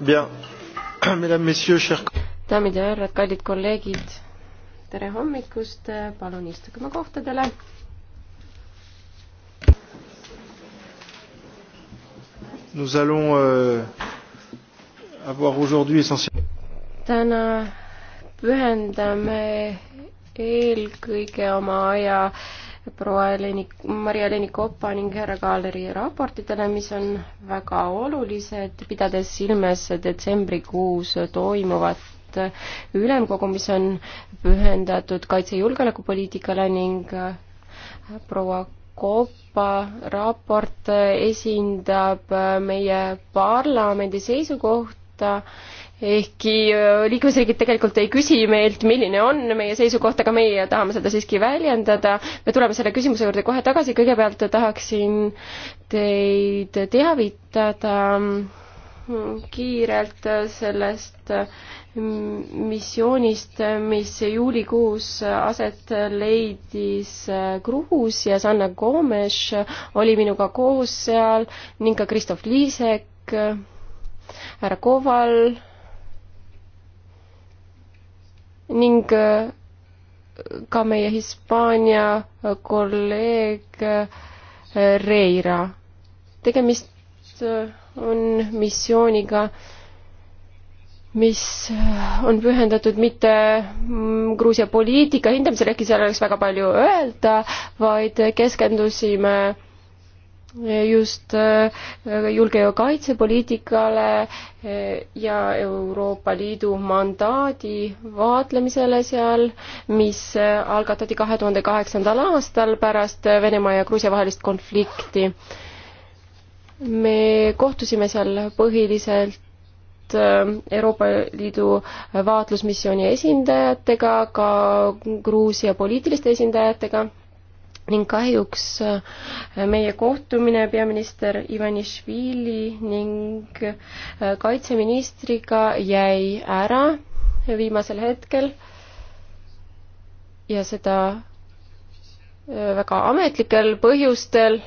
daamid ja härrad, kallid kolleegid, tere hommikust, palun istuge oma kohtadele. Nous allons euh, avoir aujourd'hui essentiellement täna pühendame eelkõige oma aja proua Eleni, Maria-Eleni Kopa ning härra Kaaleri raportidele, mis on väga olulised, pidades silmes detsembrikuus toimuvat ülemkogu, mis on pühendatud kaitse- ja julgeolekupoliitikale ning proua Kopa raport esindab meie parlamendi seisukohta ehkki liikmesriigid tegelikult ei küsi meilt, milline on meie seisukoht, aga meie tahame seda siiski väljendada. me tuleme selle küsimuse juurde kohe tagasi, kõigepealt tahaksin teid teavitada kiirelt sellest missioonist, mis juulikuus aset leidis Gruusias, Anna Gomes oli minuga koos seal ning ka Kristof Liisek, härra Koval ning äh, ka meie Hispaania kolleeg äh, Reira. tegemist äh, on missiooniga, mis on pühendatud mitte mm, Gruusia poliitika hindamisele, ehkki seal oleks väga palju öelda, vaid keskendusime just äh, julge- ja kaitsepoliitikale äh, ja Euroopa Liidu mandaadi vaatlemisele seal, mis äh, algatati kahe tuhande kaheksandal aastal pärast Venemaa ja Gruusia vahelist konflikti. me kohtusime seal põhiliselt Euroopa Liidu vaatlusmissiooni esindajatega, ka Gruusia poliitiliste esindajatega ning kahjuks äh, meie kohtumine peaminister Ivanišvili ning äh, kaitseministriga jäi ära viimasel hetkel ja seda äh, väga ametlikel põhjustel,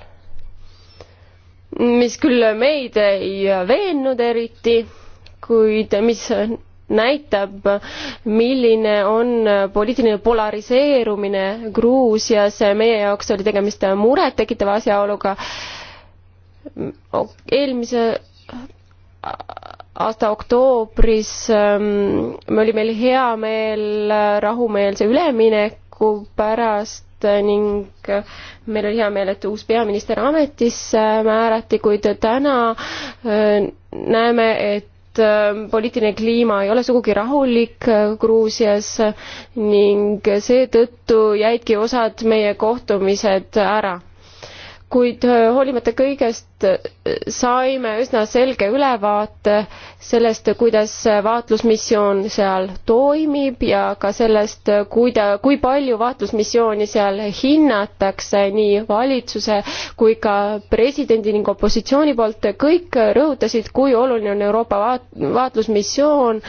mis küll meid ei veennud eriti, kuid mis näitab, milline on poliitiline polariseerumine Gruusias, meie jaoks oli tegemist murettekitava asjaoluga. eelmise aasta oktoobris ähm, me oli meil hea meel rahumeelse ülemineku pärast ning meil oli hea meel, et uus peaminister ametisse määrati, kuid täna äh, näeme, et Ähm, poliitiline kliima ei ole sugugi rahulik äh, Gruusias ning seetõttu jäidki osad meie kohtumised ära kuid äh, hoolimata kõigest äh, saime üsna selge ülevaate sellest, kuidas vaatlusmissioon seal toimib ja ka sellest, äh, kuida-, kui palju vaatlusmissiooni seal hinnatakse nii valitsuse kui ka presidendi ning opositsiooni poolt. kõik rõhutasid, kui oluline on Euroopa vaat-, vaatlusmissioon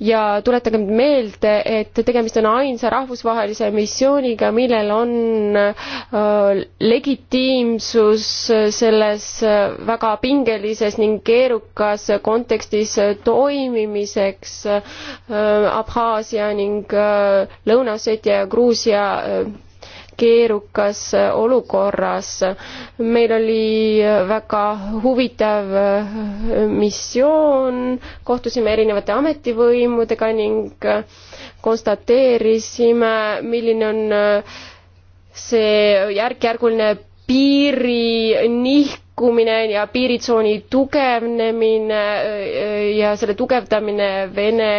ja tuletagem meelde, et tegemist on ainsa rahvusvahelise missiooniga, millel on legitiimsus selles väga pingelises ning keerukas kontekstis toimimiseks Abhaasia ning Lõuna-Osseetia ja Gruusia keerukas olukorras. meil oli väga huvitav äh, missioon, kohtusime erinevate ametivõimudega ning äh, konstateerisime, milline on äh, see järk-järguline piiri nihkumine ja piiritsooni tugevnemine ja selle tugevdamine Vene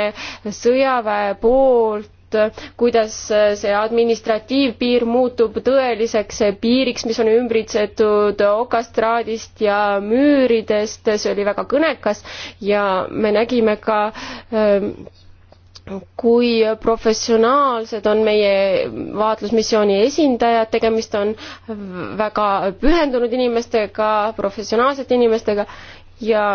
sõjaväe poolt Äh, kuidas äh, see administratiivpiir muutub tõeliseks äh, piiriks, mis on ümbritsetud okastraadist ja müüridest, see oli väga kõnekas ja me nägime ka ähm, kui professionaalsed on meie vaatlusmissiooni esindajad, tegemist on väga pühendunud inimestega, professionaalsete inimestega ja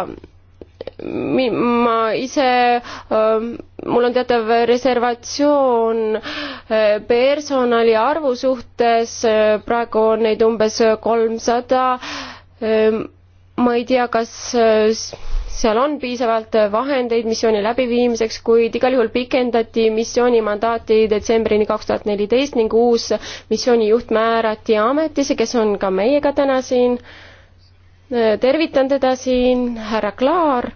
ma ise, ähm, mul on teatav reservatsioon äh, personali arvu suhtes, äh, praegu on neid umbes kolmsada. Ähm, ma ei tea, kas äh, seal on piisavalt vahendeid missiooni läbiviimiseks, kuid igal juhul pikendati missiooni mandaati detsembrini kaks tuhat neliteist ning uus missiooni juht määrati ametisse, kes on ka meiega täna siin tervitan teda siin, härra Klaar.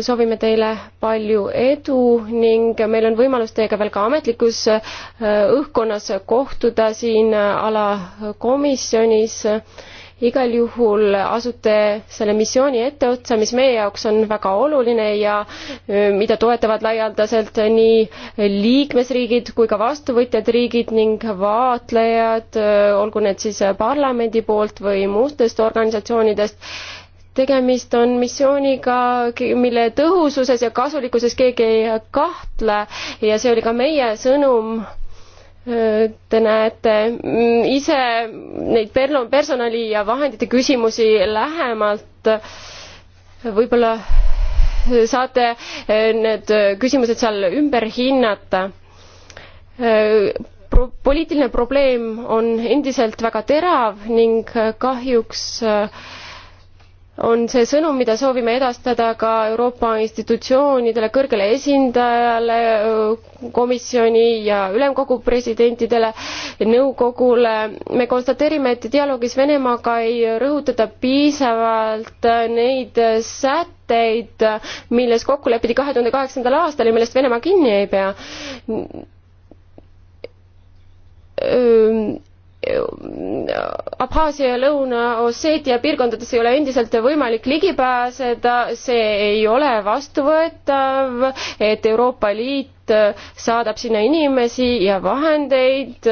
soovime teile palju edu ning meil on võimalus teiega veel ka ametlikus äh, õhkkonnas kohtuda siin äh, alakomisjonis igal juhul asute selle missiooni etteotsa, mis meie jaoks on väga oluline ja mida toetavad laialdaselt nii liikmesriigid kui ka vastuvõtjad riigid ning vaatlejad, olgu need siis parlamendi poolt või muustest organisatsioonidest tegemist on missiooniga, mille tõhususes ja kasulikkuses keegi ei kahtle ja see oli ka meie sõnum Te näete mm, ise neid personali ja vahendite küsimusi lähemalt. võib-olla saate eh, need küsimused seal ümber hinnata. poliitiline probleem on endiselt väga terav ning kahjuks äh, on see sõnum, mida soovime edastada ka Euroopa institutsioonidele, kõrgele esindajale, komisjoni ja ülemkogu presidentidele, nõukogule. me konstateerime, et dialoogis Venemaaga ei rõhutata piisavalt neid sätteid, milles kokku lepiti kahe tuhande kaheksandal aastal ja millest Venemaa kinni ei pea Abhaasia ja Lõuna-Osseetia piirkondades ei ole endiselt võimalik ligi pääseda, see ei ole vastuvõetav, et Euroopa Liit saadab sinna inimesi ja vahendeid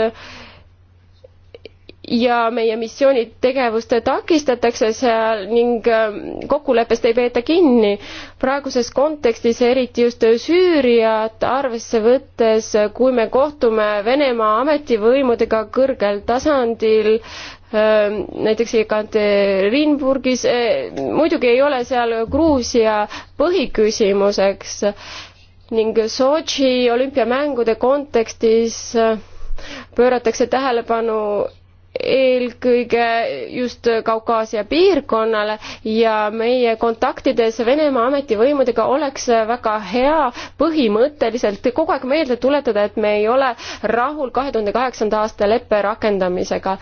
ja meie missioonitegevust takistatakse seal ning ähm, kokkuleppest ei peeta kinni. praeguses kontekstis, eriti just Süüriat arvesse võttes, kui me kohtume Venemaa ametivõimudega kõrgel tasandil, ähm, näiteks Ekaterinburgis, äh, muidugi ei ole seal Gruusia põhiküsimuseks ning Sotši olümpiamängude kontekstis äh, pööratakse tähelepanu eelkõige just Kaukaasia piirkonnale ja meie kontaktides Venemaa ametivõimudega oleks väga hea põhimõtteliselt kogu aeg meelde tuletada, et me ei ole rahul kahe tuhande kaheksanda aasta leppe rakendamisega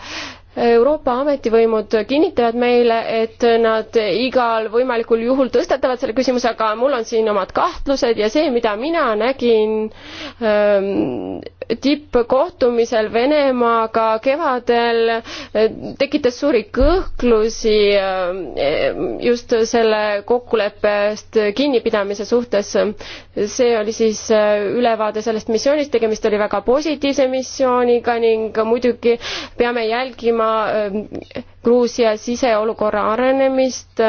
Euroopa ametivõimud kinnitavad meile, et nad igal võimalikul juhul tõstatavad selle küsimuse, aga mul on siin omad kahtlused ja see, mida mina nägin ähm, tippkohtumisel Venemaaga kevadel, äh, tekitas suuri kõhklusi äh, just selle kokkuleppest kinnipidamise suhtes. see oli siis äh, ülevaade sellest missioonist, tegemist oli väga positiivse missiooniga ning muidugi peame jälgima, jälgima ähm, Gruusia siseolukorra arenemist,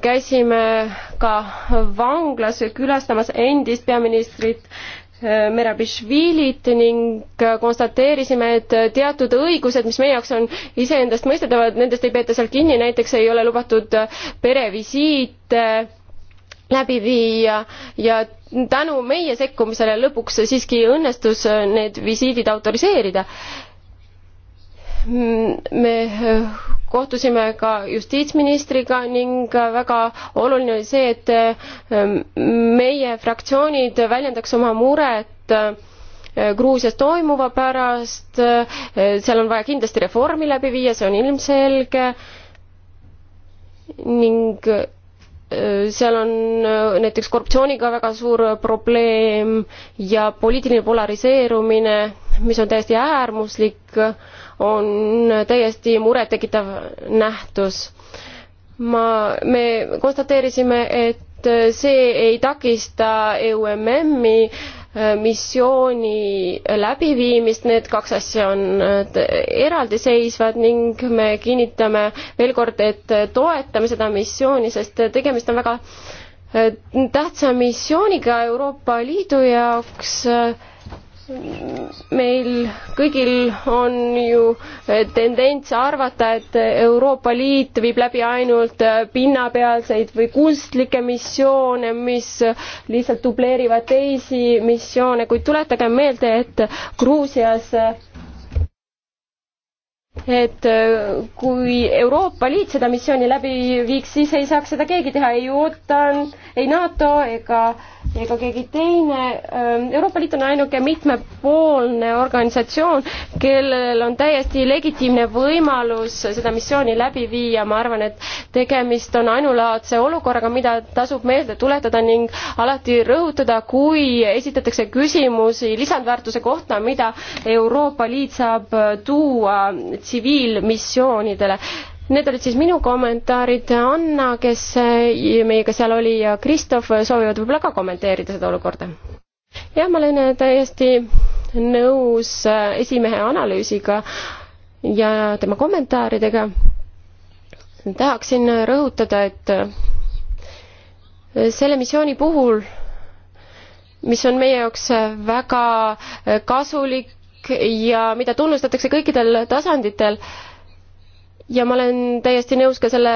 käisime ka vanglas külastamas endist peaministrit äh, Merabišvilit ning äh, konstateerisime, et teatud õigused, mis meie jaoks on iseendastmõistetavad, nendest ei peeta seal kinni, näiteks ei ole lubatud äh, perevisiite läbi viia ja tänu meie sekkumisele lõpuks siiski õnnestus need visiidid autoriseerida me eh, kohtusime ka justiitsministriga ning eh, väga oluline oli see, et eh, meie fraktsioonid väljendaks oma muret Gruusias toimuva pärast, seal on vaja kindlasti reformi läbi viia, see on ilmselge ning seal on näiteks korruptsiooniga väga suur probleem ja poliitiline polariseerumine mis on täiesti äärmuslik, on täiesti murettekitav nähtus. ma, me konstateerisime, et see ei takista EUMM-i äh, missiooni läbiviimist, need kaks asja on äh, eraldiseisvad ning me kinnitame veel kord, et toetame seda missiooni, sest tegemist on väga äh, tähtsa missiooniga Euroopa Liidu jaoks äh, meil kõigil on ju eh, tendents arvata, et Euroopa Liit viib läbi ainult eh, pinnapealseid või kunstlikke missioone, mis lihtsalt dubleerivad teisi missioone, kuid tuletagem meelde, et Gruusias eh, et äh, kui Euroopa Liit seda missiooni läbi viiks, siis ei saaks seda keegi teha, ei OTAN, ei NATO ega, ega keegi teine. Ähm, Euroopa Liit on ainuke mitmepoolne organisatsioon, kellel on täiesti legitiimne võimalus seda missiooni läbi viia. ma arvan, et tegemist on ainulaadse olukorraga, mida tasub meelde tuletada ning alati rõhutada, kui esitatakse küsimusi lisandväärtuse kohta, mida Euroopa Liit saab äh, tuua tsiviilmissioonidele. Need olid siis minu kommentaarid, Anna, kes äh, meiega seal oli ja Kristof soovivad võib-olla ka kommenteerida seda olukorda. jah, ma olen äh, täiesti nõus äh, esimehe analüüsiga ja tema kommentaaridega. tahaksin rõhutada, et selle missiooni puhul mis on meie jaoks väga kasulik eesmärk ja mida tunnustatakse kõikidel tasanditel ja ma olen täiesti nõus ka selle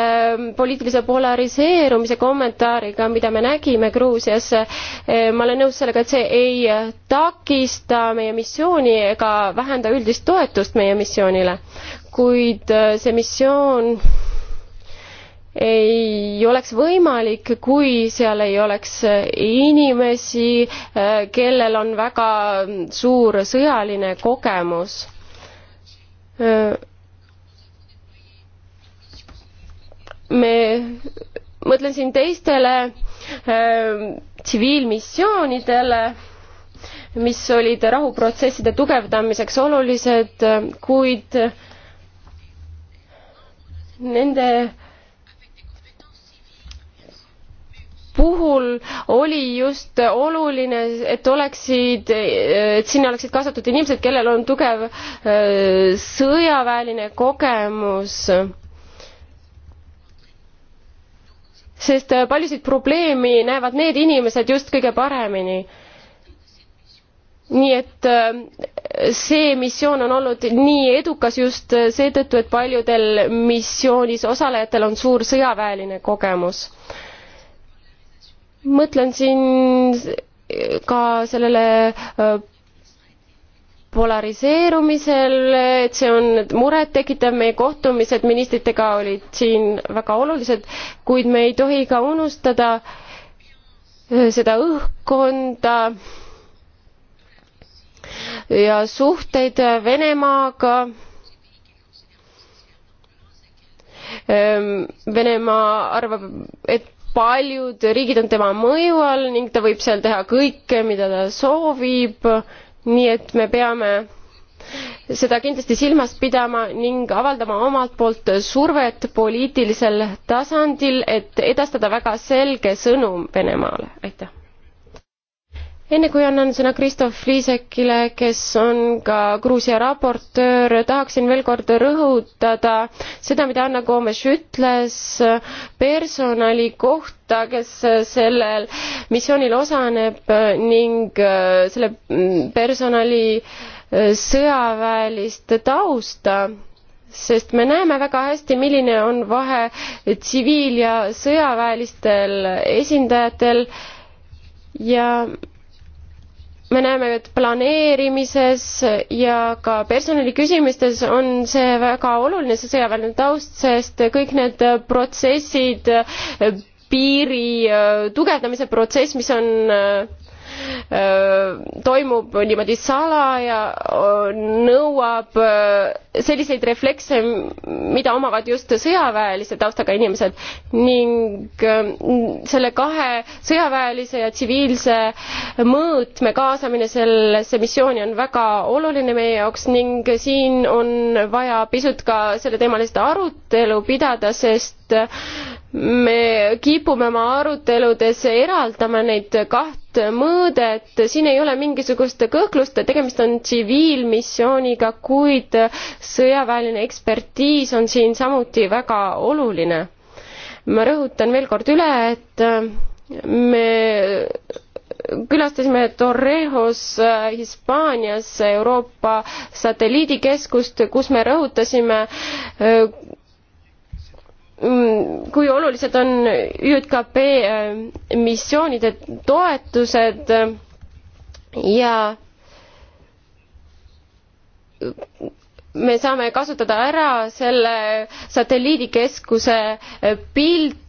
poliitilise polariseerumise kommentaariga, mida me nägime Gruusias. ma olen nõus sellega, et see ei takista meie missiooni ega vähenda üldist toetust meie missioonile, kuid see missioon ei oleks võimalik, kui seal ei oleks inimesi, äh, kellel on väga suur sõjaline kogemus. Äh, me, mõtlen siin teistele äh, tsiviilmissioonidele mis olid rahuprotsesside tugevdamiseks olulised, kuid nende puhul oli just oluline, et oleksid, et sinna oleksid kaasatud inimesed, kellel on tugev äh, sõjaväeline kogemus. sest äh, paljusid probleemi näevad need inimesed just kõige paremini. nii et äh, see missioon on olnud nii edukas just seetõttu, et paljudel missioonis osalejatel on suur sõjaväeline kogemus mõtlen siin ka sellele äh, polariseerumisel, et see on murettekitav, meie kohtumised ministritega olid siin väga olulised, kuid me ei tohi ka unustada äh, seda õhkkonda ja suhteid Venemaaga ähm, Venemaa arvab, et paljud riigid on tema mõju all ning ta võib seal teha kõike, mida ta soovib, nii et me peame seda kindlasti silmas pidama ning avaldama omalt poolt survet poliitilisel tasandil, et edastada väga selge sõnum Venemaale, aitäh enne kui annan sõna Kristof Liisekile, kes on ka Gruusia raportöör, tahaksin veel kord rõhutada seda, mida Anna Koomes ütles personali kohta, kes sellel missioonil osaneb ning äh, selle mm, personali äh, sõjaväelist tausta sest me näeme väga hästi, milline on vahe tsiviil- ja sõjaväelistel esindajatel ja me näeme, et planeerimises ja ka personaliküsimustes on see väga oluline, see sõjaväeline taust, sest kõik need protsessid, piiri äh, tugevdamise protsess, mis on äh, toimub niimoodi salaja, nõuab selliseid reflekse, mida omavad just sõjaväelise taustaga inimesed ning selle kahe sõjaväelise ja tsiviilse mõõtme kaasamine sellesse missiooni on väga oluline meie jaoks ning siin on vaja pisut ka selleteemalist arutelu pidada, sest me kipume oma aruteludes eraldama neid kahte poliitilist mõõdet, siin ei ole mingisugust kõhklust, tegemist on tsiviilmissiooniga, kuid sõjaväeline ekspertiis on siin samuti väga oluline. ma rõhutan veel kord üle, et me külastasime Torrejos Hispaanias Euroopa satelliidikeskust, kus me rõhutasime Mm, kui olulised on ÜKP äh, missioonide toetused äh, ja me saame kasutada ära selle satelliidikeskuse äh, pilt,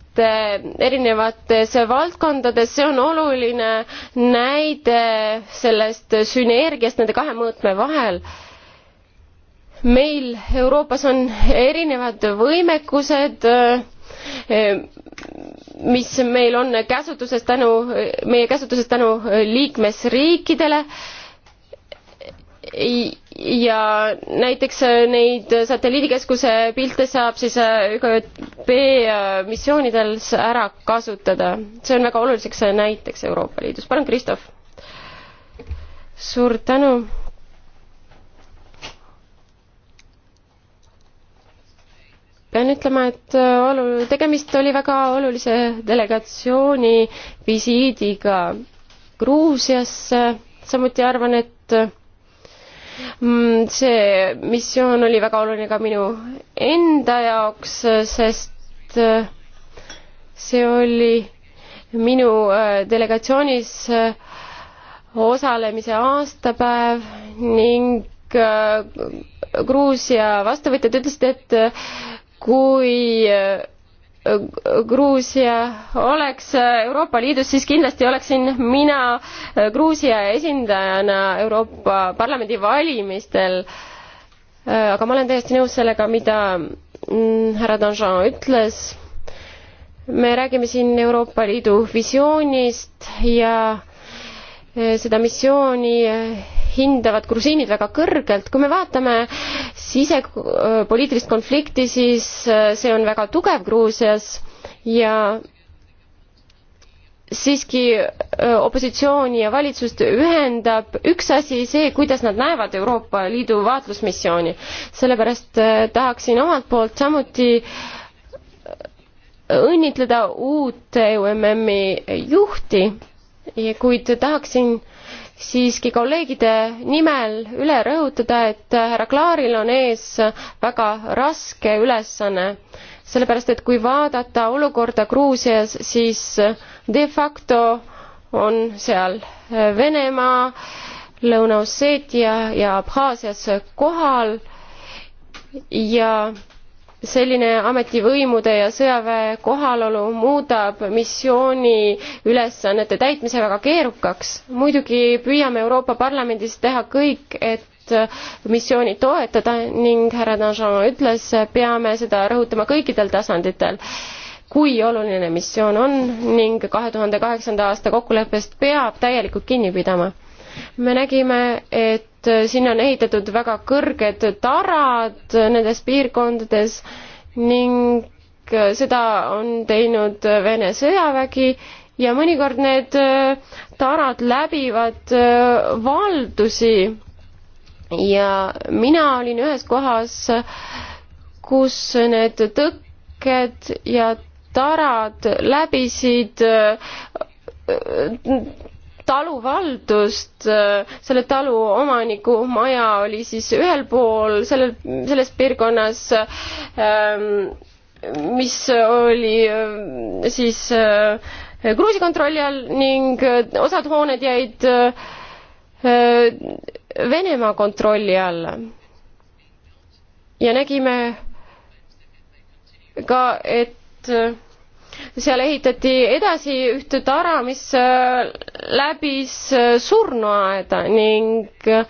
erinevates valdkondades, see on oluline näide sellest sünergiast nende kahe mõõtme vahel meil Euroopas on erinevad võimekused, eh, mis meil on käsutuses tänu, meie käsutuses tänu liikmesriikidele ja näiteks neid satelliidikeskuse pilte saab siis eh, ÜKP eh, missioonidel ära kasutada. see on väga oluliseks näiteks Euroopa Liidus. palun, Kristof. suur tänu pean ütlema, et olu-, äh, tegemist oli väga olulise delegatsiooni visiidiga Gruusiasse, samuti arvan, et mm, see missioon oli väga oluline ka minu enda jaoks, sest äh, see oli minu äh, delegatsioonis osalemise aastapäev ning Gruusia vastuvõtjad ütlesid, et kui äh, Gruusia oleks äh, Euroopa Liidus, siis kindlasti oleksin mina äh, Gruusia esindajana Euroopa Parlamendi valimistel. aga ma olen täiesti nõus sellega, mida mm, härra Danjean ütles. me räägime siin Euroopa Liidu visioonist ja seda missiooni hindavad grusiinid väga kõrgelt. kui me vaatame sisepoliitilist konflikti, siis äh, see on väga tugev Gruusias ja siiski äh, opositsiooni ja valitsust ühendab üks asi see kuidas nad näevad euroopa liidu vaatlusmissiooni sellepärast äh, tahaksin omalt poolt samuti õnnitleda uut EUMM-i juhti kuid tahaksin siiski kolleegide nimel üle rõhutada, et härra Klaaril on ees väga raske ülesanne, sellepärast et kui vaadata olukorda Gruusias, siis de facto on seal Venemaa, Lõuna-Osseetia ja Abhaasias kohal ja selline ametivõimude ja sõjaväe kohalolu muudab missiooni ülesannete täitmise väga keerukaks. muidugi püüame Euroopa Parlamendis teha kõik, et missiooni toetada ning härra Danjean ütles, peame seda rõhutama kõikidel tasanditel, kui oluline missioon on ning kahe tuhande kaheksanda aasta kokkuleppest peab täielikult kinni pidama. me nägime, et et äh, sinna on ehitatud väga kõrged tarad nendes piirkondades ning äh, seda on teinud äh, Vene sõjavägi ja mõnikord need tarad läbivad valdusi ja mina olin ühes kohas, kus need tõkked ja tarad läbisid taluvaldust, äh, selle talu omaniku maja oli siis ühel pool sellel, selles piirkonnas ähm, mis oli äh, siis Gruusia äh, kontrolli all ning osad hooned jäid Venemaa kontrolli alla. ja nägime ka, et seal ehitati edasi ühte tara, mis äh, läbis äh, surnuaeda ning äh,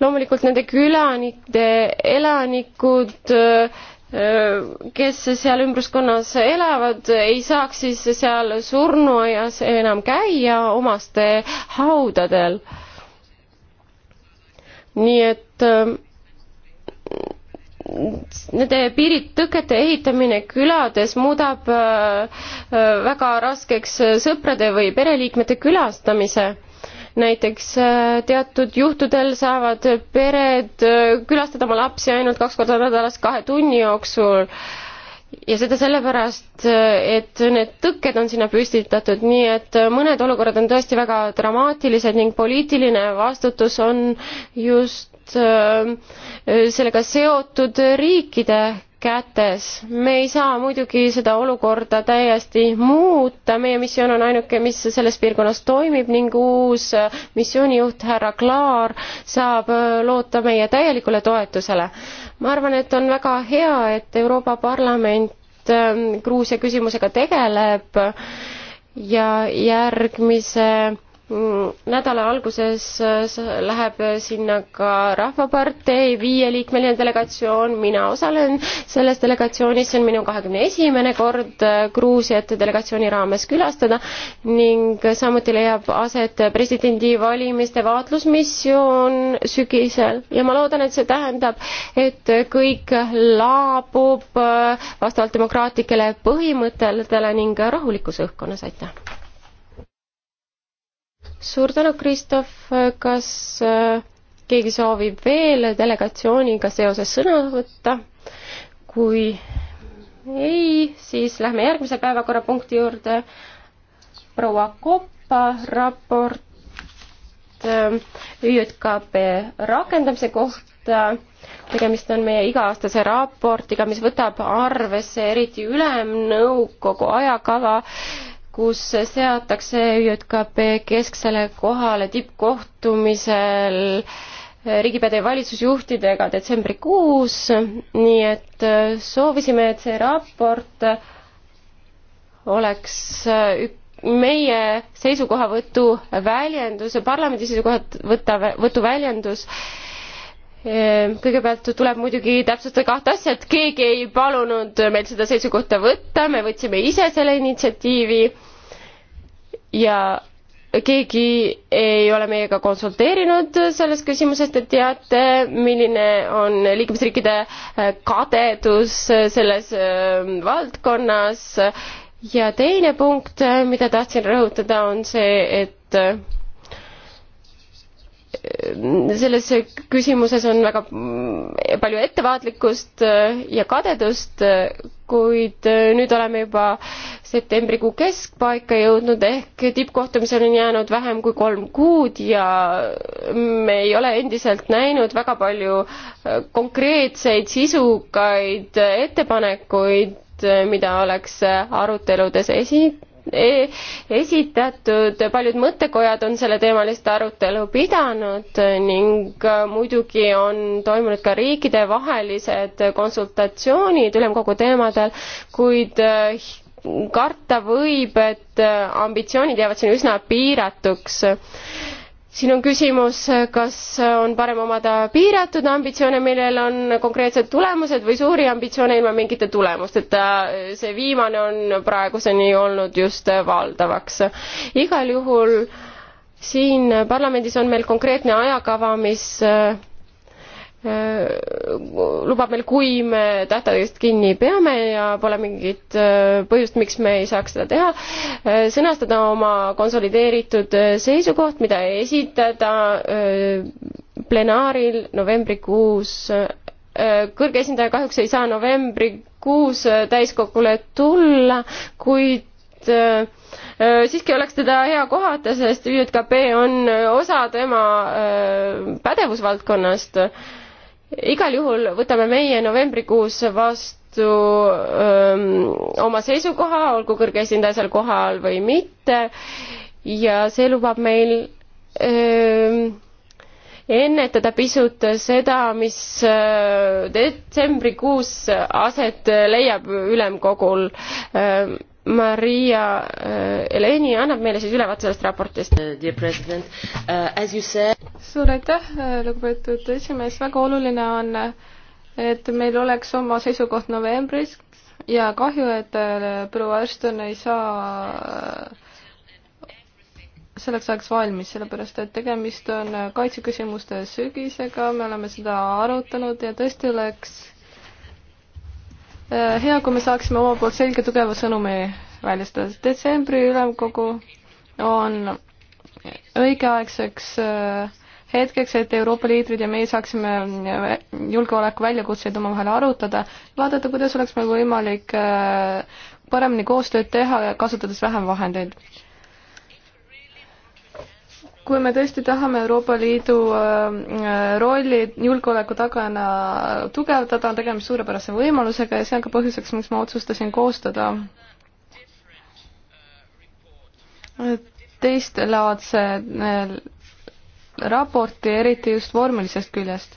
loomulikult nende külanike elanikud kes seal ümbruskonnas elavad, ei saaks siis seal surnuaias enam käia omaste haudadel. nii et nende piiritõkete ehitamine külades muudab äh, äh, väga raskeks äh, sõprade või pereliikmete külastamise näiteks teatud juhtudel saavad pered külastada oma lapsi ainult kaks korda nädalas kahe tunni jooksul ja seda sellepärast, et need tõkked on sinna püstitatud, nii et mõned olukorrad on tõesti väga dramaatilised ning poliitiline vastutus on just Äh, sellega seotud riikide kätes. me ei saa muidugi seda olukorda täiesti muuta, meie missioon on ainuke, mis selles piirkonnas toimib ning uus missioonijuht härra Klaar saab äh, loota meie täielikule toetusele. ma arvan, et on väga hea, et Euroopa Parlament äh, Gruusia küsimusega tegeleb ja järgmise Mm, nädala alguses äh, läheb sinna ka Rahvapartei viieliikmeline delegatsioon, mina osalen selles delegatsioonis, see on minu kahekümne esimene kord äh, Gruusiat delegatsiooni raames külastada ning samuti leiab aset presidendivalimiste vaatlusmissioon sügisel ja ma loodan, et see tähendab, et kõik laabub äh, vastavalt demokraatlikele põhimõtetele ning rahulikus õhkkonnas, aitäh! suur tänu, Kristof, kas äh, keegi soovib veel delegatsiooniga seoses sõna võtta? kui ei, siis lähme järgmise päevakorrapunkti juurde. proua Koppa raport äh, ÜJKP rakendamise kohta. tegemist on meie iga-aastase raportiga, mis võtab arvesse eriti ülemnõukogu ajakava äh, kus seatakse ÜJKP kesksele kohale tippkohtumisel riigipeade ja valitsusjuhtidega detsembrikuus, nii et äh, soovisime, et see raport oleks äh, meie seisukohavõtu väljendus, parlamendi seisukohavõtta, võtu väljendus ehm, kõigepealt tuleb muidugi täpsustada kahte asja et keegi ei palunud meil seda seisukohta võtta me võtsime ise selle initsiatiivi ja keegi ei ole meiega konsulteerinud selles küsimuses, te teate, milline on liikmesriikide äh, kadedus äh, selles äh, valdkonnas ja teine punkt, mida tahtsin rõhutada, on see, et selles küsimuses on väga mm, palju ettevaatlikkust ja kadedust, kuid nüüd oleme juba septembrikuu keskpaika jõudnud ehk tippkohtumiseni on jäänud vähem kui kolm kuud ja me ei ole endiselt näinud väga palju äh, konkreetseid sisukaid ettepanekuid, äh, mida oleks äh, aruteludes esi-, e-, esitatud, paljud mõttekojad on selleteemalist arutelu pidanud ning muidugi on toimunud ka riikidevahelised konsultatsioonid ülemkogu teemadel, kuid karta võib, et äh, ambitsioonid jäävad siin üsna piiratuks. siin on küsimus, kas on parem omada piiratud ambitsioone, millel on konkreetsed tulemused või suuri ambitsioone ilma mingite tulemusteta. see viimane on praeguseni olnud just valdavaks. igal juhul siin parlamendis on meil konkreetne ajakava, mis äh, Äh, lubab meil, kui me tähtaegadest kinni peame ja pole mingit äh, põhjust, miks me ei saaks seda teha, äh, sõnastada oma konsolideeritud seisukoht, mida esitada plenaaril novembrikuus. kõrge esindaja kahjuks ei saa novembrikuus täiskogule tulla, kuid siiski oleks teda hea kohata, sest ÜJKP on osa tema pädevusvaldkonnast igal juhul võtame meie novembrikuus vastu öö, oma seisukoha, olgu kõrge esindaja seal kohal või mitte ja see lubab meil öö, ennetada pisut seda, mis detsembrikuus aset leiab ülemkogul. Maria äh, Eleni annab meile siis ülevaate sellest raportist. Uh, uh, suur aitäh, äh, lugupeetud esimees, väga oluline on, et meil oleks oma seisukoht novembris ja kahju, et äh, proua Ashton ei saa selleks ajaks valmis, sellepärast et tegemist on kaitseküsimuste sügisega, me oleme seda arutanud ja tõesti oleks Äh, hea, kui me saaksime oma poolt selge tugeva sõnumi väljastada. detsembri ülemkogu on õigeaegseks äh, hetkeks, et Euroopa liidrid ja meie saaksime äh, julgeoleku väljakutseid omavahel arutada, vaadata, kuidas oleks meil võimalik paremini koostööd teha, kasutades vähem vahendeid kui me tõesti tahame Euroopa Liidu äh, äh, rolli julgeoleku tagana tugevdada, on tegemist suurepärase võimalusega ja see on ka põhjuseks, miks ma otsustasin koostada teistlaadse äh, raporti, eriti just vormelisest küljest.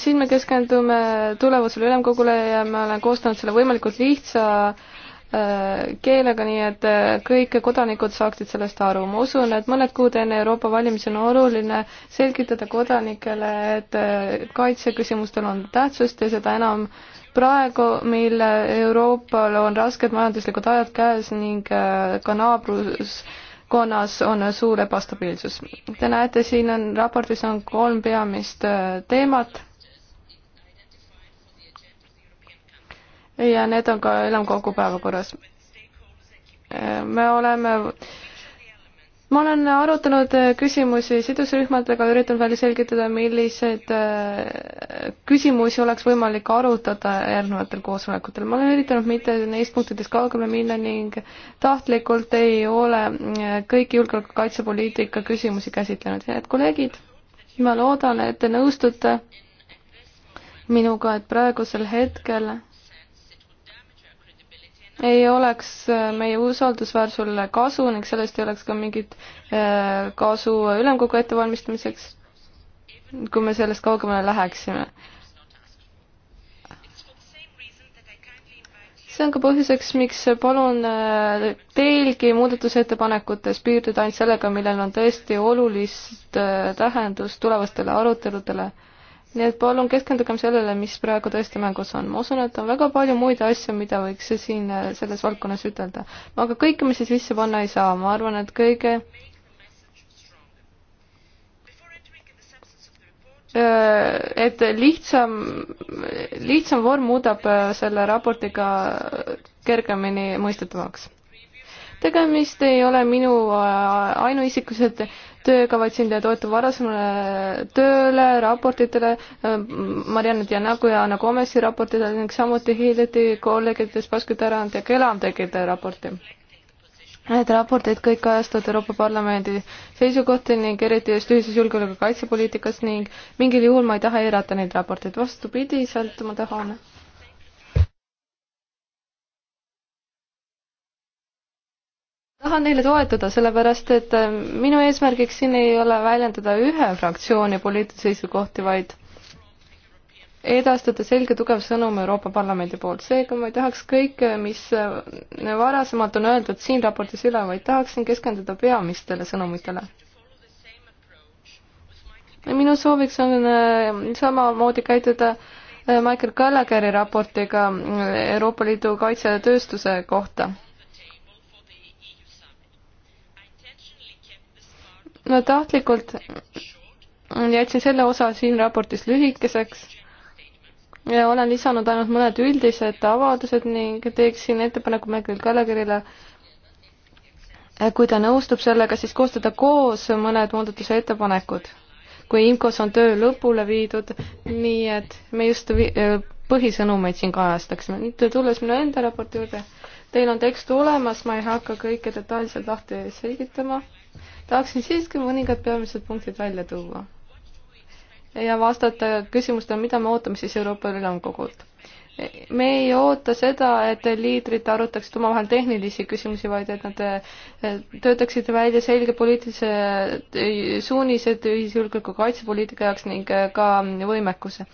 siin me keskendume tulevasele ülemkogule ja ma olen koostanud selle võimalikult lihtsa äh, Äh, keelega, nii et äh, kõik kodanikud saaksid sellest aru. ma usun, et mõned kuud enne Euroopa valimisi on oluline selgitada kodanikele, et äh, kaitseküsimustel on tähtsust ja seda enam praegu, mil Euroopal on rasked majanduslikud ajad käes ning ka naabruskonnas on suur ebastabiilsus. Te näete, siin on raportis on kolm peamist teemat ja need on ka ülemkogu päevakorras. me oleme ma olen arutanud küsimusi sidusrühmadega, üritan välja selgitada, milliseid äh, küsimusi oleks võimalik arutada järgnevatel koosolekutel. ma olen üritanud mitte neist punktidest kaugemale minna ning tahtlikult ei ole äh, kõiki julgeoleku- ja kaitsepoliitika küsimusi käsitlenud. head kolleegid, ma loodan, et te nõustute minuga, et praegusel hetkel ei oleks äh, meie usaldusväärsusele kasu ning sellest ei oleks ka mingit äh, kasu ülemkogu ettevalmistamiseks, kui me sellest kaugemale läheksime. see on ka põhjuseks, miks palun äh, teilgi muudatusettepanekutes piirduda ainult sellega, millel on tõesti olulist tähendust tulevastele aruteludele nii et palun keskendugem sellele, mis praegu tõesti mängus on. ma usun, et on väga palju muid asju, mida võiks siin äh, selles valdkonnas ütelda. aga kõike me siis sisse panna ei saa, ma arvan, et kõige äh, et lihtsam, lihtsam vorm muudab äh, selle raportiga kergemini mõistetavaks. tegemist ei ole minu ainuisikulised tööga, vaid siin toetub varasemale tööle, raportitele, äh, Marianne Dianaku ja Anna Gomesi raportidele ning samuti hiljuti kolleegidest Pasku Tarand ja Kelam tegid raporti. Need raportid kõik kajastavad Euroopa Parlamendi seisukohti ning eriti just ühises julgeoleku kaitsepoliitikas ning mingil juhul ma ei taha eirata neid raporteid, vastupidiselt ma tahan tahan neile toetuda, sellepärast et äh, minu eesmärgiks siin ei ole väljendada ühe fraktsiooni poliitilisi seisukohti, vaid edastada selge tugev sõnum Euroopa Parlamendi poolt. seega ma ei tahaks kõike, mis äh, varasemalt on öeldud siin raportis üle, vaid tahaksin keskenduda peamistele sõnumitele. minu sooviks on äh, samamoodi käituda Michael Gallagheri raportiga Euroopa Liidu kaitsetööstuse kohta no tahtlikult jätsin selle osa siin raportis lühikeseks ja olen lisanud ainult mõned üldised avaldused ning teeksin ettepaneku Michael Gallagherile, kui ta nõustub sellega, siis koostada koos mõned muudatuse ettepanekud, kui IMCO-s on töö lõpule viidud, nii et me just äh, põhisõnumeid siin kajastaksime. nüüd tulles minu enda raporti juurde, teil on tekst olemas, ma ei hakka kõike detailselt lahti selgitama tahaksin siiski mõningad peamised punktid välja tuua ja vastata küsimustele, mida me ootame siis Euroopa Ülemkogult. me ei oota seda, et liidrid arutaksid omavahel tehnilisi küsimusi, vaid et nad eh, töötaksid välja selge poliitilise eh, suunised ühisjulgeoleku kaitsepoliitika jaoks ning eh, ka võimekuse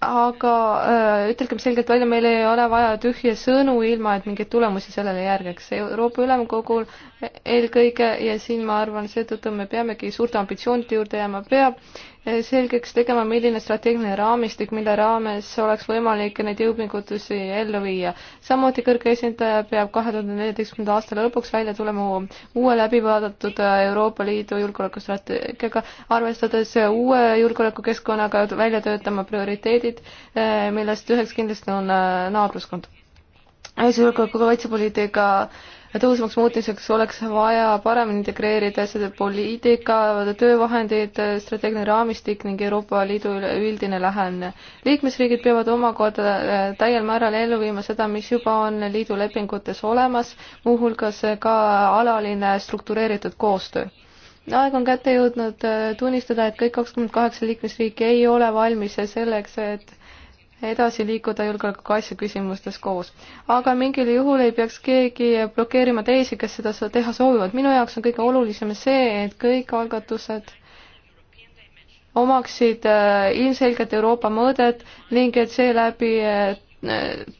aga äh, ütelgem selgelt välja, meil ei ole vaja tühje sõnu, ilma et mingeid tulemusi sellele järgneks. Euroopa Ülemkogul e-, eelkõige ja siin ma arvan, seetõttu me peamegi suurte ambitsioonide juurde jääma, peab selgeks tegema, milline strateegiline raamistik, mille raames oleks võimalik neid jõupingutusi ellu viia. samuti kõrge esindaja peab kahe tuhande neljateistkümnenda aasta lõpuks välja tulema uue läbivaadatud Euroopa Liidu julgeolekustrateegiaga, arvestades uue julgeolekukeskkonnaga välja töötama prioriteedid, millest üheks kindlasti on naabruskond. julgeoleku kaitsepoliitika äh, tõhusaks muutmiseks oleks vaja paremini integreerida seda poliitika, töövahendeid, strateegiline raamistik ning Euroopa Liidu üldine lähenemine. liikmesriigid peavad omakorda äh, täiel määral ellu viima seda, mis juba on liidu lepingutes olemas, muuhulgas ka alaline struktureeritud koostöö aeg on kätte jõudnud äh, tunnistada, et kõik kakskümmend kaheksa liikmesriiki ei ole valmis selleks, et edasi liikuda julgeoleku asju küsimustes koos. aga mingil juhul ei peaks keegi blokeerima teisi, kes seda teha soovivad. minu jaoks on kõige olulisem see, et kõik algatused omaksid äh, ilmselgelt Euroopa mõõdet ning et seeläbi äh,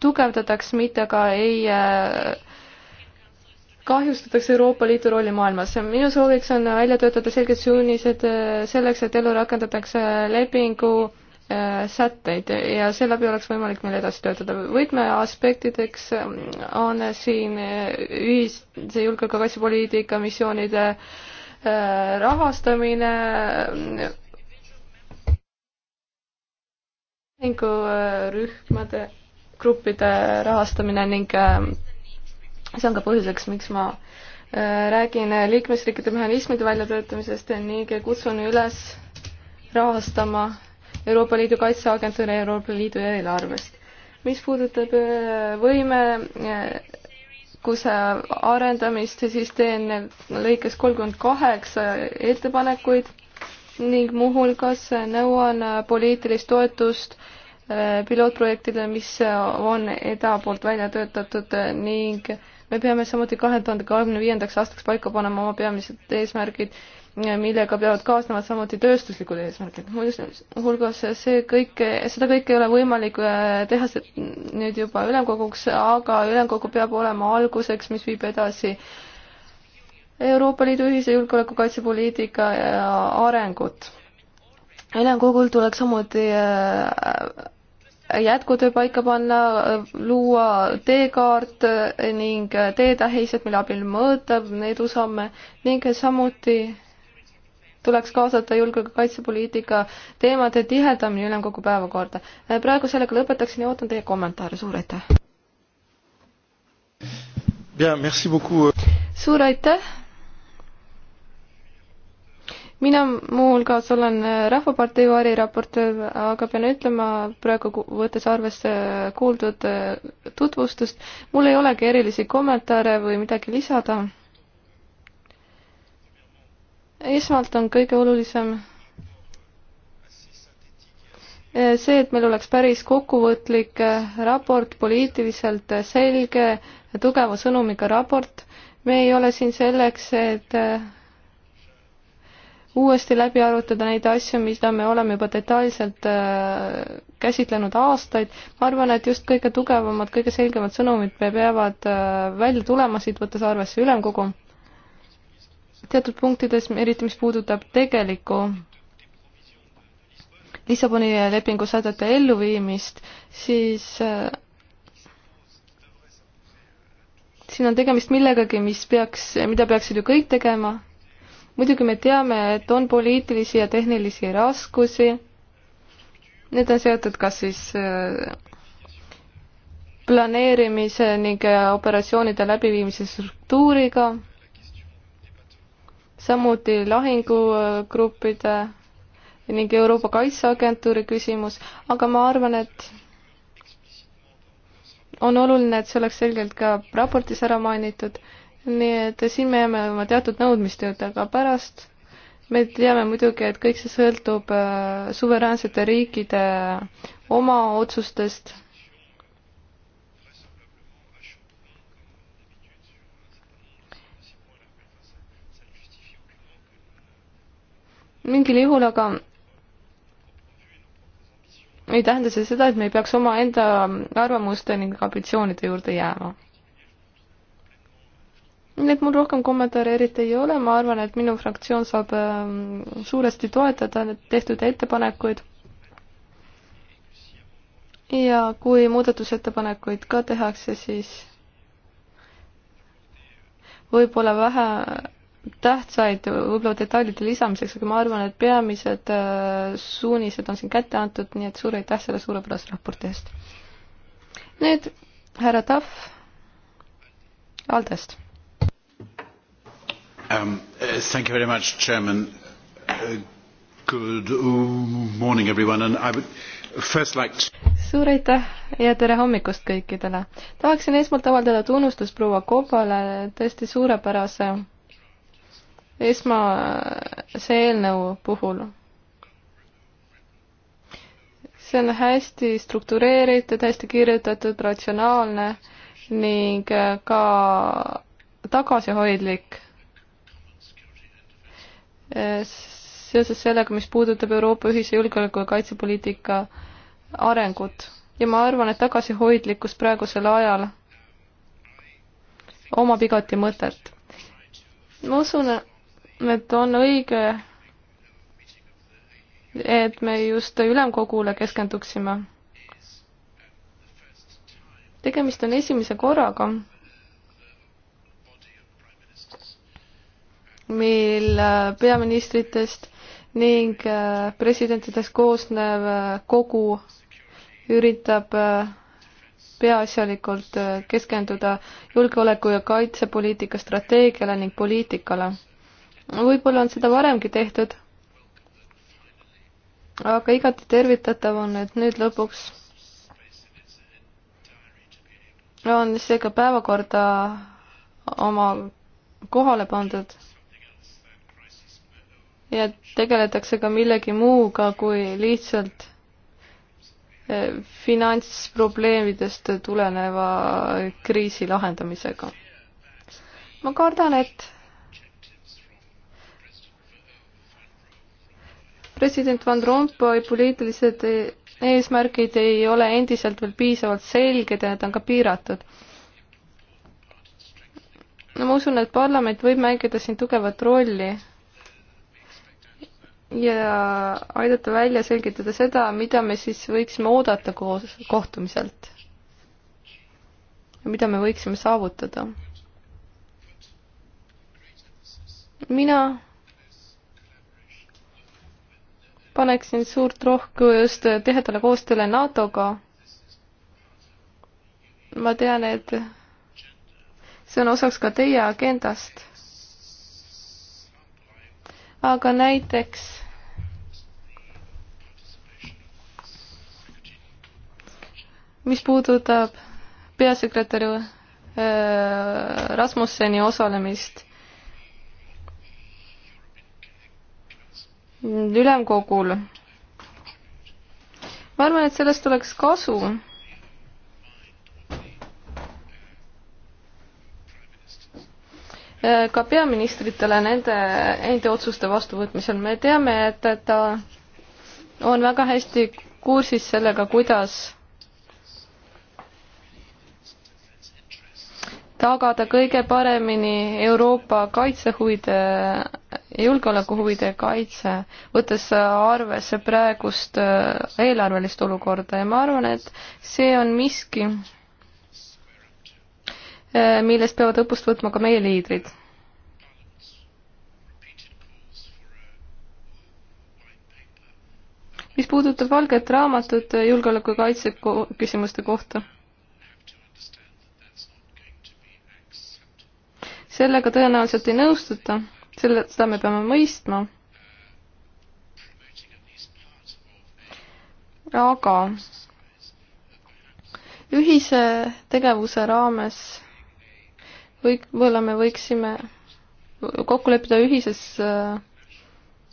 tugevdataks, mitte aga ei äh, kahjustatakse Euroopa Liidu rolli maailmas. minu sooviks on välja töötada selged suunised selleks, et ellu rakendatakse lepingu Äh, sätteid ja seeläbi oleks võimalik meil edasi töötada. võtmeaspektideks ähm, on siin äh, ühise julgeoleku kaitsepoliitika missioonide äh, rahastamine, rühmade, gruppide rahastamine ning see on ka põhjuseks, miks ma räägin liikmesriikide mehhanismide väljatöötamisest ning kutsun üles rahastama Euroopa Liidu Kaitseagentuuri ja Euroopa Liidu eelarvest. mis puudutab äh, võimekuse äh, arendamist, siis teen lõikes kolmkümmend kaheksa ettepanekuid ning muuhulgas nõuan poliitilist toetust äh, pilootprojektile, mis on EDA poolt välja töötatud ning me peame samuti kahe tuhande kahekümne viiendaks aastaks paika panema oma peamised eesmärgid millega peavad kaasnema samuti tööstuslikud eesmärgid. muuhulgas see kõik, seda kõike ei ole võimalik äh, teha nüüd juba ülemkoguks, aga ülemkogu peab olema alguseks, mis viib edasi Euroopa Liidu ühise julgeolekukaitsepoliitika äh, arengut. ülemkogul tuleks samuti äh, jätkutöö paika panna, luua teekaart ning teetähised, mille abil mõõta edusamme ning samuti tuleks kaasata julgeoleku kaitsepoliitika teemade tihedamini ülemkogu päevakorda. Äh, praegu sellega lõpetaksin ja ootan teie kommentaare, suur aitäh! suur aitäh! mina muuhulgas olen äh, Rahvapartei variraportöör, aga pean ütlema praegu, võttes arvesse äh, kuuldud tutvustust, mul ei olegi erilisi kommentaare või midagi lisada esmalt on kõige olulisem eh, see, et meil oleks päris kokkuvõtlik eh, raport, poliitiliselt eh, selge, tugeva sõnumiga raport. me ei ole siin selleks, et uuesti läbi arutada neid asju, mida me oleme juba detailselt käsitlenud aastaid. ma arvan, et just kõige tugevamad, kõige selgemad sõnumid peavad välja tulema, siit võttes arvesse ülemkogu teatud punktides, eriti mis puudutab tegelikku Lissaboni lepingu sätete elluviimist, siis äh, siin on tegemist millegagi, mis peaks, mida peaksid ju kõik tegema. muidugi me teame, et on poliitilisi ja tehnilisi raskusi. Need on seotud kas siis äh, planeerimise ning äh, operatsioonide läbiviimise struktuuriga samuti lahingugruppide ning Euroopa Kaitseagentuuri küsimus, aga ma arvan, et on oluline, et see oleks selgelt ka raportis ära mainitud, nii et siin me jääme oma teatud nõudmiste juurde, aga pärast me teame muidugi, et kõik see sõltub äh, suveräänsete riikide oma otsustest mingil juhul aga ei tähenda see seda, et me ei peaks omaenda arvamuste ning ambitsioonide juurde jääma. nii et mul rohkem kommentaare eriti ei ole, ma arvan, et minu fraktsioon saab ähm, suuresti toetada tehtud ettepanekuid. ja kui muudatusettepanekuid ka tehakse, siis võib-olla vähe tähtsaid võib-olla detailide lisamiseks, aga ma arvan, et peamised äh, suunised on siin kätte antud, nii et suur aitäh selle suurepärase raporti eest. nüüd härra Tahv Aldest um,. Uh, thank you very much, chairman uh,. Good uh, morning everyone and I would first like to suur aitäh ja tere hommikust kõikidele. tahaksin esmalt avaldada tunnustust proua Kobale tõesti suurepärase esmase eelnõu puhul. see on hästi struktureeritud, hästi kirjutatud, ratsionaalne ning ka tagasihoidlik seoses sellega, mis puudutab Euroopa ühise julgeoleku ja kaitsepoliitika arengut. ja ma arvan, et tagasihoidlikkus praegusel ajal omab igati mõtet. ma usun, et on õige, et me just ülemkogule keskenduksime. tegemist on esimese korraga, mil äh, peaministritest ning äh, presidentidest koosnev äh, kogu üritab peaasjalikult keskenduda julgeoleku ja kaitsepoliitika strateegiale ning poliitikale võib-olla on seda varemgi tehtud. aga igati tervitatav on, et nüüd lõpuks on see ka päevakorda oma kohale pandud. ja tegeletakse ka millegi muuga kui lihtsalt eh, finantsprobleemidest tuleneva kriisi lahendamisega. ma kardan, et president Van Rompuy poliitilised eesmärgid ei ole endiselt veel piisavalt selged ja need on ka piiratud. no ma usun, et parlament võib mängida siin tugevat rolli ja aidata välja selgitada seda, mida me siis võiksime oodata koos kohtumiselt. mida me võiksime saavutada. mina paneksin suurt rohku just tihedale koostööle NATO-ga. ma tean, et see on osaks ka teie agendast. aga näiteks mis puudutab peasekretäri äh, Rasmusseni osalemist ülemkogul. ma arvan, et sellest oleks kasu. ka peaministritele nende enda otsuste vastuvõtmisel, me teame, et ta on väga hästi kursis sellega, kuidas tagada kõige paremini Euroopa kaitsehuvide julgeolekuhuvide kaitse, võttes arvesse praegust äh, eelarvelist olukorda ja ma arvan, et see on miski, äh, millest peavad õppust võtma ka meie liidrid mis puudutab valget raamatut äh, julgeoleku kaitse küsimuste kohta. sellega tõenäoliselt ei nõustuta selle, seda me peame mõistma. aga ühise tegevuse raames võib-olla me võiksime kokku leppida ühises,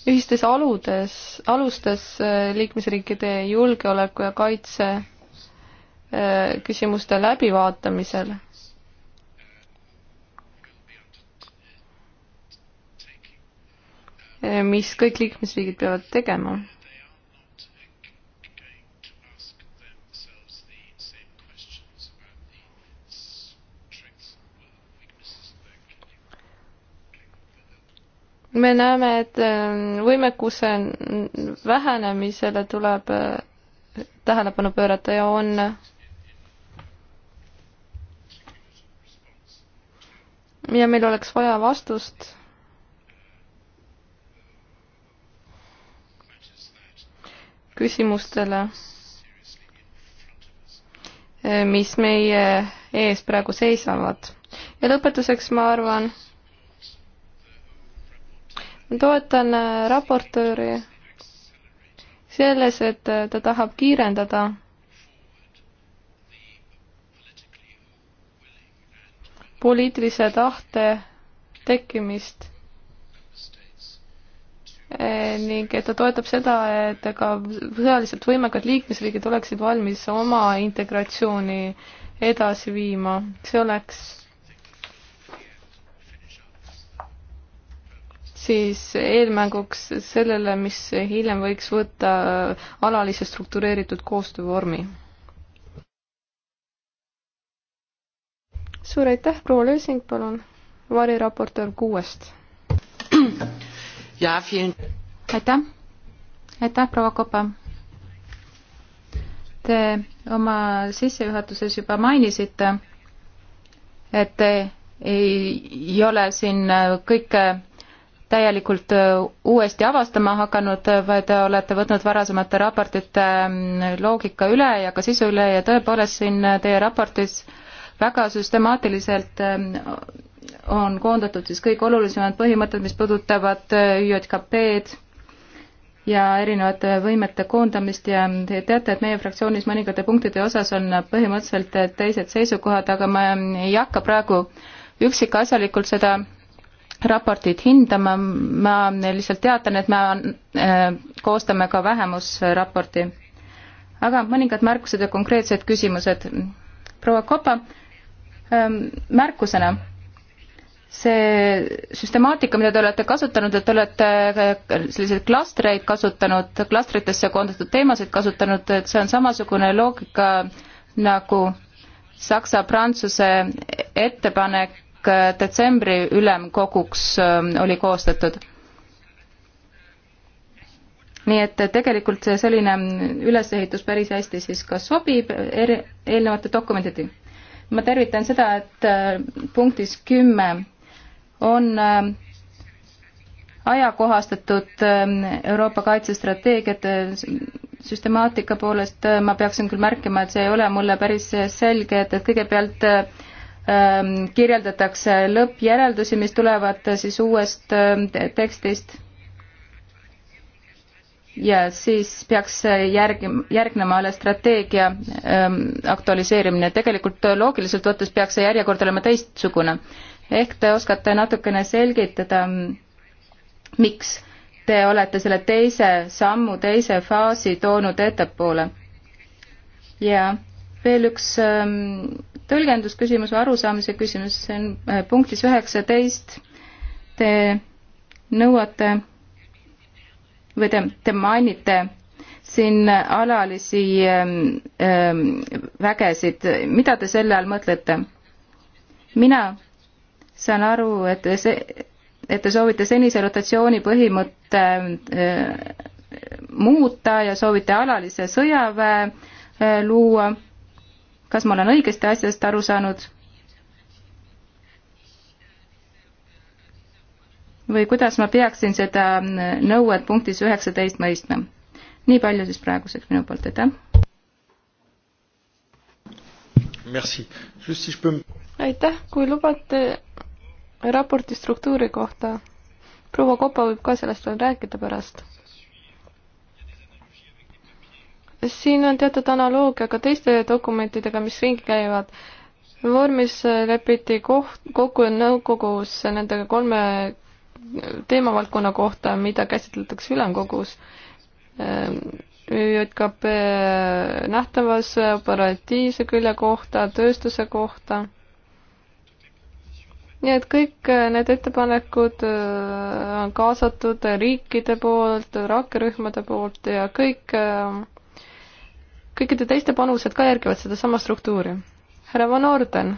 ühistes aludes, alustes äh, liikmesriikide julgeoleku ja kaitse äh, küsimuste läbivaatamisel Eh, mis kõik liikmesriigid peavad tegema. me näeme, et eh, võimekuse vähenemisele tuleb eh, tähelepanu pöörata ja on ja meil oleks vaja vastust küsimustele, eh, mis meie ees praegu seisavad. ja lõpetuseks ma arvan, toetan eh, raportööri selles, et eh, ta tahab kiirendada poliitilise tahte tekkimist Eh, ning ta toetab seda, et ka sõjaliselt võimekad liikmesriigid oleksid valmis oma integratsiooni edasi viima, see oleks siis eelmänguks sellele, mis hiljem võiks võtta alalise struktureeritud koostöövormi. suur aitäh, proua Lösing, palun, variraportöör kuuest aitäh, aitäh, proua Kopa. Te oma sissejuhatuses juba mainisite, et ei, ei ole siin kõike täielikult uuesti avastama hakanud, vaid olete võtnud varasemate raportite mm, loogika üle ja ka sisu üle ja tõepoolest siin teie raportis väga süstemaatiliselt mm, on koondatud siis kõik olulisemad põhimõtted, mis puudutavad ÜJKP-d äh, ja erinevate võimete koondamist ja te teate, et meie fraktsioonis mõningate punktide osas on põhimõtteliselt äh, teised seisukohad, aga ma äh, ei hakka praegu üksikasjalikult seda raportit hindama, ma lihtsalt teatan, et me koostame ka vähemusraporti. aga mõningad märkused ja konkreetsed küsimused. proua Kopa, ähm, märkusena see süstemaatika, mida te olete kasutanud, et te olete äh, selliseid klastreid kasutanud, klastritesse koondatud teemasid kasutanud, et see on samasugune loogika nagu Saksa-Prantsuse ettepanek äh, detsembri ülemkoguks äh, oli koostatud. nii et tegelikult see selline ülesehitus päris hästi siis ka sobib eri, eelnevate dokumentidega. ma tervitan seda, et punktis kümme 10 on äh, ajakohastatud ähm, Euroopa kaitsestrateegiat äh, süstemaatika poolest äh, ma peaksin küll märkima, et see ei ole mulle päris selge, et, et kõigepealt ähm, kirjeldatakse lõppjäreldusi, mis tulevad siis uuest ähm, tekstist ja siis peaks järgi, järgnema alles strateegia ähm, aktualiseerimine. tegelikult loogiliselt võttes peaks see järjekord olema teistsugune ehk te oskate natukene selgitada, miks te olete selle teise sammu, teise faasi toonud ettepoole? ja veel üks ähm, tõlgendusküsimus või arusaamise küsimus, see on äh, punktis üheksateist. Te nõuate või te, te mainite siin alalisi ähm, ähm vägesid, mida te selle all mõtlete? mina saan aru, et see, et te soovite senise rotatsiooni põhimõtte äh, muuta ja soovite alalise sõjaväe äh, luua. kas ma olen õigesti asjast aru saanud? või kuidas ma peaksin seda äh, nõuet punktis üheksateist mõistma? nii palju siis praeguseks minu poolt, aitäh. aitäh, kui lubate, raporti struktuuri kohta. proua Kopa võib ka sellest veel rääkida pärast. siin on teatud analoogia ka teiste dokumentidega, mis ringi käivad. vormis lepiti koht, kokku nõukogus nende kolme teemavaldkonna kohta, mida käsitletakse ülemkogus. ÜJKP nähtavas operatiivse külje kohta, tööstuse kohta nii et kõik äh, need ettepanekud äh, on kaasatud riikide poolt, rakkerühmade poolt ja kõik, äh, kõikide teiste panused ka järgivad sedasama struktuuri. härra Van Orden,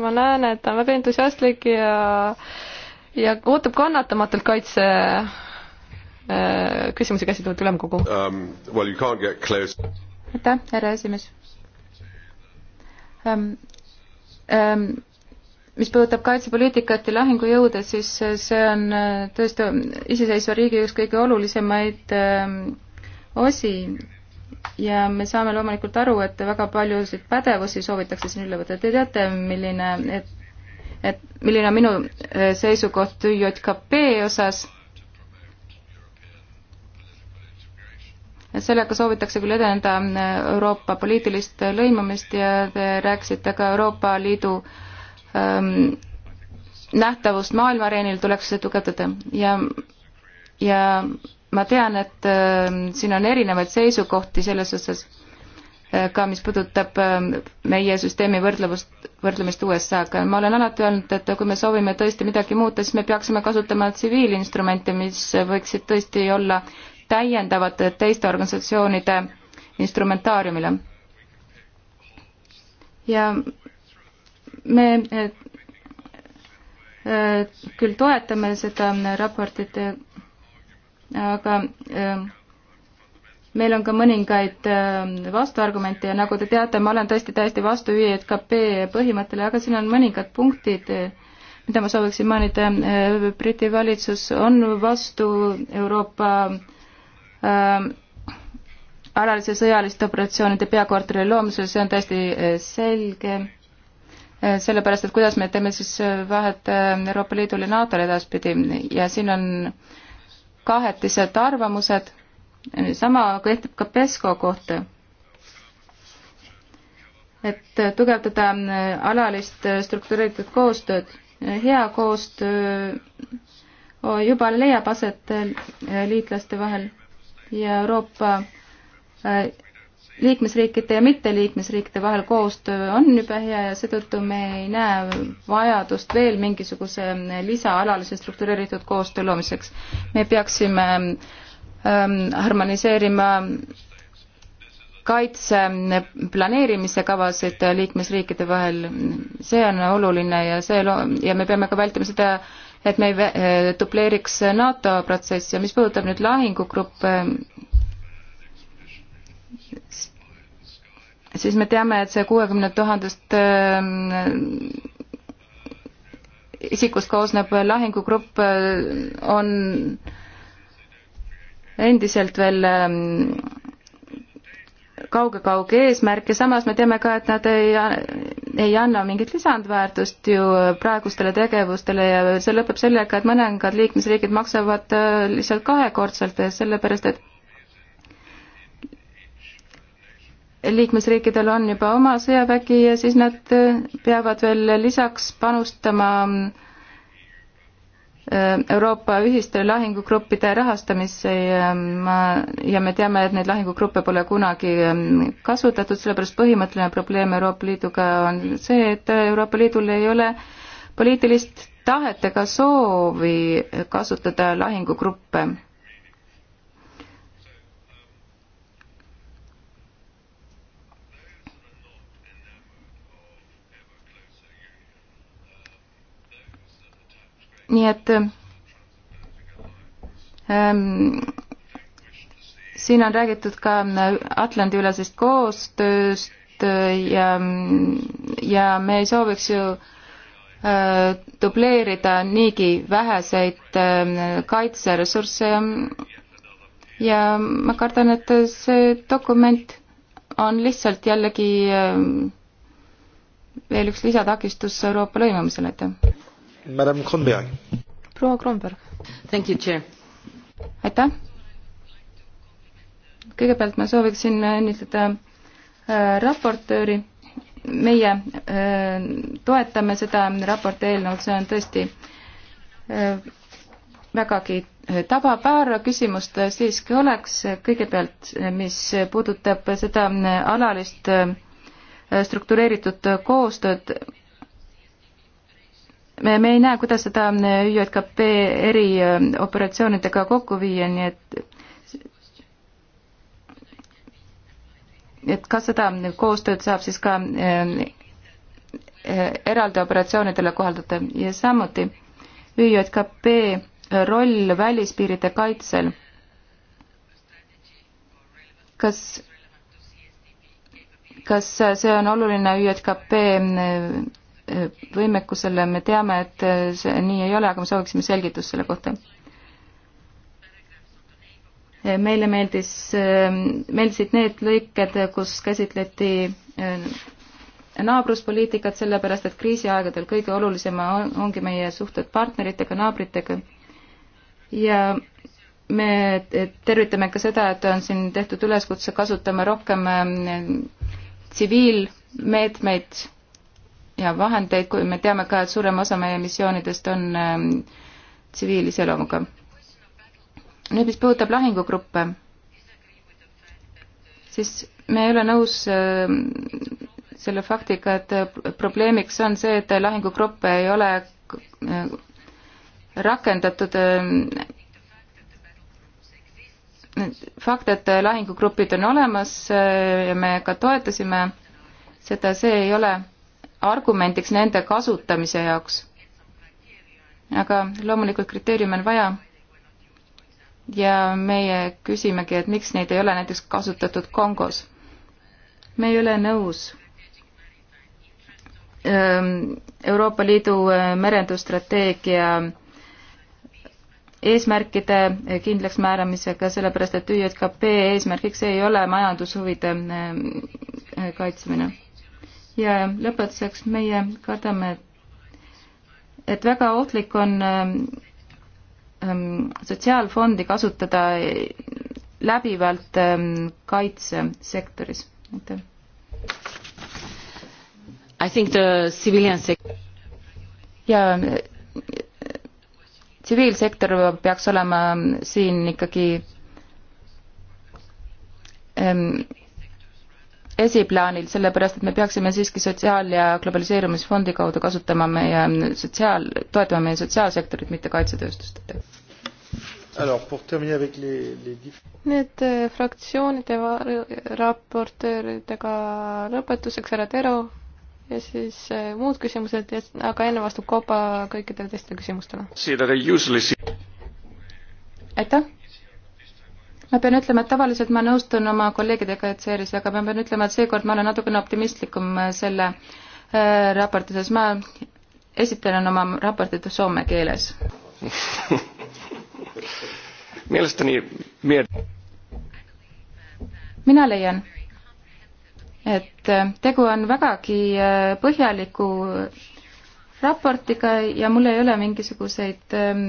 ma näen, et ta on väga entusiastlik ja, ja ootab kannatamatult kaitse küsimusi käsitlevat ülemkogu um,. Well, aitäh, härra esimees um,. Um, mis puudutab kaitsepoliitikat ja lahingujõude, siis see on äh, tõesti iseseisva riigi üks kõige olulisemaid äh, osi ja me saame loomulikult aru, et väga paljusid pädevusi soovitakse siin üle võtta. Te teate, milline, et, et milline on minu äh, seisukoht ÜJKP osas sellega soovitakse küll edendada Euroopa poliitilist lõimumist ja te rääkisite ka Euroopa Liidu äh, ähm, nähtavust maailmaareenil tuleks tugevdada ja, ja ma tean, et äh, siin on erinevaid seisukohti selles osas äh, ka, mis puudutab äh, meie süsteemi võrdlevust, võrdlemist USA-ga. ma olen alati öelnud, et kui me soovime tõesti midagi muuta, siis me peaksime kasutama tsiviilinstrumente, mis võiksid tõesti olla täiendavad teiste organisatsioonide instrumentaariumile. ja me äh, küll toetame seda raportit, aga äh, meil on ka mõningaid äh, vastuargumente ja nagu te teate, ma olen tõesti täiesti vastu ÜEKP põhimõttele, aga siin on mõningad punktid, mida ma sooviksin mainida. Briti valitsus on vastu Euroopa alalise sõjaliste operatsioonide peakorteri loomisele, see on täiesti selge Eh, sellepärast, et kuidas me teeme siis eh, vahet eh, Euroopa Liidul ja NATO-l edaspidi ja siin on kahetised arvamused, sama kehtib ka PESCO kohta. et tugevdada alalist struktureeritud koostööd, hea koostöö juba leiab aset liitlaste vahel ja Euroopa liikmesriikide ja mitteliikmesriikide vahel koostöö on juba hea ja seetõttu me ei näe vajadust veel mingisuguse lisaalalise struktureeritud koostöö loomiseks. me peaksime ähm, harmoniseerima kaitse planeerimise kavasid liikmesriikide vahel, see on oluline ja see lo-, ja me peame ka vältima seda, et me ei äh, dubleeriks NATO protsessi ja mis puudutab nüüd lahingugruppe, siis me teame, et see kuuekümne tuhandest ähm, isikust koosnev lahingugrupp äh, on endiselt veel kauge-kauge ähm, eesmärk ja samas me teame ka, et nad ei, ei anna mingit lisandväärtust ju praegustele tegevustele ja see lõpeb sellega, et mõningad liikmesriigid maksavad äh, lihtsalt kahekordselt, sellepärast et liikmesriikidel on juba oma sõjavägi ja siis nad äh, peavad veel lisaks panustama äh, Euroopa ühiste lahingugruppide rahastamisse ja äh, ma, ja me teame, et neid lahingugruppe pole kunagi ähm, kasutatud, sellepärast põhimõtteline probleem Euroopa Liiduga on see, et Euroopa Liidul ei ole poliitilist tahet ega soovi kasutada lahingugruppe nii et ähm, siin on räägitud ka äh, Atlandi-ülesest koostööst äh, ja, ja me ei sooviks ju äh, dubleerida niigi väheseid äh, kaitseressursse ja ma kardan, et see dokument on lihtsalt jällegi äh, veel üks lisatakistus Euroopa lõimumisele, aitäh. Madam Kronberg. proua Kronberg. Thank you, chair. aitäh. kõigepealt ma sooviksin õnnitleda äh, raportööri. meie äh, toetame seda raporti eelnõud, see on tõesti äh, vägagi tabav, paar küsimust siiski oleks. kõigepealt, mis puudutab seda alalist struktureeritud koostööd me, me ei näe, kuidas seda äh, ÜJKP erioperatsioonidega äh, kokku viia, nii et et kas seda koostööd saab siis ka äh, eraldi operatsioonidele kohaldada ja samuti ÜJKP roll välispiiride kaitsel. kas, kas see on oluline ÜJKP võimekusele, me teame, et see nii ei ole, aga me sooviksime selgitust selle kohta. meile meeldis, meeldisid need lõiked, kus käsitleti eh, naabruspoliitikat, sellepärast et kriisiaegadel kõige olulisem ongi meie suhted partneritega, naabritega ja me tervitame ka seda, et on siin tehtud üleskutse kasutama rohkem eh, tsiviilmeetmeid ja vahendeid, kui me teame ka, et suurem osa meie missioonidest on ähm, tsiviiliseloomuga. nüüd, mis puudutab lahingugruppe, siis me ei ole nõus ähm, selle faktiga, et äh, probleemiks on see, et lahingugruppe ei ole äh, rakendatud ähm, fakt, et äh, lahingugrupid on olemas ja me ka toetasime seda, see ei ole argumendiks nende kasutamise jaoks. aga loomulikult kriteeriume on vaja ja meie küsimegi, et miks neid ei ole näiteks kasutatud Kongos. me ei ole nõus ähm, Euroopa Liidu äh, merendusstrateegia äh, eesmärkide äh, kindlaksmääramisega, sellepärast et ÜJKP eesmärgiks ei ole majandushuvide kaitsmine ja lõpetuseks meie kardame, et väga ohtlik on ähm, ähm, sotsiaalfondi kasutada läbivalt ähm, kaitsesektoris. aitäh. I think the civilian sec-. jaa, äh, tsiviilsektor peaks olema siin ikkagi ähm, esiplaanil, sellepärast et me peaksime siiski sotsiaal- ja globaliseerumisfondi kaudu kasutama meie sotsiaal, toetama meie sotsiaalsektorit, mitte kaitsetööstust. Need äh, fraktsioonide raportööridega lõpetuseks härra Tero ja siis äh, muud küsimused, aga enne vastab Kopa kõikidele teistele küsimustele. aitäh ma pean ütlema, et tavaliselt ma nõustun oma kolleegidega ETSR-is, aga ma pean ütlema, et seekord ma olen natukene optimistlikum äh, selle äh, raporti, sest ma esitan oma raportit soome keeles mielestäni miet- mina leian, et äh, tegu on vägagi põhjaliku raportiga ja mul ei ole mingisuguseid ähm,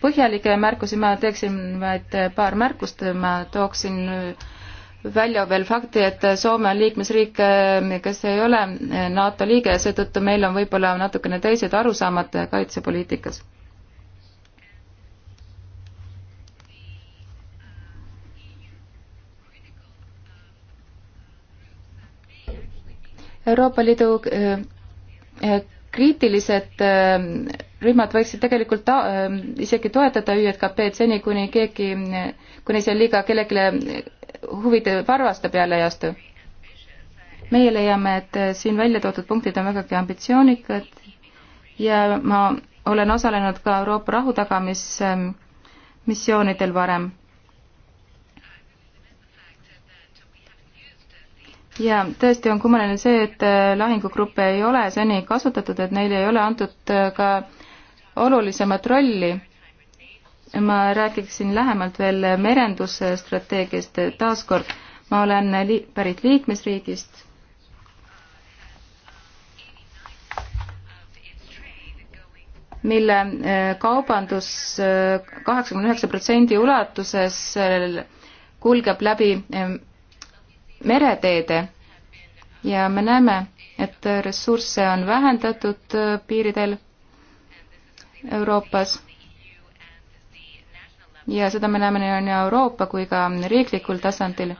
põhjalikke märkusi, ma teeksin vaid paar märkust, ma tooksin välja veel fakti, et Soome on liikmesriik, kes ei ole NATO liige ja seetõttu meil on võib-olla natukene teised arusaamad kaitsepoliitikas Euroopa Liidu äh, kriitilised äh, rühmad võiksid tegelikult ta, äh, isegi toetada ÜJKP-d seni, kuni keegi, kuni see liiga kellelegi huvide varvaste peale ei astu. meie leiame, et äh, siin välja toodud punktid on vägagi ambitsioonikad ja ma olen osalenud ka Euroopa rahutagamismissioonidel ähm, varem. ja tõesti on kummaline see, et äh, lahingugruppe ei ole seni kasutatud, et neile ei ole antud äh, ka äh, olulisemat rolli. ma räägiksin lähemalt veel merendusstrateegiast taaskord. ma olen li pärit liikmesriigist. mille eh, kaubandus eh, kaheksakümne üheksa protsendi ulatuses eh, kulgeb läbi mereteede ja me näeme, et ressursse on vähendatud piiridel Euroopas ja seda me näeme nii Euroopa kui ka riiklikul tasandil.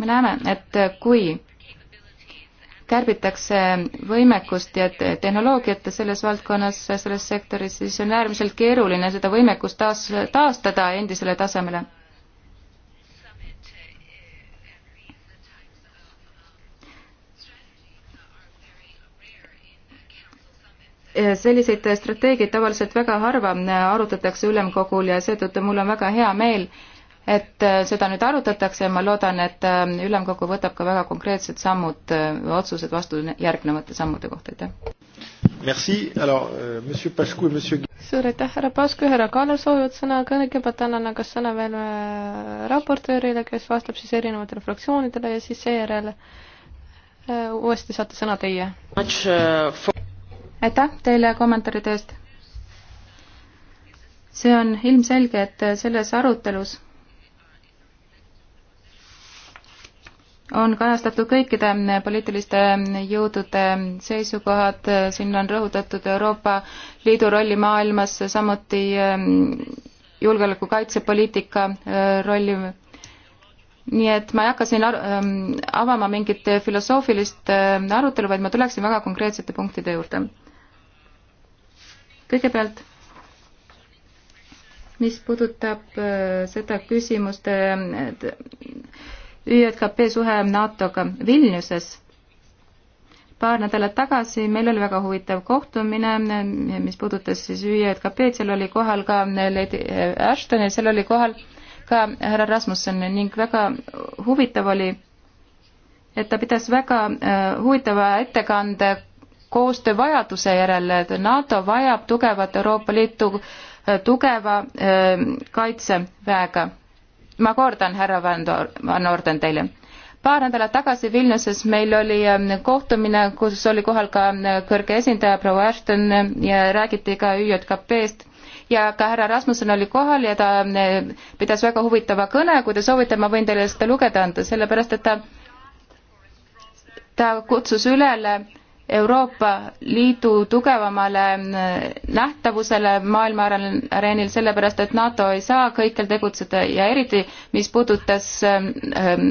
me näeme, et kui kärbitakse võimekust ja tehnoloogiat selles valdkonnas, selles sektoris, siis on äärmiselt keeruline seda võimekust taas, taastada endisele tasemele Äh, selliseid strateegiaid tavaliselt väga harva äh, arutatakse ülemkogul ja seetõttu mul on väga hea meel, et äh, seda nüüd arutatakse ja ma loodan, et ülemkogu võtab ka väga konkreetsed sammud, otsused vastu järgnevate sammude kohta, aitäh. Merci, alors euh, monsieur Pascu et monsieur suur aitäh, härra Pascu, härra Kaaler soovivad sõna, kõigepealt annan aga sõna veel raportöörile, kes vastab siis erinevatele fraktsioonidele ja siis seejärel uuesti saate sõna teie aitäh teile kommentaaride eest. see on ilmselge, et selles arutelus on kajastatud kõikide poliitiliste jõudude seisukohad, siin on rõhutatud Euroopa Liidu rolli maailmas, samuti ähm, julgeoleku kaitsepoliitika äh, rolli. nii et ma ei hakka siin ähm, avama mingit filosoofilist äh, arutelu, vaid ma tuleksin väga konkreetsete punktide juurde kõigepealt, mis puudutab äh, seda küsimust äh, ÜJKP suhe NATO-ga Vilniuses, paar nädalat tagasi meil oli väga huvitav kohtumine, äh, mis puudutas siis ÜJKP-d, seal oli kohal ka Lady Ashton ja seal oli kohal ka härra Rasmussen ning väga huvitav oli et ta pidas väga huvitava ettekande koostöövajaduse järele, et NATO vajab tugevat Euroopa Liitu äh, tugeva äh, kaitseväega. ma kordan, härra Van Orden teile. paar nädalat tagasi Vilniuses meil oli ähm, kohtumine, kus oli kohal ka äh, kõrge esindaja proua Ashton ja räägiti ka ÜJKP-st ja ka härra Rasmussen oli kohal ja ta pidas väga huvitava kõne, kui te soovite, ma võin teile seda lugeda anda, sellepärast et ta ta kutsus ülele Euroopa Liidu tugevamale äh, nähtavusele maailma areenil, sellepärast et NATO ei saa kõikjal tegutseda ja eriti, mis puudutas ähm, ähm,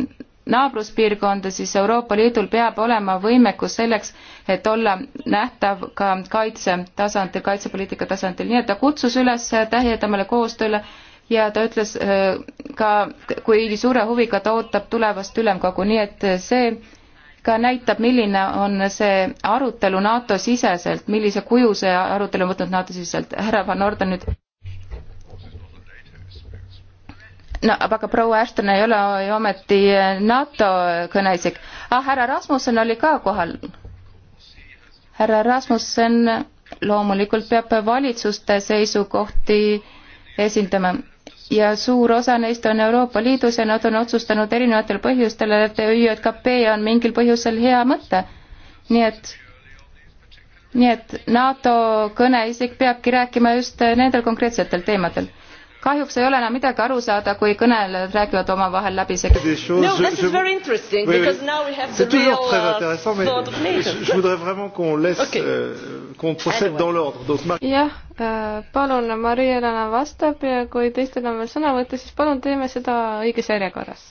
naabruspiirkonda, siis Euroopa Liidul peab olema võimekus selleks, et olla nähtav ka kaitsetasandil, kaitsepoliitika tasandil, nii et ta kutsus üles täiendavale koostööle ja ta ütles äh, ka, kui suure huviga ta ootab tulevast ülemkogu, nii et see ka näitab, milline on see arutelu NATO siseselt, millise kuju see arutelu on võtnud NATO siseselt. härra Van Orden nüüd. no aga proua Ashton ei ole ju ometi NATO kõneisik. ah, härra Rasmussen oli ka kohal. härra Rasmussen loomulikult peab valitsuste seisukohti esindama ja suur osa neist on Euroopa Liidus ja nad on otsustanud erinevatel põhjustel, et ÜJKP on mingil põhjusel hea mõte. nii et, nii et NATO kõneisik peabki rääkima just nendel konkreetsetel teemadel kahjuks ei ole enam midagi aru saada, kui kõnelejad räägivad omavahel läbi segi-. No, this is very interesting because now we have the real uh, thought of nations. Je voudrais vraiment qu'on laisse okay., euh, qu'on procède anyway. dans l'ordre. Donc ma-. jah äh,, palun, Mari-Elena vastab ja kui teistel on veel sõnavõtte, siis palun teeme seda õiges järjekorras.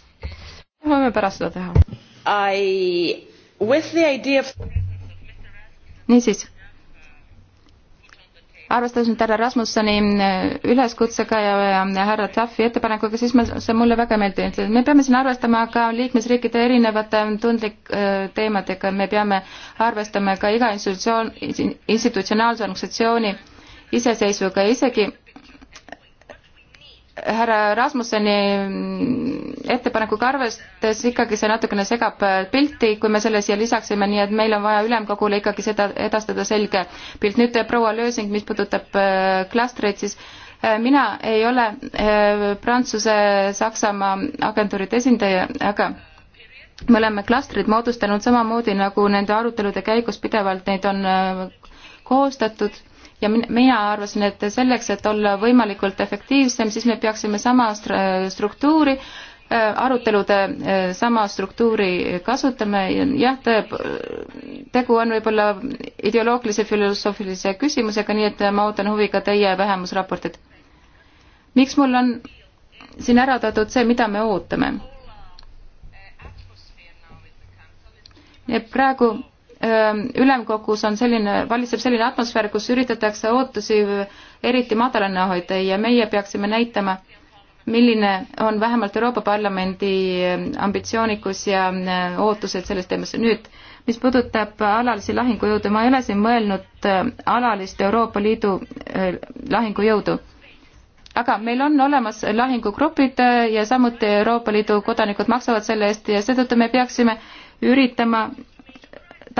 võime pärast seda teha. I, with the idea of. niisiis arvestades nüüd härra Rasmussoni äh, üleskutsega ja, ja härra Tafi ettepanekuga, siis ma, see mulle väga meeldib, me peame siin arvestama ka liikmesriikide erinevate tundlik- äh, teemadega, me peame arvestama ka iga institutsioon, institutsionaalse organisatsiooni iseseisvuga, isegi härra Rasmusseni ettepanekuga arvestades ikkagi see natukene segab pilti, kui me selle siia lisaksime, nii et meil on vaja ülemkogule ikkagi seda edastada selge pilt. nüüd eh, proua Lösing, mis puudutab eh, klastreid, siis eh, mina ei ole Prantsuse-Saksamaa agentuuride esindaja, aga me oleme klastrid moodustanud samamoodi, nagu nende arutelude käigus pidevalt neid on koostatud ja mina arvasin, et selleks, et olla võimalikult efektiivsem, siis me peaksime sama struktuuri, äh, arutelude äh, sama struktuuri kasutama, jah, tegu on võib-olla ideoloogilise filosoofilise küsimusega, nii et ma ootan huviga teie vähemusraportit. miks mul on siin ära toodud see, mida me ootame? praegu ülemkogus on selline, valitseb selline atmosfäär, kus üritatakse ootusi eriti madalana hoida ja meie peaksime näitama, milline on vähemalt Euroopa Parlamendi ambitsioonikus ja ootused selles teemas. nüüd, mis puudutab alalisi lahingujõude, ma ei ole siin mõelnud alalist Euroopa Liidu lahingujõudu. aga meil on olemas lahingugrupid ja samuti Euroopa Liidu kodanikud maksavad selle eest ja seetõttu me peaksime üritama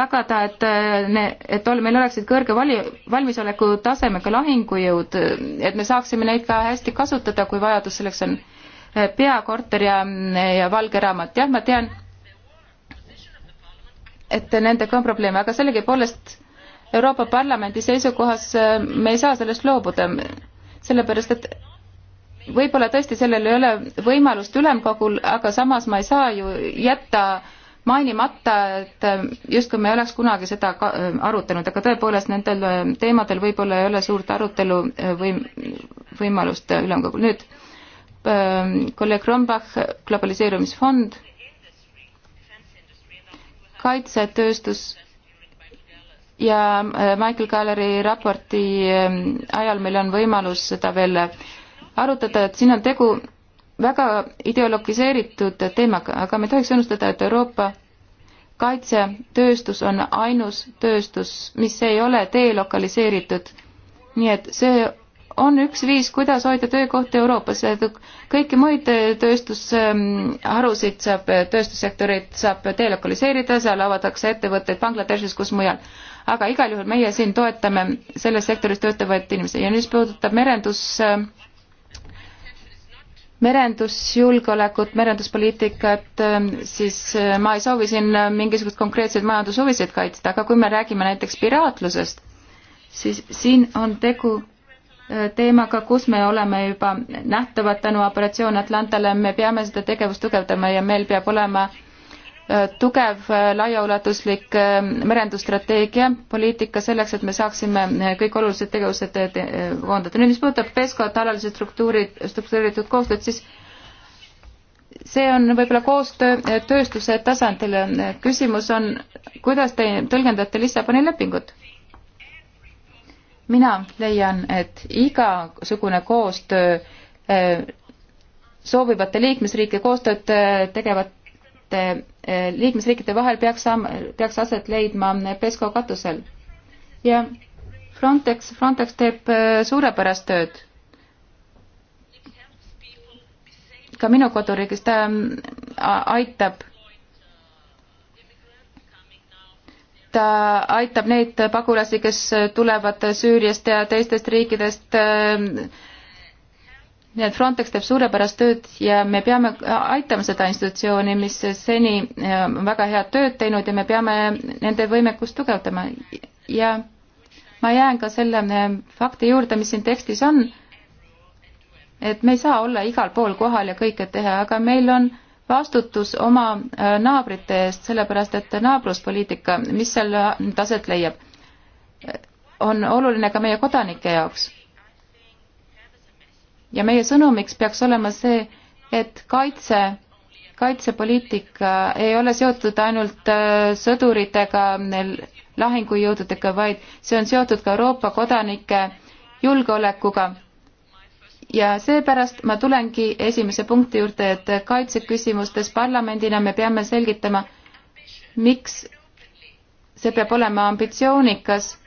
tagada, et, äh, et ol, meil oleksid kõrge vali, valmisoleku tasemega lahingujõud, et me saaksime neid ka hästi kasutada, kui vajadus selleks on. peakorter ja, ja valge raamat, jah, ma tean, et nendega on probleeme, aga sellegipoolest Euroopa Parlamendi seisukohas äh, me ei saa sellest loobuda, sellepärast et võib-olla tõesti sellel ei ole võimalust ülemkogul, aga samas ma ei saa ju jätta äh, mainimata, et äh, justkui me ei oleks kunagi seda ka, äh, arutanud, aga tõepoolest nendel äh, teemadel võib-olla ei ole suurt arutelu või võimalust ülemkogul. nüüd ähm, kolleeg Rombach, globaliseerumisfond, kaitsetööstus ja Michael Galleri raporti ajal meil on võimalus seda veel arutada, et siin on tegu väga ideologiseeritud teemaga, aga me ei tohiks unustada, et Euroopa kaitsetööstus on ainus tööstus, mis ei ole delokaliseeritud. nii et see on üks viis, kuidas hoida töökohti Euroopas, kõiki muid tööstusharusid saab, tööstussektorit saab delokaliseerida, seal avatakse ettevõtteid Bangladeshis, kus mujal. aga igal juhul meie siin toetame selles sektoris töötavaid inimesi ja mis puudutab merendus äh, merendusjulgeolekut, merenduspoliitikat, ähm, siis äh, ma ei soovi siin äh, mingisuguseid konkreetseid majandushuvisid kaitsta, aga kui me räägime näiteks piraatlusest, siis siin on tegu äh, teemaga, kus me oleme juba nähtavad tänu operatsioon Atlantale, me peame seda tegevust tugevdama ja meil peab olema äh, tugev äh, laiaulatuslik äh, merendusstrateegia, poliitika selleks, et me saaksime äh, kõik olulised tegevused koondada. nüüd, mis puudutab PESCO-t, alalise struktuuri, struktureeritud koostööd, siis see on võib-olla koostöö tööstuse tasandil. küsimus on, kuidas te tõlgendate Lissaboni lepingut? mina leian, et igasugune koostöö soovivate liikmesriike koostööd tegevate liikmesriikide vahel peaks saama, peaks aset leidma PESCO katusel. ja Frontex, Frontex teeb äh, suurepärast tööd. ka minu koduriigis ta mm, aitab, ta aitab neid pagulasi, kes tulevad Süüriast ja teistest riikidest äh, nii et Frontex teeb suurepärast tööd ja me peame äh, aitama seda institutsiooni, mis seni on äh, väga head tööd teinud ja me peame nende võimekust tugevdama. ja ma jään ka selle äh, fakti juurde, mis siin tekstis on, et me ei saa olla igal pool kohal ja kõike teha, aga meil on vastutus oma naabrite eest, sellepärast et naabruspoliitika, mis seal taset leiab, on oluline ka meie kodanike jaoks ja meie sõnumiks peaks olema see, et kaitse, kaitsepoliitika ei ole seotud ainult äh, sõduritega, lahingujõududega, vaid see on seotud ka Euroopa kodanike julgeolekuga. ja seepärast ma tulengi esimese punkti juurde, et kaitseküsimustes parlamendina me peame selgitama, miks see peab olema ambitsioonikas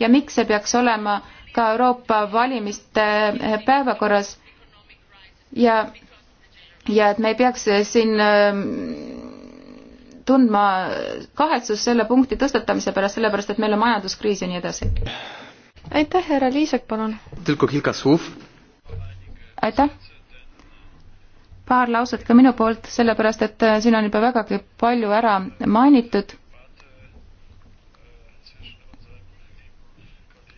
ja miks see peaks olema ka Euroopa valimiste päevakorras ja, ja et me ei peaks siin ähm, tundma kahetsust selle punkti tõstatamise pärast, sellepärast et meil on majanduskriis ja nii edasi. aitäh, härra Liisek, palun. aitäh. paar lauset ka minu poolt, sellepärast et äh, siin on juba vägagi palju ära mainitud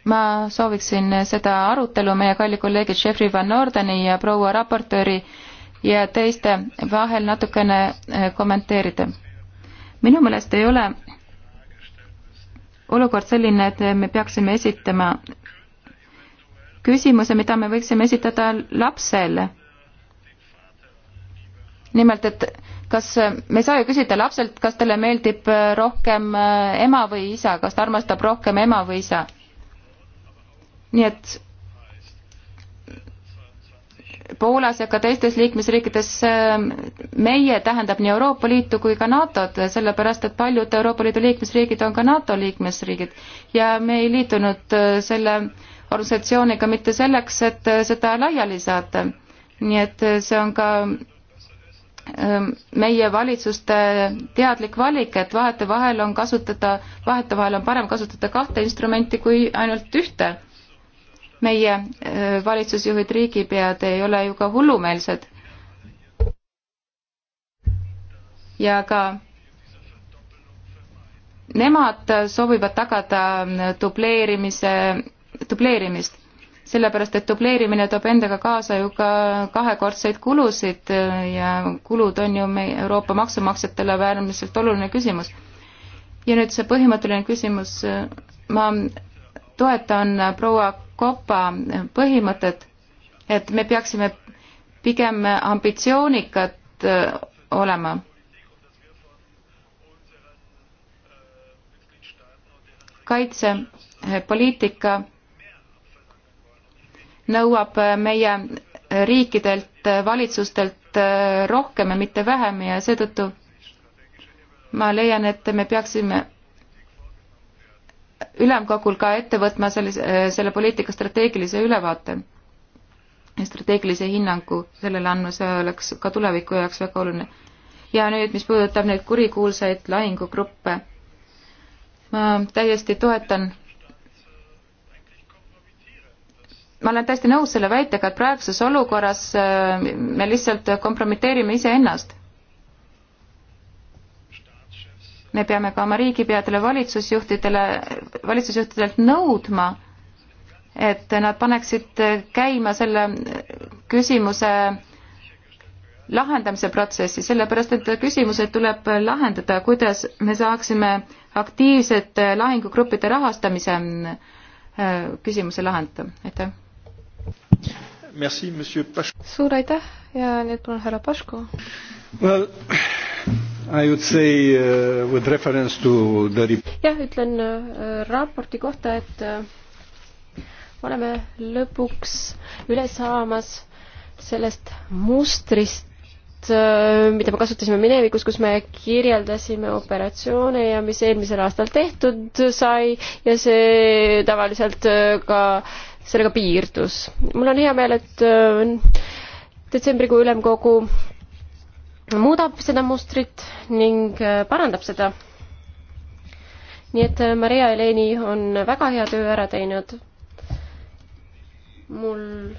ma sooviksin seda arutelu meie kalli kolleegi Jeffrey Van Ordeni ja proua raportööri ja teiste vahel natukene eh, kommenteerida. minu meelest ei ole olukord selline, et me peaksime esitama küsimuse, mida me võiksime esitada lapsele. nimelt, et kas, me ei saa ju küsida lapselt, kas talle meeldib rohkem eh, ema või isa, kas ta armastab rohkem ema või isa nii et Poolas ja ka teistes liikmesriikides ähm, meie tähendab nii Euroopa Liitu kui ka NATO-t, sellepärast et paljud Euroopa Liidu liikmesriigid on ka NATO liikmesriigid ja me ei liitunud äh, selle organisatsiooniga mitte selleks, et äh, seda laiali saata. nii et äh, see on ka ähm, meie valitsuste teadlik valik, et vahetevahel on kasutada, vahetevahel on parem kasutada kahte instrumenti kui ainult ühte meie äh, valitsusjuhid, riigipead ei ole ju ka hullumeelsed. ja ka nemad soovivad tagada äh, dubleerimise, dubleerimist, sellepärast et dubleerimine toob endaga kaasa ju ka kahekordseid kulusid äh, ja kulud on ju meie Euroopa maksumaksjatele äärmiselt oluline küsimus. ja nüüd see põhimõtteline küsimus, ma toetan proua Koppa põhimõtet, et me peaksime pigem ambitsioonikad äh, olema. kaitsepoliitika nõuab meie riikidelt, valitsustelt äh, rohkem ja mitte vähem ja seetõttu ma leian, et me peaksime ülemkogul ka ette võtma sellise, selle poliitika strateegilise ülevaate strateegilise hinnangu sellele andma, see oleks ka tuleviku jaoks väga oluline. ja nüüd, mis puudutab neid kurikuulsaid lahingugruppe, ma täiesti toetan, ma olen täiesti nõus selle väitega, et praeguses olukorras äh, me lihtsalt kompromiteerime iseennast me peame ka oma riigipeadele valitsusjuhtidele, valitsusjuhtidelt nõudma, et nad paneksid käima selle küsimuse lahendamise protsessi, sellepärast et küsimused tuleb lahendada, kuidas me saaksime aktiivsete lahingugruppide rahastamise äh, küsimuse lahendada, aitäh. suur aitäh ja nüüd palun härra Pašku well,. Uh, jah, ütlen uh, raporti kohta, et uh, oleme lõpuks üle saamas sellest mustrist, mida me kasutasime minevikus, kus me kirjeldasime operatsioone ja mis eelmisel aastal tehtud sai ja see tavaliselt ka, sellega piirdus. mul on hea meel, et detsembrikuu ülemkogu muudab seda mustrit ning äh, parandab seda. nii et äh, Maria Heleni on väga hea töö ära teinud. mul,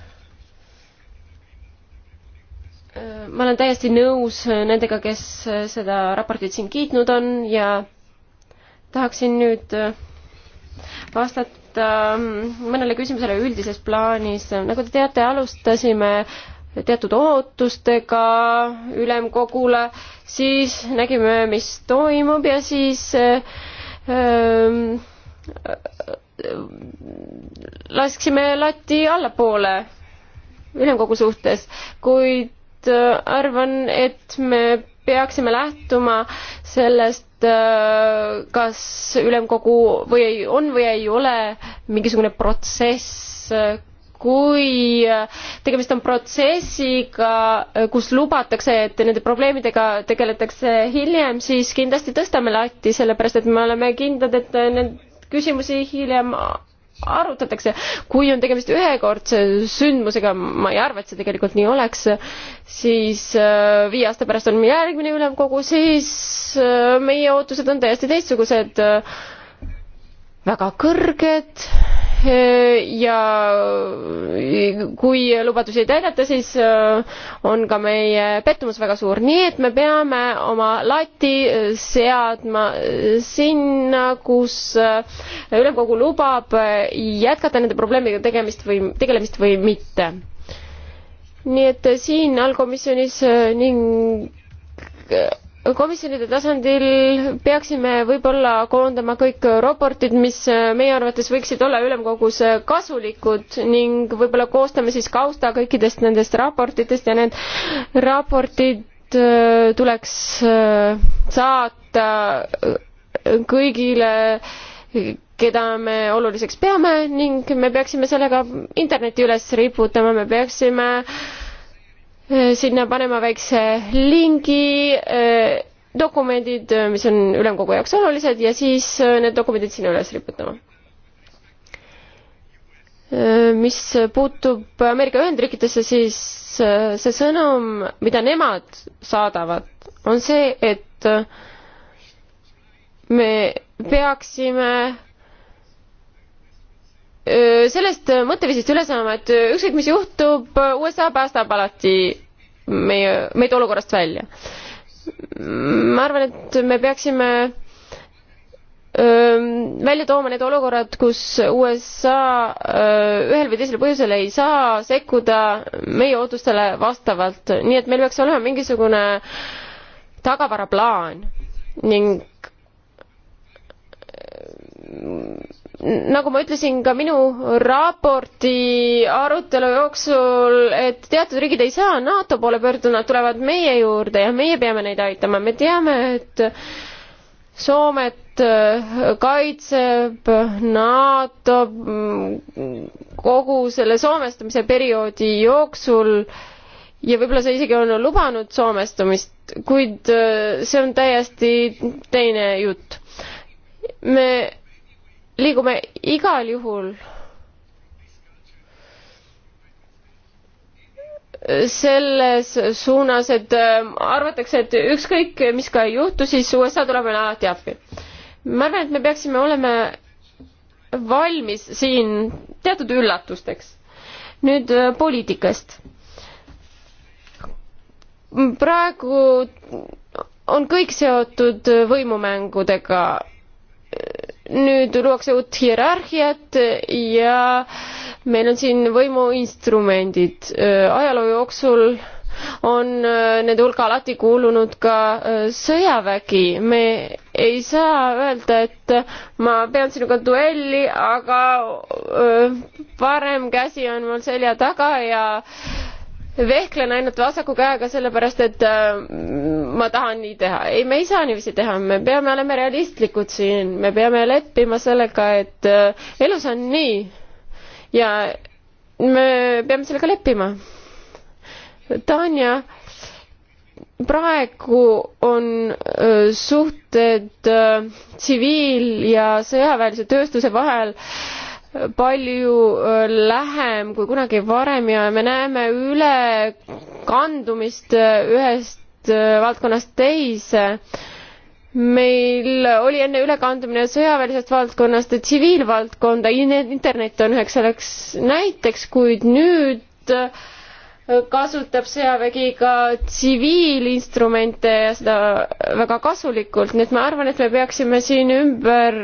äh, ma olen täiesti nõus nendega, kes seda raportit siin kiitnud on ja tahaksin nüüd vastata mm, mõnele küsimusele üldises plaanis. nagu te teate, alustasime äh, teatud ootustega ülemkogule, siis nägime, mis toimub ja siis ähm, lasksime lati allapoole ülemkogu suhtes, kuid äh, arvan, et me peaksime lähtuma sellest, äh, kas ülemkogu või on või ei ole mingisugune protsess, kui äh, tegemist on protsessiga, äh, kus lubatakse, et nende probleemidega tegeletakse hiljem, siis kindlasti tõstame latti, sellepärast et me oleme kindlad, et äh, need küsimusi hiljem arutatakse. kui on tegemist ühekordse sündmusega, ma ei arva, et see tegelikult nii oleks, siis viie aasta pärast on järgmine ülemkogu, siis meie ootused on täiesti teistsugused, väga kõrged Äh, ja äh, kui lubadusi ei täideta, siis äh, on ka meie pettumus väga suur, nii et me peame oma lati seadma sinna, kus ülemkogu lubab jätkata nende probleemidega tegemist või tegelemist või mitte. nii et siin allkomisjonis ning komisjonide tasandil peaksime võib-olla koondama kõik raportid, mis äh, meie arvates võiksid olla ülemkogus äh, kasulikud ning võib-olla koostame siis kausta kõikidest nendest raportitest ja need raportid äh, tuleks saata kõigile, keda me oluliseks peame ning me peaksime selle ka interneti üles riputama, me peaksime äh, Äh, sinna panema väikse lingi, äh, dokumendid, äh, mis on ülemkogu jaoks olulised ja siis need dokumendid sinna üles riputama. mis puutub Ameerika Ühendriikidesse, siis see sõnum, mida nemad saadavad, on see, et me peaksime sellest mõtteviisist üle saama, et ükskõik, mis juhtub, USA päästab alati meie, meid olukorrast välja. ma arvan, et me peaksime välja tooma need olukorrad, kus USA ühel või teisel põhjusel ei saa sekkuda meie ootustele vastavalt, nii et meil peaks olema mingisugune tagavaraplaan ning nagu ma ütlesin ka minu raporti arutelu jooksul, et teatud riigid ei saa NATO poole pöörduda, nad tulevad meie juurde ja meie peame neid aitama, me teame, et Soomet äh, kaitseb NATO mm, kogu selle soomestamise perioodi jooksul ja võib-olla see isegi on lubanud soomestumist, kuid äh, see on täiesti teine jutt. me liigume igal juhul selles suunas, et ähm, arvatakse, et ükskõik, mis ka ei juhtu, siis USA tuleb meile alati appi. ma arvan, et me peaksime olema valmis siin teatud üllatusteks. nüüd äh, poliitikast. praegu on kõik seotud võimumängudega nüüd luuakse uut hierarhiat ja meil on siin võimuinstrumendid. Äh, ajaloo jooksul on äh, nende hulka alati kuulunud ka äh, sõjavägi. me ei saa öelda, et ma pean sinuga duelli, aga parem käsi on mul selja taga ja vehklen ainult vasaku käega sellepärast, et äh, ma tahan nii teha. ei, me ei saa niiviisi teha, me peame olema realistlikud siin, me peame leppima sellega, et äh, elus on nii. ja me peame sellega leppima. Tanja, praegu on äh, suhted äh, tsiviil ja sõjaväelise tööstuse vahel äh, palju lähem kui kunagi varem ja me näeme üle kandumist ühest valdkonnast teise. meil oli enne ülekandumine sõjaväelisest valdkonnast tsiviilvaldkonda, internet on üheks selleks näiteks, kuid nüüd kasutab sõjavägi ka tsiviilinstrumente ja seda väga kasulikult, nii et ma arvan, et me peaksime siin ümber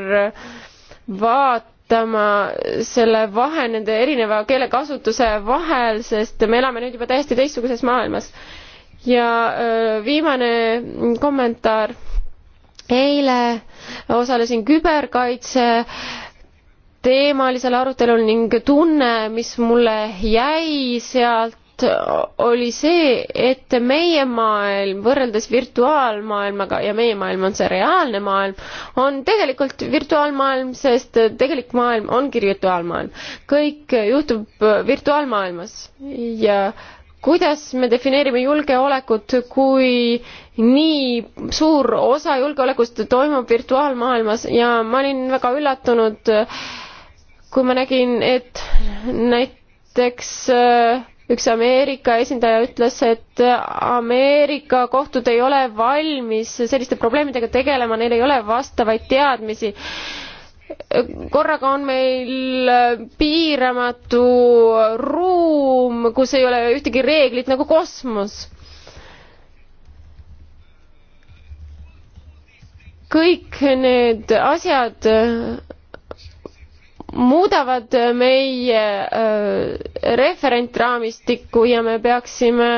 vaatama vaatama selle vahe, nende erineva keelekasutuse vahel, sest me elame nüüd juba täiesti teistsuguses maailmas. ja viimane kommentaar. eile osalesin küberkaitse teemalisel arutelul ning tunne, mis mulle jäi sealt, Äh, oli see, et meie maailm võrreldes virtuaalmaailmaga ja meie maailm on see reaalne maailm, on tegelikult virtuaalmaailm, sest tegelik maailm ongi virtuaalmaailm. kõik juhtub äh, virtuaalmaailmas ja kuidas me defineerime julgeolekut, kui nii suur osa julgeolekust toimub virtuaalmaailmas ja ma olin väga üllatunud, äh, kui ma nägin, et näiteks äh, üks Ameerika esindaja ütles, et Ameerika kohtud ei ole valmis selliste probleemidega tegelema, neil ei ole vastavaid teadmisi. korraga on meil piiramatu ruum, kus ei ole ühtegi reeglit nagu kosmos. kõik need asjad muudavad meie äh, referentraamistikku ja me peaksime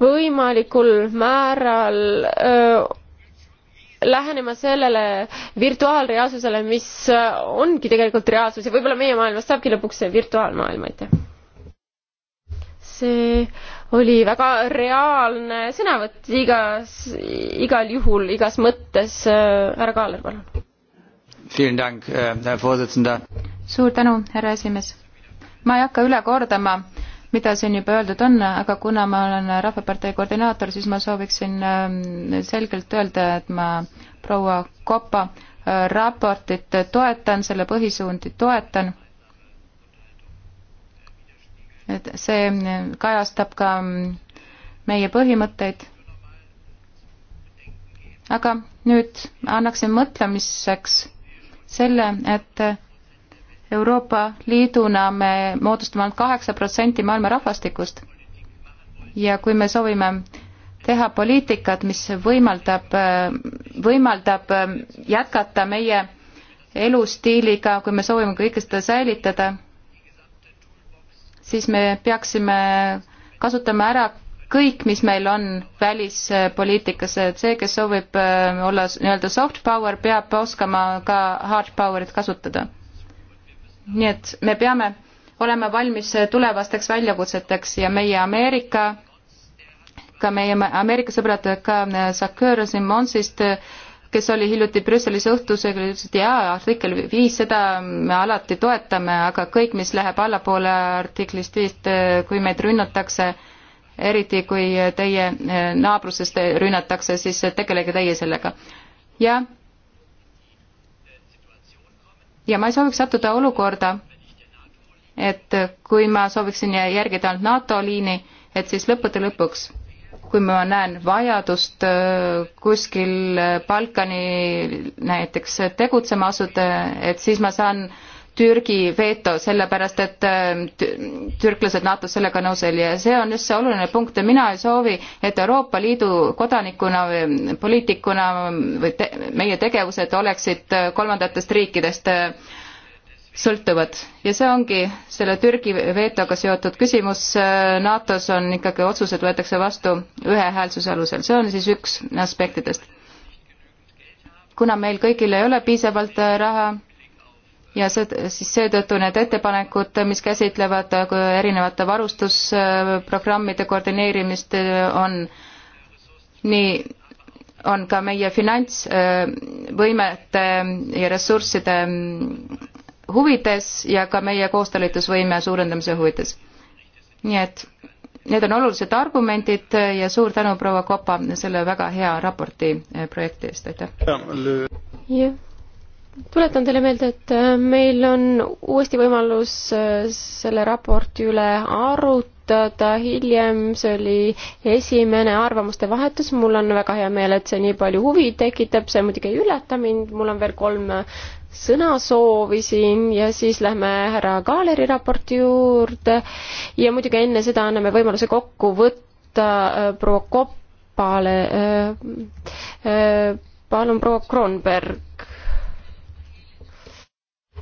võimalikul määral öö, äh, lähenema sellele virtuaalreaalsusele, mis äh, ongi tegelikult reaalsus ja võib-olla meie maailmast saabki lõpuks see virtuaalmaailm, aitäh. see oli väga reaalne sõnavõtt igas, igal juhul, igas mõttes. härra Kaaler, palun Äh, suur tänu, härra esimees. ma ei hakka üle kordama, mida siin juba öeldud on, aga kuna ma olen Rahvapartei koordinaator, siis ma sooviksin ähm, selgelt öelda, et ma proua Kopa äh, raportit toetan, selle põhisuundi toetan. et see äh, kajastab ka mm, meie põhimõtteid. aga nüüd annaksin mõtlemiseks selle, et Euroopa Liiduna me moodustame ainult kaheksa protsenti maailma rahvastikust ja kui me soovime teha poliitikat, mis võimaldab, võimaldab jätkata meie elustiiliga, kui me soovime kõike seda säilitada, siis me peaksime kasutama ära kõik, mis meil on välispoliitikas, et see, kes soovib äh, olla nii-öelda soft power, peab oskama ka hard power'it kasutada. nii et me peame olema valmis tulevasteks väljakutseteks ja meie Ameerika, ka meie Ameerika sõbrad, ka äh, Sakura Simonsist, kes oli hiljuti Brüsselis õhtusega, ütles, et jaa, artikkel viis, seda me alati toetame, aga kõik, mis läheb allapoole artiklist viis, äh, kui meid rünnatakse, eriti kui teie eh, naabrusest rünnatakse, siis tegelege teie sellega. ja ja ma ei sooviks sattuda olukorda, et kui ma sooviksin järgida ainult NATO liini, et siis lõppude lõpuks, kui ma näen vajadust eh, kuskil Balkani näiteks tegutsema asuda, et siis ma saan äh, Türgi veto, sellepärast et ähm, türklased NATO-s sellega nõus ei ole ja see on just see oluline punkt ja mina ei soovi, et Euroopa Liidu kodanikuna või mm, poliitikuna või te, meie tegevused oleksid äh, kolmandatest riikidest äh, sõltuvad ja see ongi selle Türgi veetoga seotud küsimus. Äh, NATO-s on ikkagi otsused võetakse vastu ühehäälsuse alusel, see on siis üks aspektidest. kuna meil kõigil ei ole piisavalt raha, ja see, siis seetõttu need ettepanekud, mis käsitlevad äh, erinevate varustusprogrammide koordineerimist, äh, on nii, on ka meie finantsvõimete äh, ja ressursside mm, huvides ja ka meie koostalitusvõime suurendamise huvides. nii et need on olulised argumendid ja suur tänu, proua Kopa, selle väga hea raporti projekti eest, aitäh! jah tuletan teile meelde, et äh, meil on uuesti võimalus äh, selle raporti üle arutada hiljem, see oli esimene arvamuste vahetus, mul on väga hea meel, et see nii palju huvi tekitab, see muidugi ei üllata mind, mul on veel kolm äh, sõnasoovi siin ja siis lähme härra Kaaleri raporti juurde ja muidugi enne seda anname võimaluse kokku võtta proua Koppale. palun, proua Kronberg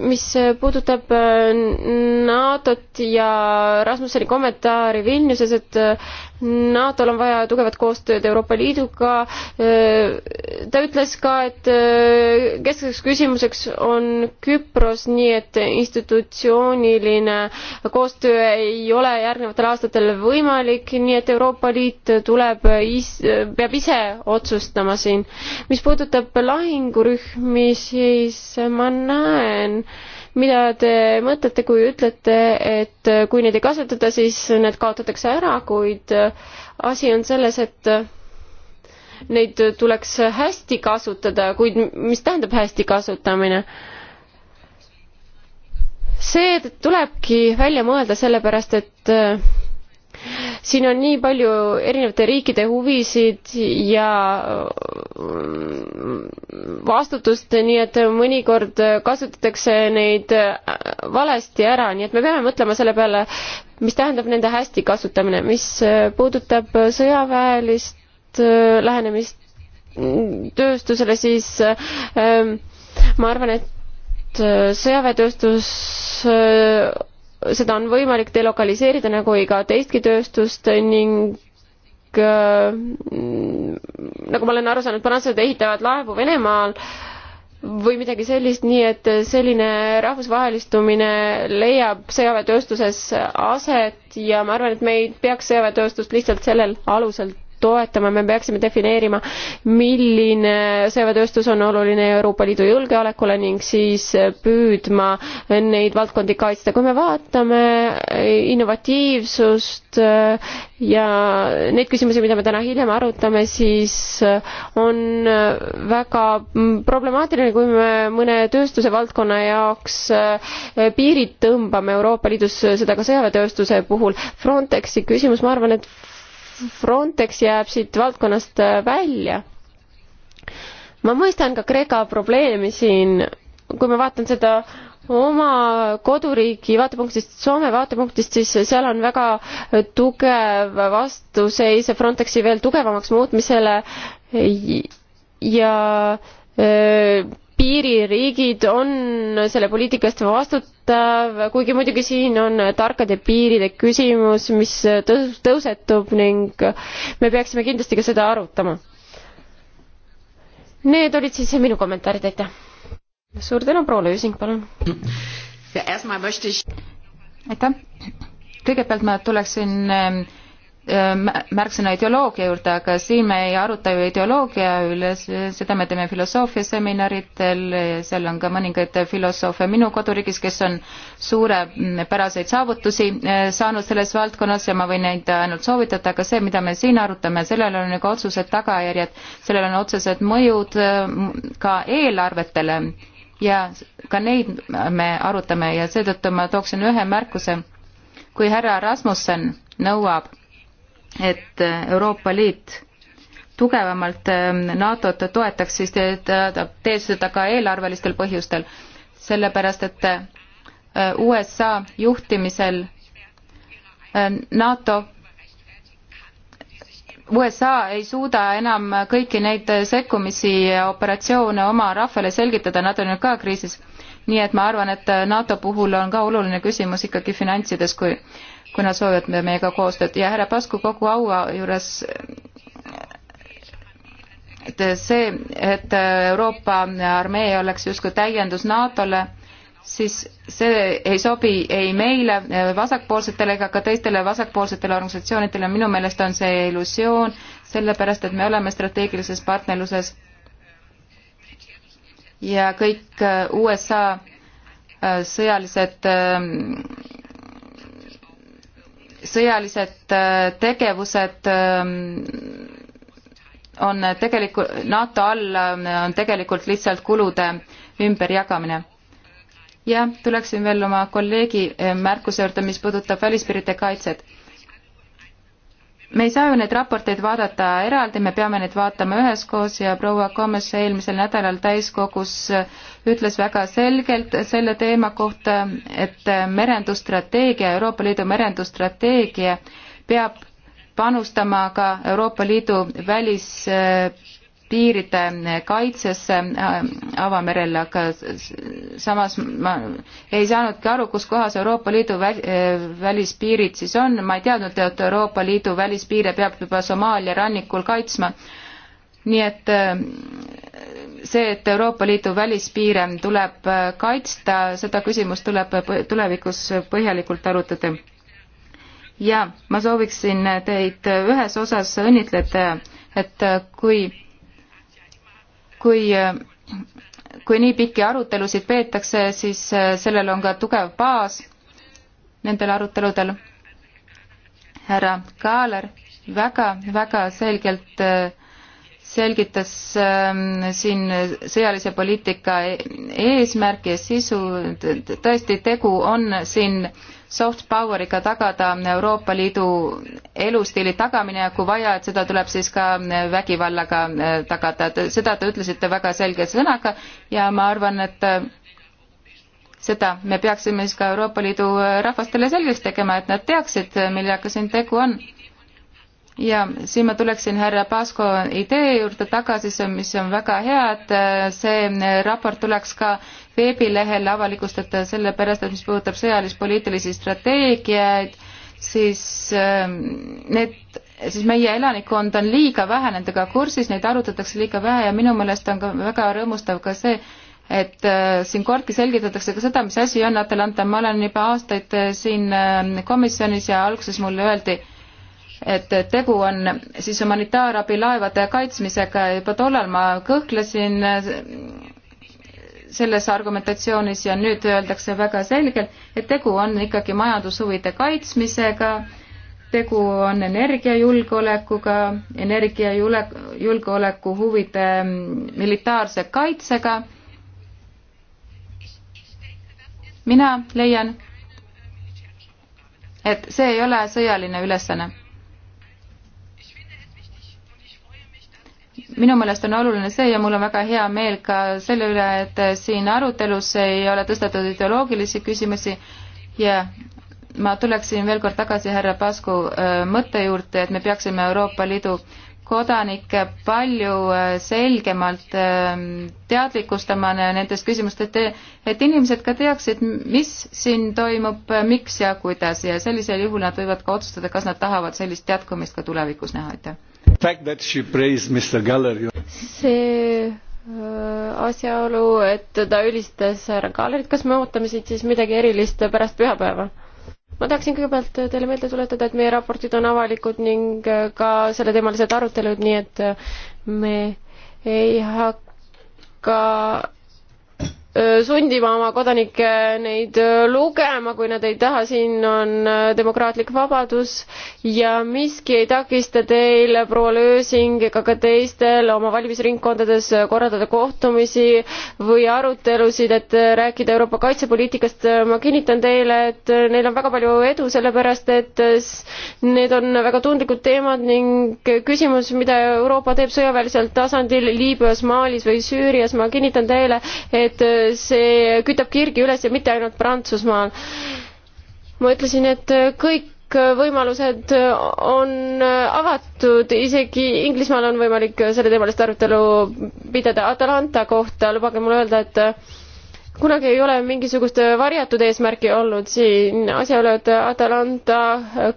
mis puudutab äh, NATO-t ja Rasmusseni kommentaari Vilniuses, et äh, NATO-l on vaja tugevat koostööd Euroopa Liiduga. Äh, ta ütles ka, et keskseks küsimuseks on Küpros, nii et institutsiooniline koostöö ei ole järgnevatel aastatel võimalik, nii et Euroopa Liit tuleb, peab ise otsustama siin. mis puudutab lahingurühmi, siis ma näen, mida te mõtlete, kui ütlete, et kui neid ei kasutata, siis need kaotatakse ära, kuid äh, asi on selles, et äh, neid tuleks hästi kasutada, kuid mis tähendab hästi kasutamine? see tulebki välja mõelda, sellepärast et äh, siin on nii palju erinevate riikide huvisid ja mm, vastutust, nii et mõnikord kasutatakse neid äh, valesti ära, nii et me peame mõtlema selle peale, mis tähendab nende hästi kasutamine, mis äh, puudutab sõjaväelist äh, lähenemist tööstusele, siis ma arvan, et sõjaväetööstus seda on võimalik delokaliseerida nagu iga teistki tööstust ning äh, nagu ma olen aru saanud, prantslased ehitavad laevu Venemaal või midagi sellist, nii et selline rahvusvahelistumine leiab sõjaväetööstuses aset ja ma arvan, et me ei peaks sõjaväetööstust lihtsalt sellel alusel toetama, me peaksime defineerima, milline sõjaväetööstus on oluline Euroopa Liidu julgeolekule ning siis püüdma neid valdkondi kaitsta. kui me vaatame eh, innovatiivsust eh, ja neid küsimusi, mida me täna hiljem arutame, siis eh, on väga problemaatiline, kui me mõne tööstuse valdkonna jaoks piirid tõmbame Euroopa Liidus, seda ka sõjaväetööstuse puhul. Frontexi küsimus, ma arvan, et Frontex jääb siit valdkonnast äh, välja. ma mõistan ka Kreeka probleemi siin, kui ma vaatan seda oma koduriigi vaatepunktist, Soome vaatepunktist, siis seal on väga äh, tugev vastuseis Frontexi veel tugevamaks muutmisele ja öö, äh, piiririigid on selle poliitika eest vastut-, toetatav, kuigi muidugi siin on tarkade piiride küsimus, mis tõusetub ning me peaksime kindlasti ka seda arutama. Need olid siis minu kommentaarid, aitäh. suur tänu, proua Lüüsing, palun. aitäh, kõigepealt ma tuleksin äh, Äh, märksõna ideoloogia juurde, aga siin me ei aruta ju ideoloogia üle, seda me teeme filosoofiaseminaridel, seal on ka mõningaid filosoofe minu koduriigis, kes on suurepäraseid saavutusi äh, saanud selles valdkonnas ja ma võin neid ainult soovitada, aga see, mida me siin arutame, sellel on ju nagu ka otsesed tagajärjed, sellel on otsesed mõjud äh, ka eelarvetele ja ka neid me arutame ja seetõttu ma tooksin ühe märkuse. kui härra Rasmussen nõuab et äh, Euroopa Liit tugevamalt ähm, NATO-t toetaks, siis ta teeb seda ka eelarvelistel põhjustel, sellepärast et äh, USA juhtimisel äh, NATO USA ei suuda enam kõiki neid sekkumisi ja operatsioone oma rahvale selgitada, nad on ju ka kriisis. nii et ma arvan, et NATO puhul on ka oluline küsimus ikkagi finantsides, kui kui nad soovivad meiega koostööd ja härra Pasku kogu aua juures et see, et Euroopa armee oleks justkui täiendus NATO-le, siis see ei sobi ei meile, vasakpoolsetele ega ka teistele vasakpoolsetele organisatsioonidele, minu meelest on see illusioon, sellepärast et me oleme strateegilises partnerluses ja kõik äh, USA äh, sõjalised ähm, sõjalised äh, tegevused ähm, on tegelikult, NATO all äh, on tegelikult lihtsalt kulude ümberjagamine. jah, tuleksin veel oma kolleegi äh, märkuse juurde, mis puudutab välispiiride kaitset me ei saa ju neid raporteid vaadata eraldi, me peame neid vaatama üheskoos ja proua Gomes eelmisel nädalal täiskogus ütles väga selgelt selle teema kohta, et merendusstrateegia, Euroopa Liidu merendusstrateegia peab panustama ka Euroopa Liidu välis piiride kaitsesse äh, avamerel, aga samas ma ei saanudki aru, kus kohas Euroopa Liidu äh, välispiirid siis on, ma ei teadnud, et Euroopa Liidu välispiire peab juba Somaalia rannikul kaitsma. nii et äh, see, et Euroopa Liidu välispiire tuleb kaitsta, seda küsimust tuleb tulevikus põhjalikult arutada. ja ma sooviksin teid ühes osas õnnitleda, et kui kui kui nii pikki arutelusid peetakse, siis äh, sellel on ka tugev baas nendel aruteludel. härra Kaaler väga-väga selgelt äh, selgitas ähm, siin sõjalise poliitika e-, eesmärki ja sisu, tõesti tegu on siin soft power'iga tagada Euroopa Liidu elustiili tagamine ja kui vaja, et seda tuleb siis ka vägivallaga äh, tagada, et seda te ütlesite väga selge sõnaga ja ma arvan, et äh, seda me peaksime siis ka Euroopa Liidu äh, rahvastele selgeks tegema, et nad teaksid, millega siin tegu on ja siin ma tuleksin härra Pasko idee juurde tagasi, see on, mis on väga hea, et see raport tuleks ka veebilehel avalikustada, sellepärast et mis puudutab sõjalis-poliitilisi strateegiaid, siis ähm, need, siis meie elanikkond on liiga vähe nendega kursis, neid arutatakse liiga vähe ja minu meelest on ka väga rõõmustav ka see, et äh, siin kordki selgitatakse ka seda, mis asi on Atalanta, ma olen juba aastaid äh, siin äh, komisjonis ja alguses mulle öeldi, et tegu on siis humanitaarabilaevade kaitsmisega ja juba tollal ma kõhklesin selles argumentatsioonis ja nüüd öeldakse väga selgelt, et tegu on ikkagi majandushuvide kaitsmisega, tegu on energiajulgeolekuga, energiajulgeoleku huvide militaarse kaitsega. mina leian, et see ei ole sõjaline ülesanne minu meelest on oluline see ja mul on väga hea meel ka selle üle, et siin arutelus ei ole tõstatatud ideoloogilisi küsimusi ja ma tuleksin veel kord tagasi härra Pasku äh, mõtte juurde, et me peaksime Euroopa Liidu kodanikke palju äh, selgemalt ähm, teadlikustama nendest küsimustest, et inimesed ka teaksid, mis siin toimub, äh, miks ja kuidas ja sellisel juhul nad võivad ka otsustada, kas nad tahavad sellist jätkumist ka tulevikus näha, aitäh see äh, asjaolu, et ta ülistas härra Gallerit, kas me ootame siit siis midagi erilist pärast pühapäeva? ma tahaksin kõigepealt teile meelde tuletada, et meie raportid on avalikud ning äh, ka selleteemalised arutelud, nii et äh, me ei hakka sundima oma kodanikke neid äh, lugema, kui nad ei taha, siin on äh, demokraatlik vabadus ja miski ei takista teil, proua Lösing, ega ka teistel oma valimisringkondades korraldada kohtumisi või arutelusid, et äh, rääkida Euroopa kaitsepoliitikast. ma kinnitan teile, et neil on väga palju edu, sellepärast et need on väga tundlikud teemad ning küsimus, mida Euroopa teeb sõjaväelisel tasandil Liibüas, Malis või Süürias, ma kinnitan teile, et see kütab kirgi üles ja mitte ainult Prantsusmaal. ma ütlesin, et kõik võimalused on avatud, isegi Inglismaal on võimalik selleteemalist arutelu pidada Atalanta kohta, lubage mul öelda, et kunagi ei ole mingisugust varjatud eesmärki olnud siin asjaolu, et Atalanta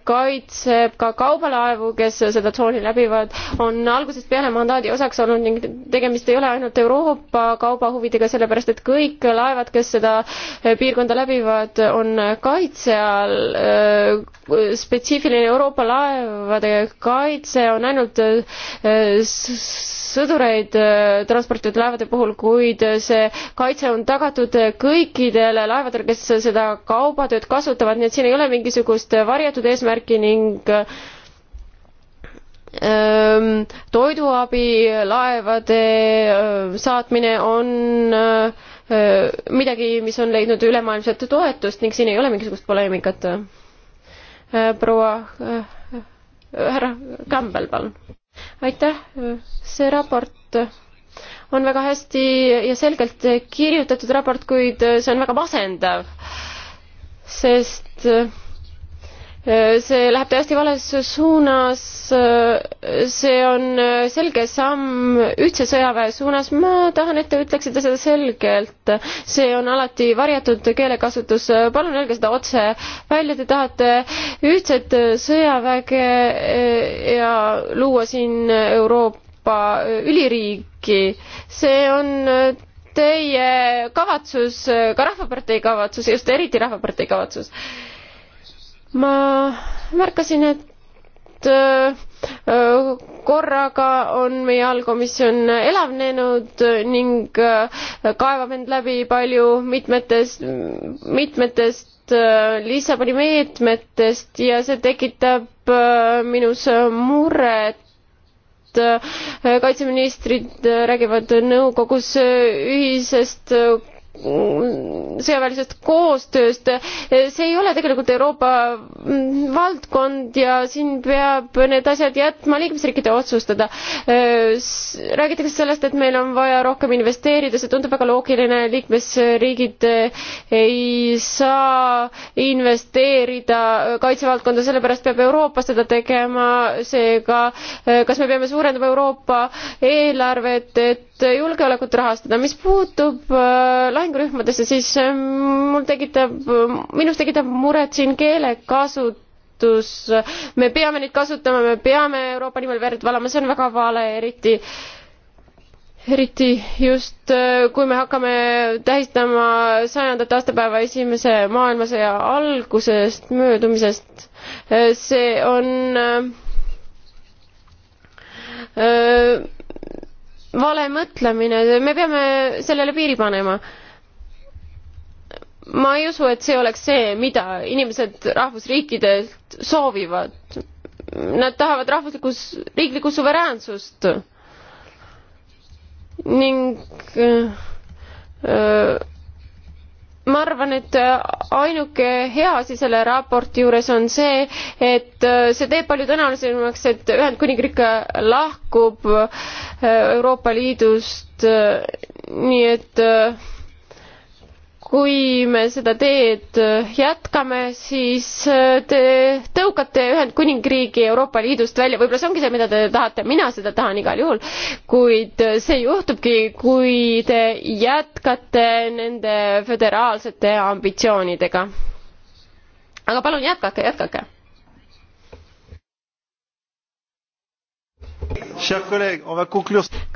kaitseb ka kaubalaevu, kes seda tsooni läbivad, on algusest peale mandaadi osaks olnud ning tegemist ei ole ainult Euroopa kaubahuvidega, sellepärast et kõik laevad, kes seda piirkonda läbivad, on kaitse all. spetsiifiline Euroopa laevade kaitse on ainult sõdureid äh, transportinud laevade puhul, kuid äh, see kaitse on tagatud äh, kõikidele laevadele, kes seda kaubatööd kasutavad, nii et siin ei ole mingisugust varjatud eesmärki ning ähm, toiduabilaevade saatmine on midagi, mis on leidnud ülemaailmset toetust ning siin ei ole mingisugust poleemikat. proua härra Campbell, palun aitäh, see raport on väga hästi ja selgelt kirjutatud raport, kuid see on väga masendav, sest see läheb täiesti vales suunas, see on selge samm ühtse sõjaväe suunas, ma tahan, et te ütleksite seda selgelt. see on alati varjatud keelekasutus, palun öelge seda otse välja, te tahate ühtset sõjaväge eh, ja luua siin Euroopa üliriiki, see on teie kavatsus, ka Rahvapartei kavatsus, just eriti Rahvapartei kavatsus ma märkasin, et äh, äh, korraga on meie allkomisjon elavnenud ning äh, kaevab end läbi palju mitmetest, mitmetest Lissaboni meetmetest ja see tekitab minus muret kaitseministrid räägivad nõukogus ühisest sõjaväelisest koostööst, see ei ole tegelikult Euroopa valdkond ja siin peab need asjad jätma liikmesriikide otsustada. räägitakse sellest, et meil on vaja rohkem investeerida, see tundub väga loogiline, liikmesriigid ei saa investeerida kaitsevaldkonda, sellepärast peab Euroopa seda tegema, seega kas me peame suurendama Euroopa eelarvet, et julgeolekut rahastada. mis puutub äh, lahingurühmadesse, siis äh, mul tekitab, äh, minus tekitab muret siin keelekasutus. me peame neid kasutama, me peame Euroopa nimel verd valama, see on väga vale, eriti eriti just, kui me hakkame tähistama sajandat aastapäeva Esimese maailmasõja algusest, möödumisest. see on öö, vale mõtlemine, me peame sellele piiri panema. ma ei usu, et see oleks see, mida inimesed rahvusriikidelt soovivad. Nad tahavad rahvuslikus, riiklikku suveräänsust ning öö, äh, öö, ma arvan, et äh, ainuke hea asi selle raporti juures on see, et äh, see teeb palju tõenäolisemaks, et Ühendkuningriik lahkub äh, Euroopa Liidust, nii et kui me seda teed jätkame, siis te tõukate Ühendkuningriigi Euroopa Liidust välja, võib-olla see ongi see, mida te tahate, mina seda tahan igal juhul, kuid see juhtubki, kui te jätkate nende föderaalsete ambitsioonidega. aga palun jätkake, jätkake.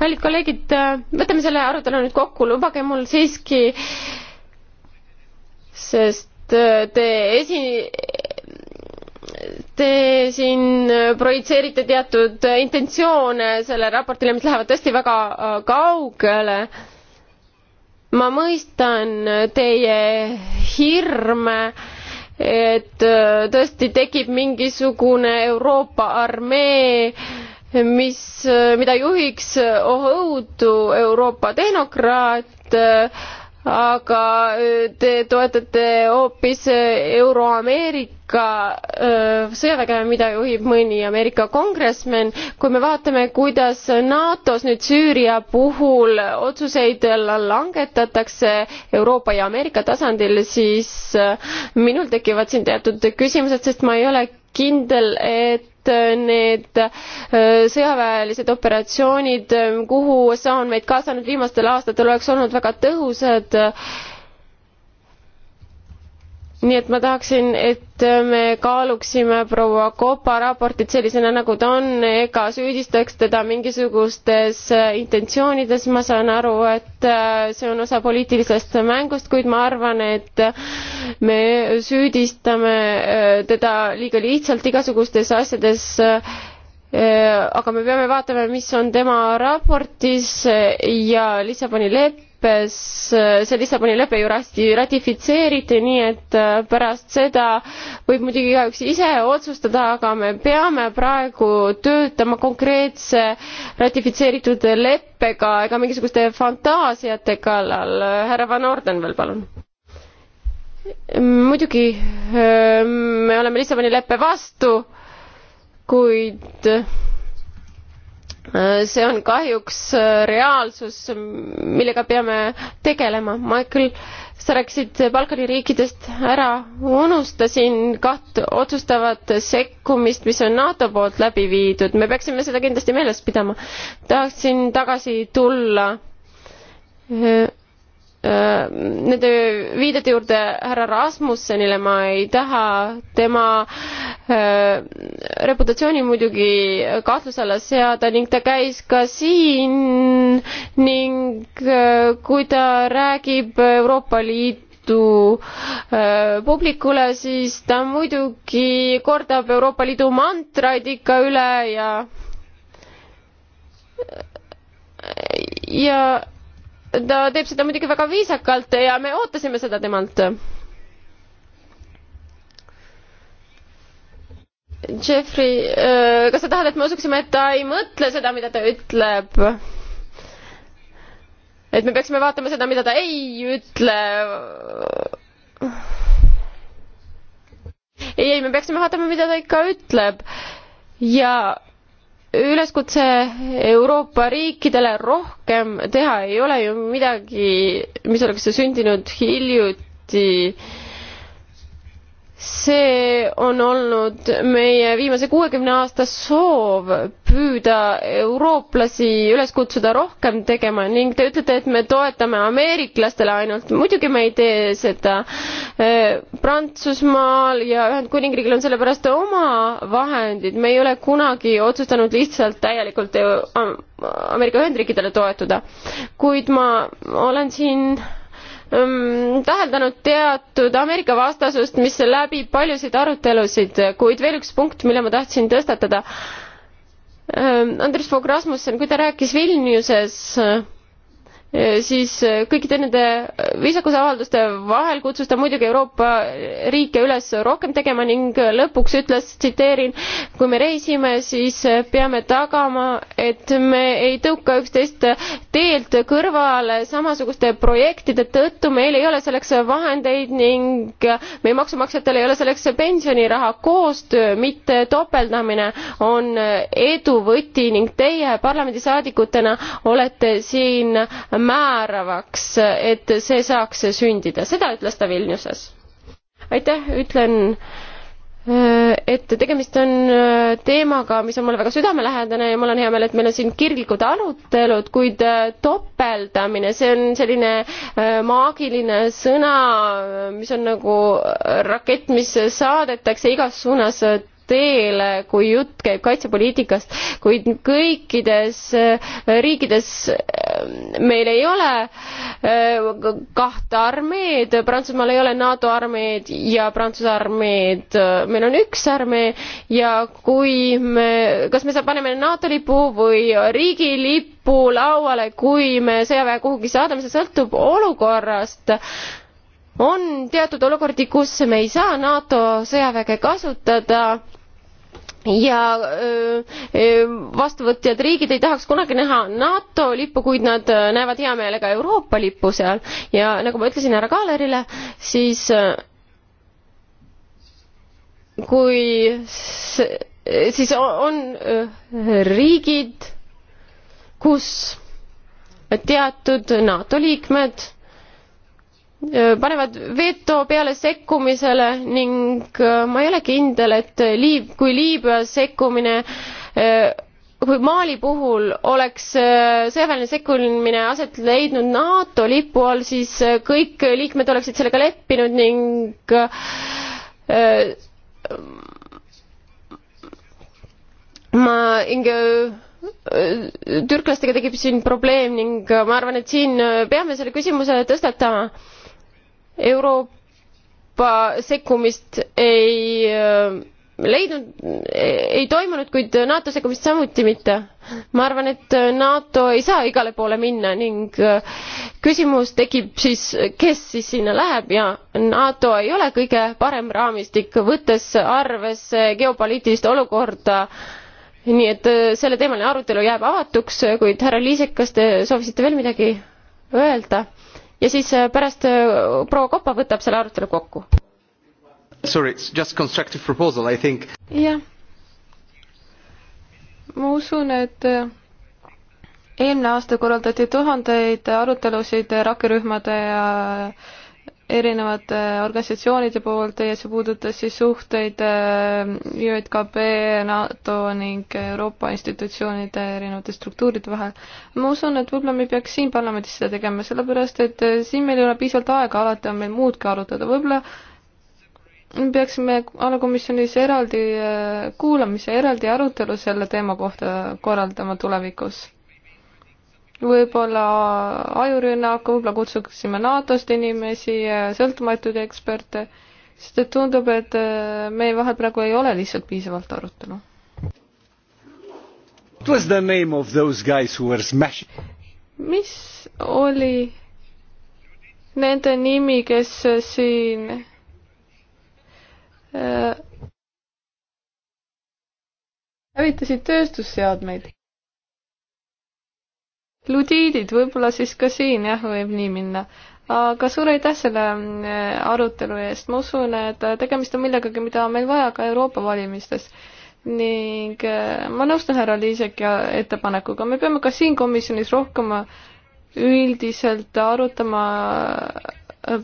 kallid kolleegid, võtame selle arutelu nüüd kokku, lubage mul siiski äh, sest äh, te esi, te siin äh, projitseerite teatud äh, intentsioone selle raportile, mis lähevad tõesti väga kaugele. ma mõistan teie hirme, et tõesti tekib mingisugune Euroopa armee, mis, mida juhiks oh õudu Euroopa tehnokraat aga äh, te toetate hoopis äh, Euro-Ameerika äh, sõjaväge, mida juhib mõni Ameerika kongresmen. kui me vaatame, kuidas NATO-s nüüd Süüria puhul otsuseid langetatakse Euroopa ja Ameerika tasandil, siis minul tekivad siin teatud küsimused, sest ma ei ole kindel, et need äh, sõjaväelised operatsioonid, äh, kuhu USA on meid kaasanud viimastel aastatel, oleks olnud väga tõhusad nii et ma tahaksin, et me kaaluksime proua Kopa raportit sellisena, nagu ta on, ega süüdistaks teda mingisugustes äh, intentsioonides, ma saan aru, et äh, see on osa poliitilisest mängust, kuid ma arvan, et me süüdistame äh, teda liiga lihtsalt igasugustes asjades aga me peame vaatama, mis on tema raportis ja Lissaboni leppes leppes, see Lissaboni lepe ju rasti, ratifitseeriti, nii et äh, pärast seda võib muidugi igaüks ise otsustada, aga me peame praegu töötama konkreetse ratifitseeritud leppega ega mingisuguste fantaasiate kallal. härra Van Orden veel, palun muidugi äh, me oleme Lissaboni leppe vastu, kuid see on kahjuks äh, reaalsus, millega peame tegelema. Michael, sa rääkisid Balkani riikidest ära, unustasin kaht otsustavat sekkumist, mis on NATO poolt läbi viidud, me peaksime seda kindlasti meeles pidama. tahaksin tagasi tulla äh, Äh, nende viidete juurde härra Rasmussenile ma ei taha tema äh, reputatsiooni muidugi kahtluse alla seada ning ta käis ka siin ning äh, kui ta räägib Euroopa Liidu Liidu publikule, siis ta muidugi kordab Euroopa Liidu mantraid ikka üle ja ja ta teeb seda muidugi väga viisakalt ja me ootasime seda temalt. Jeffrey, äh, kas sa tahad, et me usuksime, et ta ei mõtle seda, mida ta ütleb? et me peaksime vaatama seda, mida ta ei ütle? ei, ei, me peaksime vaatama, mida ta ikka ütleb ja üleskutse Euroopa riikidele rohkem teha ei ole ju midagi, mis oleks sündinud hiljuti äh, see on olnud meie viimase kuuekümne aasta soov püüda eurooplasi üles kutsuda rohkem tegema ning te ütlete, et me toetame ameeriklastele ainult, muidugi me ei tee seda. Äh, Prantsusmaal ja Ühendkuningriigil on sellepärast oma vahendid, me ei ole kunagi otsustanud lihtsalt täielikult Ameerika Ühendriikidele toetuda. kuid ma olen siin Ehm, täheldanud teatud Ameerika vastasust, mis läbib paljusid arutelusid, kuid veel üks punkt, mille ma tahtsin tõstatada. Ehm, Andres Fogg Rasmussen, kui ta rääkis Vilniuses Äh, siis äh, kõikide nende äh, viisakusavalduste vahel kutsus ta muidugi Euroopa riike üles rohkem tegema ning lõpuks ütles, tsiteerin, kui me reisime, siis peame tagama, et me ei tõuka üksteist teelt kõrvale samasuguste projektide tõttu, meil ei ole selleks vahendeid ning meie maksumaksjatel ei ole selleks pensioniraha. koostöö, mitte topeldamine on edu võti ning teie parlamendisaadikutena olete siin määravaks, et see saaks sündida, seda ütles ta Vilniuses. aitäh, ütlen, et tegemist on äh, teemaga, mis on mulle väga südamelähedane ja mul on hea meel, et meil on siin kirglikud arutelud, kuid äh, topeldamine, see on selline äh, maagiline sõna, mis on nagu rakett, mis saadetakse igas suunas teele, kui jutt käib kaitsepoliitikast, kuid kõikides äh, riikides äh, meil ei ole äh, kahte armeed, Prantsusmaal ei ole NATO armeed ja Prantsuse armeed, meil on üks armee ja kui me, kas me paneme NATO lipu või riigilipu lauale, kui me sõjaväe kuhugi saadame, see sõltub olukorrast on teatud olukordi kus me ei saa nato sõjaväge kasutada ja vastuvõtjad riigid ei tahaks kunagi näha NATO lippu, kuid nad näevad hea meelega Euroopa lippu seal ja nagu ma ütlesin härra Kaalerile, siis kui siis on riigid, kus teatud NATO liikmed panevad veto peale sekkumisele ning ma ei ole kindel, et Liib-, kui Liibüa sekkumine kui Mali puhul oleks sõjaväeline sekkumine aset leidnud NATO lipu all, siis kõik liikmed oleksid sellega leppinud ning ma ning türklastega tekib siin probleem ning ma arvan, et siin peame selle küsimuse tõstatama Euroopa sekkumist ei äh, leidnud, ei toimunud, kuid NATO sekkumist samuti mitte. ma arvan, et NATO ei saa igale poole minna ning äh, küsimus tekib siis, kes siis sinna läheb ja NATO ei ole kõige parem raamistik, võttes arvesse geopoliitilist olukorda nii et äh, selle teemaline arutelu jääb avatuks kuid härra liisek kas te soovisite veel midagi öelda? ja siis äh, pärast äh, proua Koppa võtab selle arutelu kokku. Sorry, it's just constructive proposal, I think. jah. ma usun, et äh, eelmine aasta korraldati tuhandeid arutelusid rakkerühmade ja erinevate äh, organisatsioonide poolt ja see puudutas siis suhteid ÜKP, äh, NATO ning Euroopa institutsioonide erinevate struktuuride vahel. ma usun, et võib-olla me ei peaks siin parlamendis seda tegema, sellepärast et äh, siin meil ei ole piisavalt aega, alati on meil muudki arutada, võib-olla me peaksime alakomisjonis eraldi kuulamise, eraldi arutelu selle teema kohta korraldama tulevikus võib-olla ajurünnaku, võib-olla kutsuksime NATO-st inimesi, sõltumatuid eksperte, sest et tundub, et äh, meie vahel praegu ei ole lihtsalt piisavalt arutelu. mis oli nende nimi, kes siin äh, hävitasid tööstusseadmeid? ludiidid, võib-olla siis ka siin jah, võib nii minna. aga suur aitäh selle äh, arutelu eest, ma usun, et äh, tegemist on millegagi, mida on meil vaja ka Euroopa valimistes. ning äh, ma nõustun härra Liiseki ettepanekuga, me peame ka siin komisjonis rohkem üldiselt arutama Äh,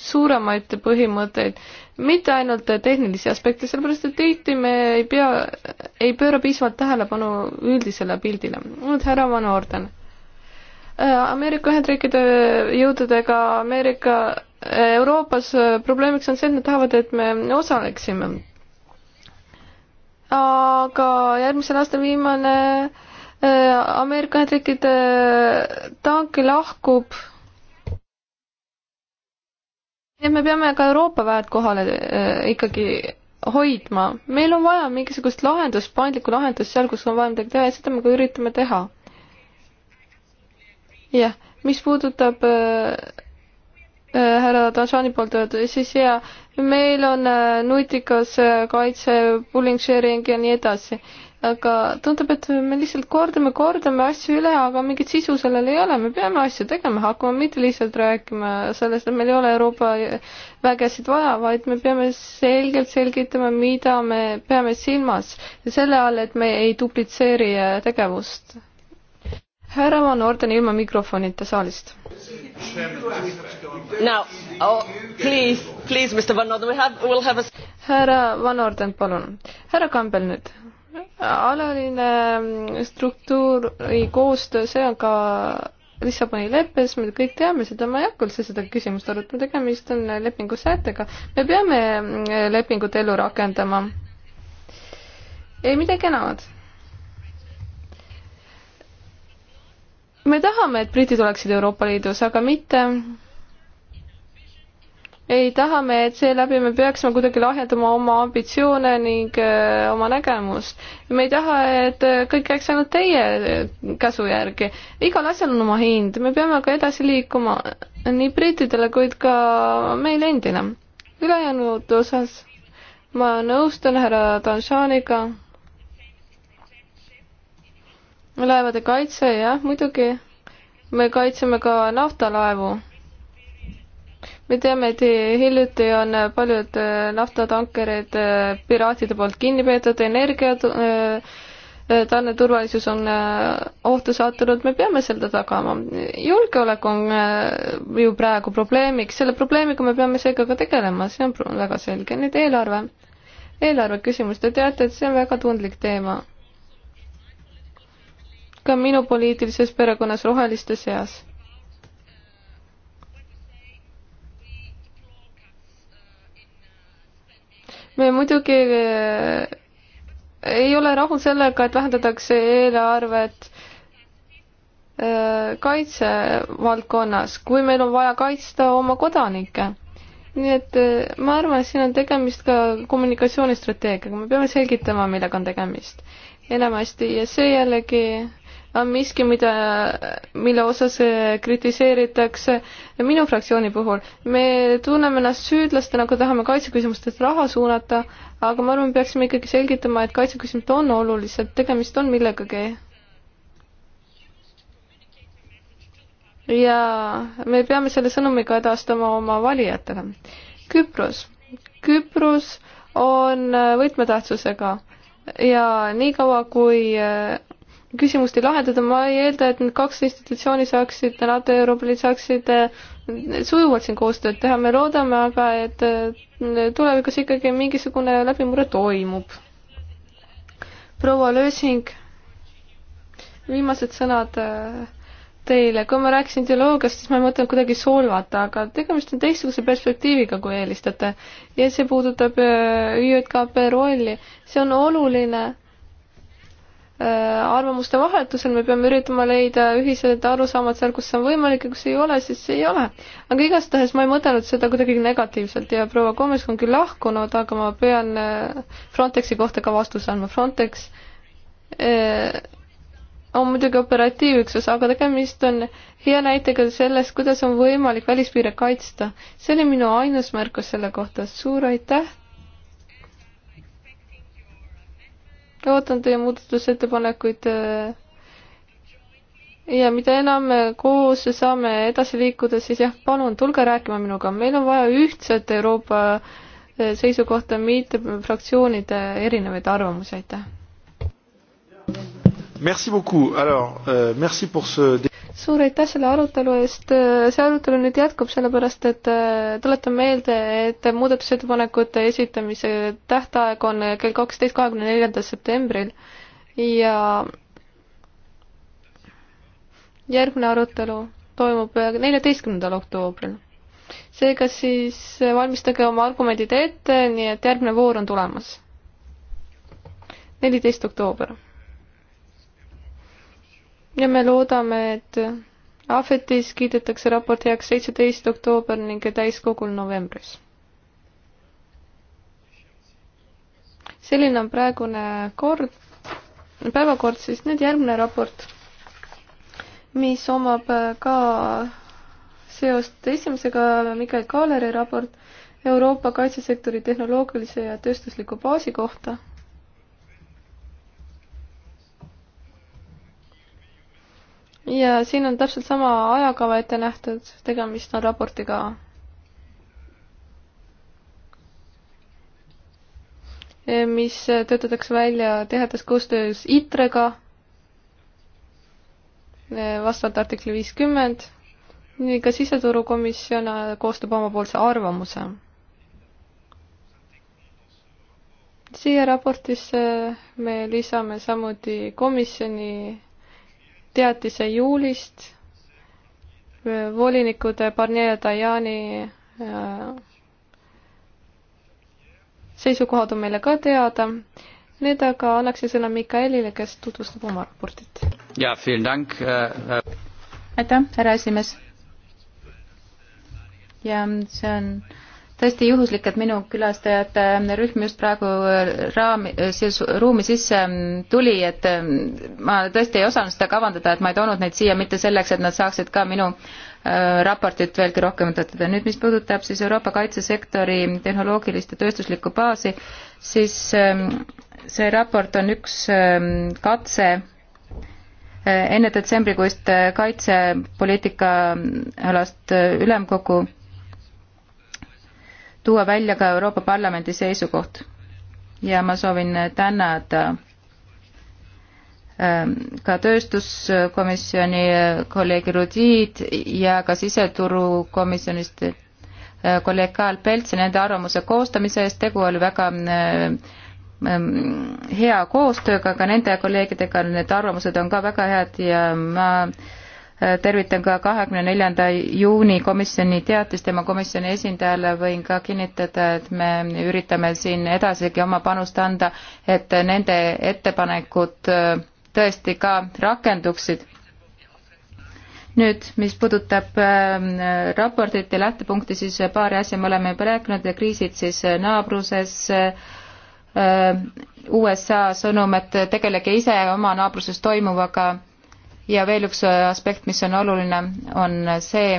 suuremaid põhimõtteid, mitte ainult tehnilisi aspekte, sellepärast et tihti me ei pea, ei pööra piisavalt tähelepanu üldisele pildile. nüüd härra Van Orden. Äh, Ameerika Ühendriikide jõududega Ameerika, äh, Euroopas probleemiks on see, et nad tahavad, et me osaleksime. aga järgmisel aastal viimane Ameerika Ühendriikide tank lahkub ja me peame ka Euroopa väed kohale äh, ikkagi hoidma, meil on vaja mingisugust lahendust, paindlikku lahendust seal, kus on vaja midagi teha ja seda me ka üritame teha. jah, mis puudutab äh, äh härra Tajani poolt öeldud, siis jaa, meil on äh, nutikas äh, kaitse, pooling sharing ja nii edasi aga tundub, et me lihtsalt kordame, kordame asju üle, aga mingit sisu sellel ei ole, me peame asju tegema hakkama, mitte lihtsalt rääkima sellest, et meil ei ole Euroopa vägesid vaja, vaid me peame selgelt selgitama, mida me peame silmas ja selle all, et me ei duplitseeri tegevust. härra Van Orden ilma mikrofonita saalist. Now oh,, please, please, Mr Van Orden, we have, we will have a härra Van Orden, palun. härra Campbell nüüd alaline mm, struktuuri koostöö, see on ka Lissaboni leppes, me kõik teame seda, ma ei hakka üldse seda küsimust arutama, tegemist on lepingu sätega. me peame mm, lepingut ellu rakendama. ei midagi enamat. me tahame, et britid oleksid Euroopa Liidus, aga mitte ei taha me, et seeläbi me peaksime kuidagi lahjendama oma ambitsioone ning öö, äh, oma nägemust. me ei taha, et äh, kõik jääks ainult teie äh, käsu järgi. igal asjal on oma hind, me peame ka edasi liikuma nii brittidele, kuid ka meile endile. ülejäänud osas ma nõustun härra Danšaniga. laevade kaitse, jah, muidugi. me kaitseme ka naftalaevu me teame, et hiljuti on paljud äh, naftatankerid äh, piraatide poolt kinni peetud, energia äh, tarneturvalisus on ohtu sattunud, me peame seda tagama. julgeolek on ju praegu probleemiks, selle probleemiga me peame seega ka tegelema, see on väga selge. nüüd eelarve, eelarve küsimus, te teate, et see on väga tundlik teema. ka minu poliitilises perekonnas roheliste seas me muidugi äh, ei ole rahul sellega, et vähendatakse eelarvet äh, kaitsevaldkonnas, kui meil on vaja kaitsta oma kodanikke. nii et äh, ma arvan, et siin on tegemist ka kommunikatsioonistrateegiaga, me peame selgitama, millega on tegemist enamasti ja see jällegi on miski, mida, mille osas eh, kritiseeritakse minu fraktsiooni puhul. me tunneme ennast süüdlastena, kui tahame kaitseküsimustest raha suunata, aga ma arvan, peaksime ikkagi selgitama, et kaitseküsimused on olulised, tegemist on millegagi. ja me peame selle sõnumi ka edastama oma valijatele. Küpros, Küpros on eh, võtmetähtsusega ja niikaua, kui eh, küsimust ei lahendada, ma ei eelda, et need kaks institutsiooni saaksid, NATO ja Euroopa Liit saaksid eh, sujuvalt siin koostööd teha, me loodame aga, et eh, tulevikus ikkagi mingisugune läbimurre toimub. proua Lösing, viimased sõnad eh, teile, kui ma rääkisin teoloogiast, siis ma ei mõtelnud kuidagi solvata, aga tegemist on teistsuguse perspektiiviga, kui eelistate. ja see puudutab ÜJKP rolli, see on oluline Äh, arvamuste vahetusel me peame üritama leida ühised arusaamad seal, kus see on võimalik ja kus ei ole, siis ei ole. aga igastahes ma ei mõtelnud seda kuidagi negatiivselt ja proua Komes on küll lahkunud, aga ma pean äh, Frontexi kohta ka vastuse andma. Frontex äh, on muidugi operatiivüksus, aga tegemist on hea näitega sellest, kuidas on võimalik välispiire kaitsta. see oli minu ainus märkus selle kohta. suur aitäh ootan teie muudatusettepanekuid äh, ja mida enam koos saame edasi liikuda, siis jah, palun tulge rääkima minuga, meil on vaja ühtset Euroopa äh, seisukohta, mitte fraktsioonide erinevaid arvamusi, aitäh. Merci beaucoup, alors euh, merci pour ce suur aitäh selle arutelu eest, see arutelu nüüd jätkub, sellepärast et äh, tuletan meelde, et muudatusettepanekute esitamise tähtaeg on äh, kell kaksteist kahekümne neljandal septembril ja järgmine arutelu toimub äh, neljateistkümnendal oktoobril. seega siis valmistage oma argumendid ette, nii et järgmine voor on tulemas. neliteist oktoober ja me loodame, et Ahvetis kiidetakse raport heaks seitseteist oktoober ning täiskogul novembris. selline on praegune kord, päevakord, siis nüüd järgmine raport, mis omab ka seost esimesega, Mikael Kaaleri raport Euroopa kaitsesektori tehnoloogilise ja tööstusliku baasi kohta ja siin on täpselt sama ajakava ette nähtud, tegemist on raportiga e, mis töötatakse välja tihedas koostöös ITRE-ga e, vastavalt artikli viiskümmend ning ka siseturukomisjon koostab omapoolse arvamuse. siia raportisse me lisame samuti komisjoni teatise juulist volinikud Barnier ja Tajani äh, seisukohad on meile ka teada. Nüüd aga annaksin sõna Mikaelile, kes tutvustab oma raportit. jaa, vielen dank äh, äh,. aitäh, härra esimees. ja see on äh, tõesti juhuslik, et minu külastajate rühm just praegu äh, raami, äh, siis ruumi sisse ähm, tuli, et ähm, ma tõesti ei osanud seda kavandada, et ma ei toonud neid siia mitte selleks, et nad saaksid ka minu äh, raportit veelgi rohkem tõttada. nüüd, mis puudutab siis Euroopa kaitsesektori tehnoloogilist ja tööstuslikku baasi, siis ähm, see raport on üks katse enne detsembrikuist kaitsepoliitika alast ülemkogu tuua välja ka Euroopa Parlamendi seisukoht. ja ma soovin tänada ähm, ka tööstuskomisjoni äh, kolleegi Rudiid ja ka siseturukomisjonist äh, kolleeg Kaal Peltsi nende arvamuse koostamise eest, tegu oli väga äh, ähm, hea koostööga, ka nende kolleegidega, need arvamused on ka väga head ja ma äh, tervitan ka kahekümne neljanda juuni komisjoni teatist, tema komisjoni esindajale võin ka kinnitada, et me üritame siin edasigi oma panust anda, et nende ettepanekud äh, tõesti ka rakenduksid. nüüd, mis puudutab äh, raportit ja lähtepunkti, siis paari asja me oleme juba rääkinud ja kriisid siis naabruses äh, USA sõnum, et tegelege ise oma naabruses toimuvaga ja veel üks äh, aspekt, mis on oluline, on see,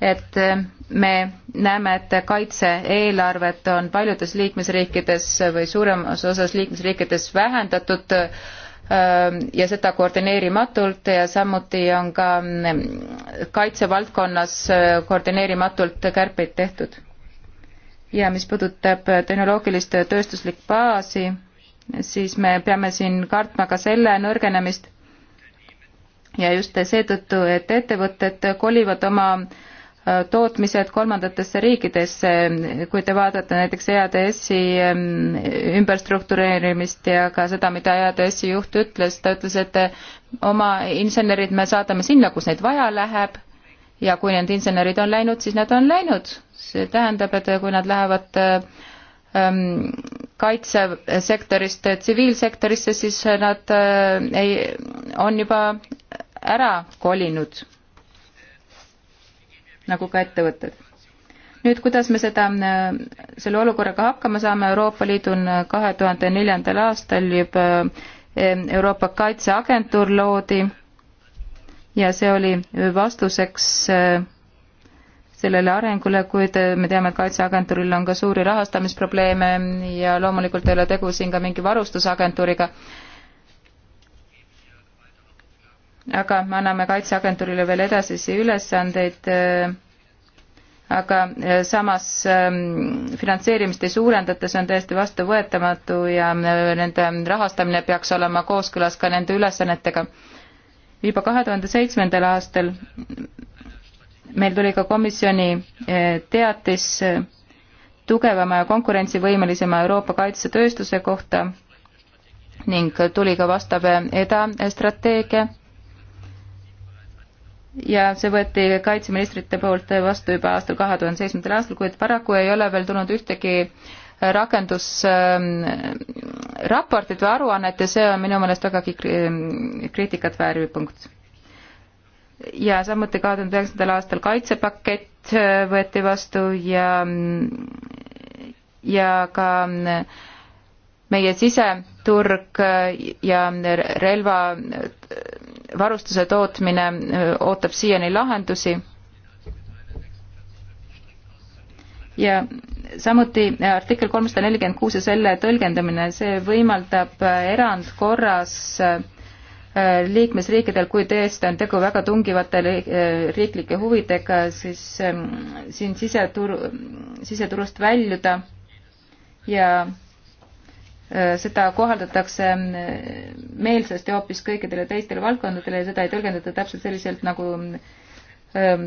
et äh, me näeme, et kaitse-eelarvet on paljudes liikmesriikides või suuremas osas liikmesriikides vähendatud ähm, ja seda koordineerimatult ja samuti on ka mm, kaitsevaldkonnas äh, koordineerimatult kärpeid tehtud. ja mis puudutab tehnoloogilist tööstuslik baasi, siis me peame siin kartma ka selle nõrgenemist ja just seetõttu, et ettevõtted kolivad oma äh, tootmised kolmandatesse riikidesse, kui te vaatate näiteks EADS-i ähm, ümberstruktureerimist ja ka seda, mida EADS-i juht ütles, ta ütles, et äh, oma insenerid me saadame sinna, kus neid vaja läheb ja kui need insenerid on läinud, siis nad on läinud. see tähendab, et äh, kui nad lähevad ähm, kaitsesektorist tsiviilsektorisse, siis nad äh, ei, on juba ära kolinud, nagu ka ettevõtted. nüüd, kuidas me seda, äh, selle olukorraga hakkama saame, Euroopa Liidu on äh, kahe tuhande neljandal aastal juba äh, Euroopa Kaitseagentuur loodi ja see oli vastuseks sellele arengule, kuid me teame, et Kaitseagentuuril on ka suuri rahastamisprobleeme ja loomulikult ei ole tegu siin ka mingi varustusagentuuriga aga me anname Kaitseagentuurile veel edasisi ülesandeid, äh, aga äh, samas ähm, finantseerimist ei suurendata, see on täiesti vastuvõetamatu ja äh, nende rahastamine peaks olema kooskõlas ka nende ülesannetega. juba kahe tuhande seitsmendal aastal meil tuli ka komisjoni teatis tugevama ja konkurentsivõimelisema Euroopa kaitsetööstuse kohta ning tuli ka vastav EDA strateegia ja see võeti kaitseministrite poolt vastu juba aastal kahe tuhande seitsmendal aastal, kuid paraku ei ole veel tulnud ühtegi äh, rakendusraportit ähm, või aruannet ja see on minu meelest vägagi kriitikat vääriv punkt. ja samuti kahe tuhande üheksandal aastal kaitsepakett äh, võeti vastu ja, ja ka äh, meie siseturg ja relva varustuse tootmine ootab siiani lahendusi ja samuti äh, artikkel kolmsada nelikümmend kuus ja selle tõlgendamine, see võimaldab äh, erandkorras äh, liikmesriikidel, kui tõesti on tegu väga tungivate riiklike huvidega, siis ähm, siin siseturu, siseturust väljuda ja Äh, seda kohaldatakse äh, meelsasti hoopis kõikidele teistele valdkondadele ja seda ei tõlgendata täpselt selliselt, nagu ähm,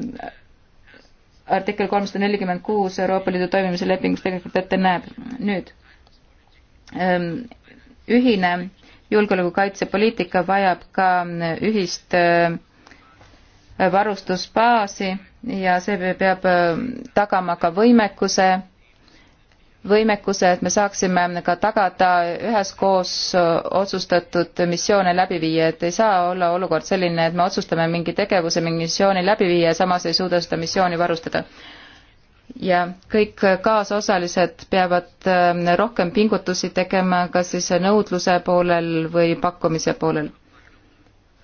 artikkel kolmsada nelikümmend kuus Euroopa Liidu toimimise lepingus tegelikult ette näeb. nüüd, ähm, ühine julgeolekukaitsepoliitika vajab ka äh, ühist varustusbaasi ja see peab tagama ka võimekuse võimekuse, et me saaksime ka tagada üheskoos äh, otsustatud missioone läbi viia, et ei saa olla olukord selline, et me otsustame mingi tegevuse, mingi missiooni läbi viia ja samas ei suuda seda missiooni varustada. ja kõik kaasosalised peavad äh, rohkem pingutusi tegema, kas siis nõudluse poolel või pakkumise poolel.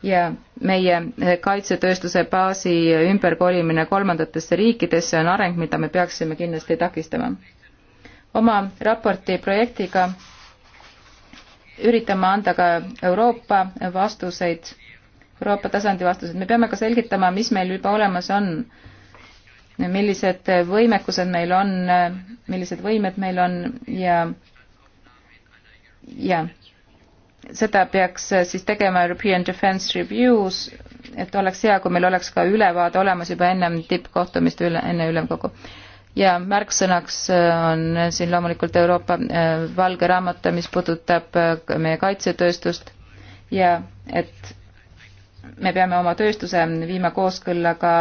ja meie äh, kaitsetööstuse baasi ümberkolimine kolmandatesse riikidesse on areng, mida me peaksime kindlasti takistama oma raporti projektiga üritama anda ka Euroopa vastuseid, Euroopa tasandi vastuseid. me peame ka selgitama, mis meil juba olemas on, millised võimekused meil on, millised võimed meil on ja, ja seda peaks siis tegema European Defence Reviews, et oleks hea, kui meil oleks ka ülevaade olemas juba ennem tippkohtumist, üle, enne ülemkogu ja märksõnaks äh, on siin loomulikult Euroopa äh, valge raamat, mis puudutab äh, meie kaitsetööstust ja et me peame oma tööstuse viima kooskõlla ka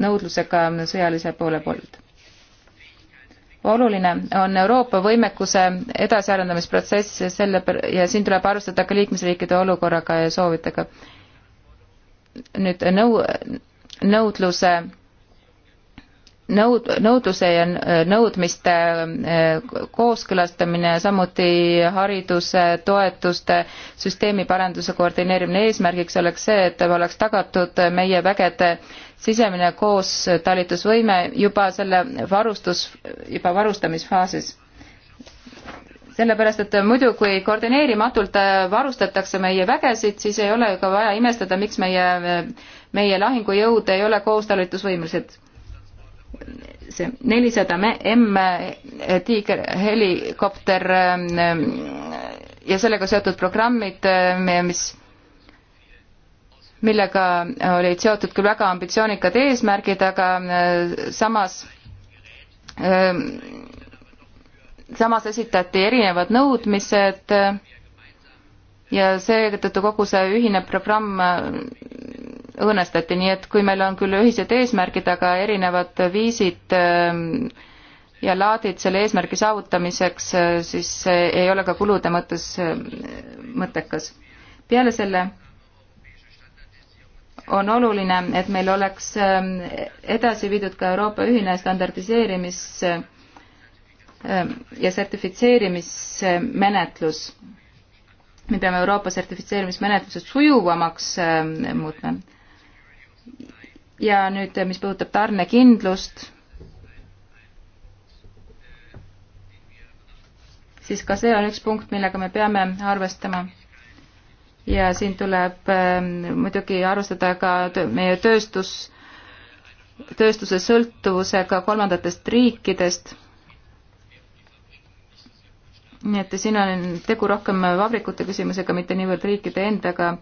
nõudlusega sõjalise poole poolt. oluline on Euroopa võimekuse edasiarendamisprotsess ja selle ja siin tuleb arvestada ka liikmesriikide olukorraga ja soovidega. nüüd nõu-, nõudluse nõud, nõudluse ja äh, nõudmiste äh, kooskõlastamine, samuti hariduse toetuste süsteemi paranduse koordineerimine, eesmärgiks oleks see, et oleks tagatud meie vägede sisemine koostalitusvõime juba selle varustus, juba varustamisfaasis sellepärast, et muidu, kui koordineerimatult äh, varustatakse meie vägesid, siis ei ole ju ka vaja imestada, miks meie, meie lahingujõud ei ole koostalitusvõimelised see nelisada M eh, tiiger helikopter eh, ja sellega seotud programmid, eh, mis, millega olid seotud küll väga ambitsioonikad eesmärgid, aga samas samas esitati erinevad nõudmised ja seetõttu kogu see ühine programm õõnestati, nii et kui meil on küll ühised eesmärgid, aga erinevad viisid ähm, ja laadid selle eesmärgi saavutamiseks, äh, siis ei ole ka kulude mõttes äh, mõttekas. peale selle on oluline, et meil oleks ähm, edasi viidud ka Euroopa ühine standardiseerimis- ähm, ja sertifitseerimismenetlus. me peame Euroopa sertifitseerimismenetluse sujuvamaks muutma ja nüüd, mis puudutab tarnekindlust, siis ka see on üks punkt, millega me peame arvestama. ja siin tuleb ähm, muidugi arvestada ka meie tööstus, tööstuse sõltuvusega kolmandatest riikidest nii et siin on tegu rohkem vabrikute küsimusega, mitte niivõrd riikide endaga,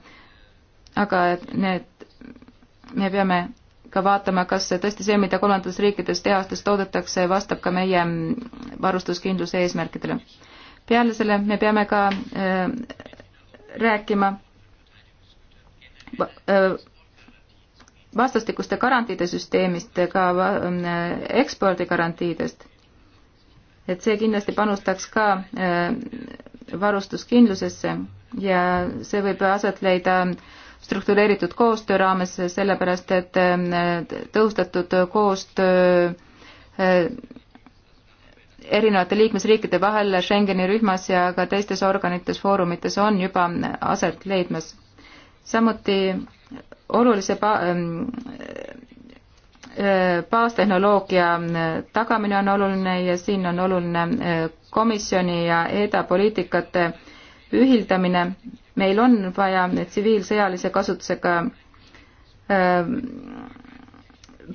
aga need, me peame ka vaatama, kas tõesti see, mida kolmandates riikides tehastes toodetakse, vastab ka meie varustuskindluse eesmärkidele. peale selle me peame ka äh, rääkima äh, vastastikuste garantiide süsteemist, ka äh, ekspordigarantiidest. et see kindlasti panustaks ka äh, varustuskindlusesse ja see võib aset leida äh, struktureeritud koostöö raames, sellepärast et eh, tõhustatud koostöö eh, erinevate liikmesriikide vahel Schengeni rühmas ja ka teistes organites, foorumites on juba aset leidmas. samuti olulise pa-, eh, baastehnoloogia tagamine on oluline ja siin on oluline komisjoni ja EDA poliitikate ühildamine meil on vaja tsiviilsõjalise kasutusega ähm,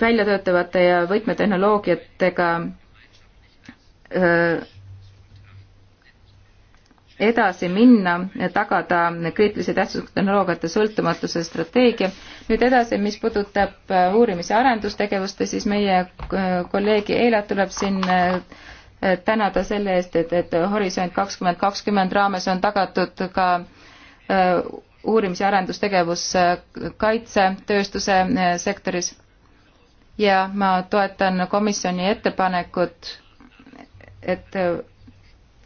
välja töötavate ja võtmetehnoloogiatega äh, edasi minna, tagada kriitilise tähtsusega tehnoloogiate sõltumatuse strateegia. nüüd edasi, mis puudutab äh, uurimis- ja arendustegevust, siis meie äh, kolleegi Eilat tuleb siin tänada selle eest, et, et Horisont kakskümmend kakskümmend raames on tagatud ka Äh, uurimis- ja arendustegevus äh, kaitsetööstuse äh, sektoris ja ma toetan komisjoni ettepanekut, et,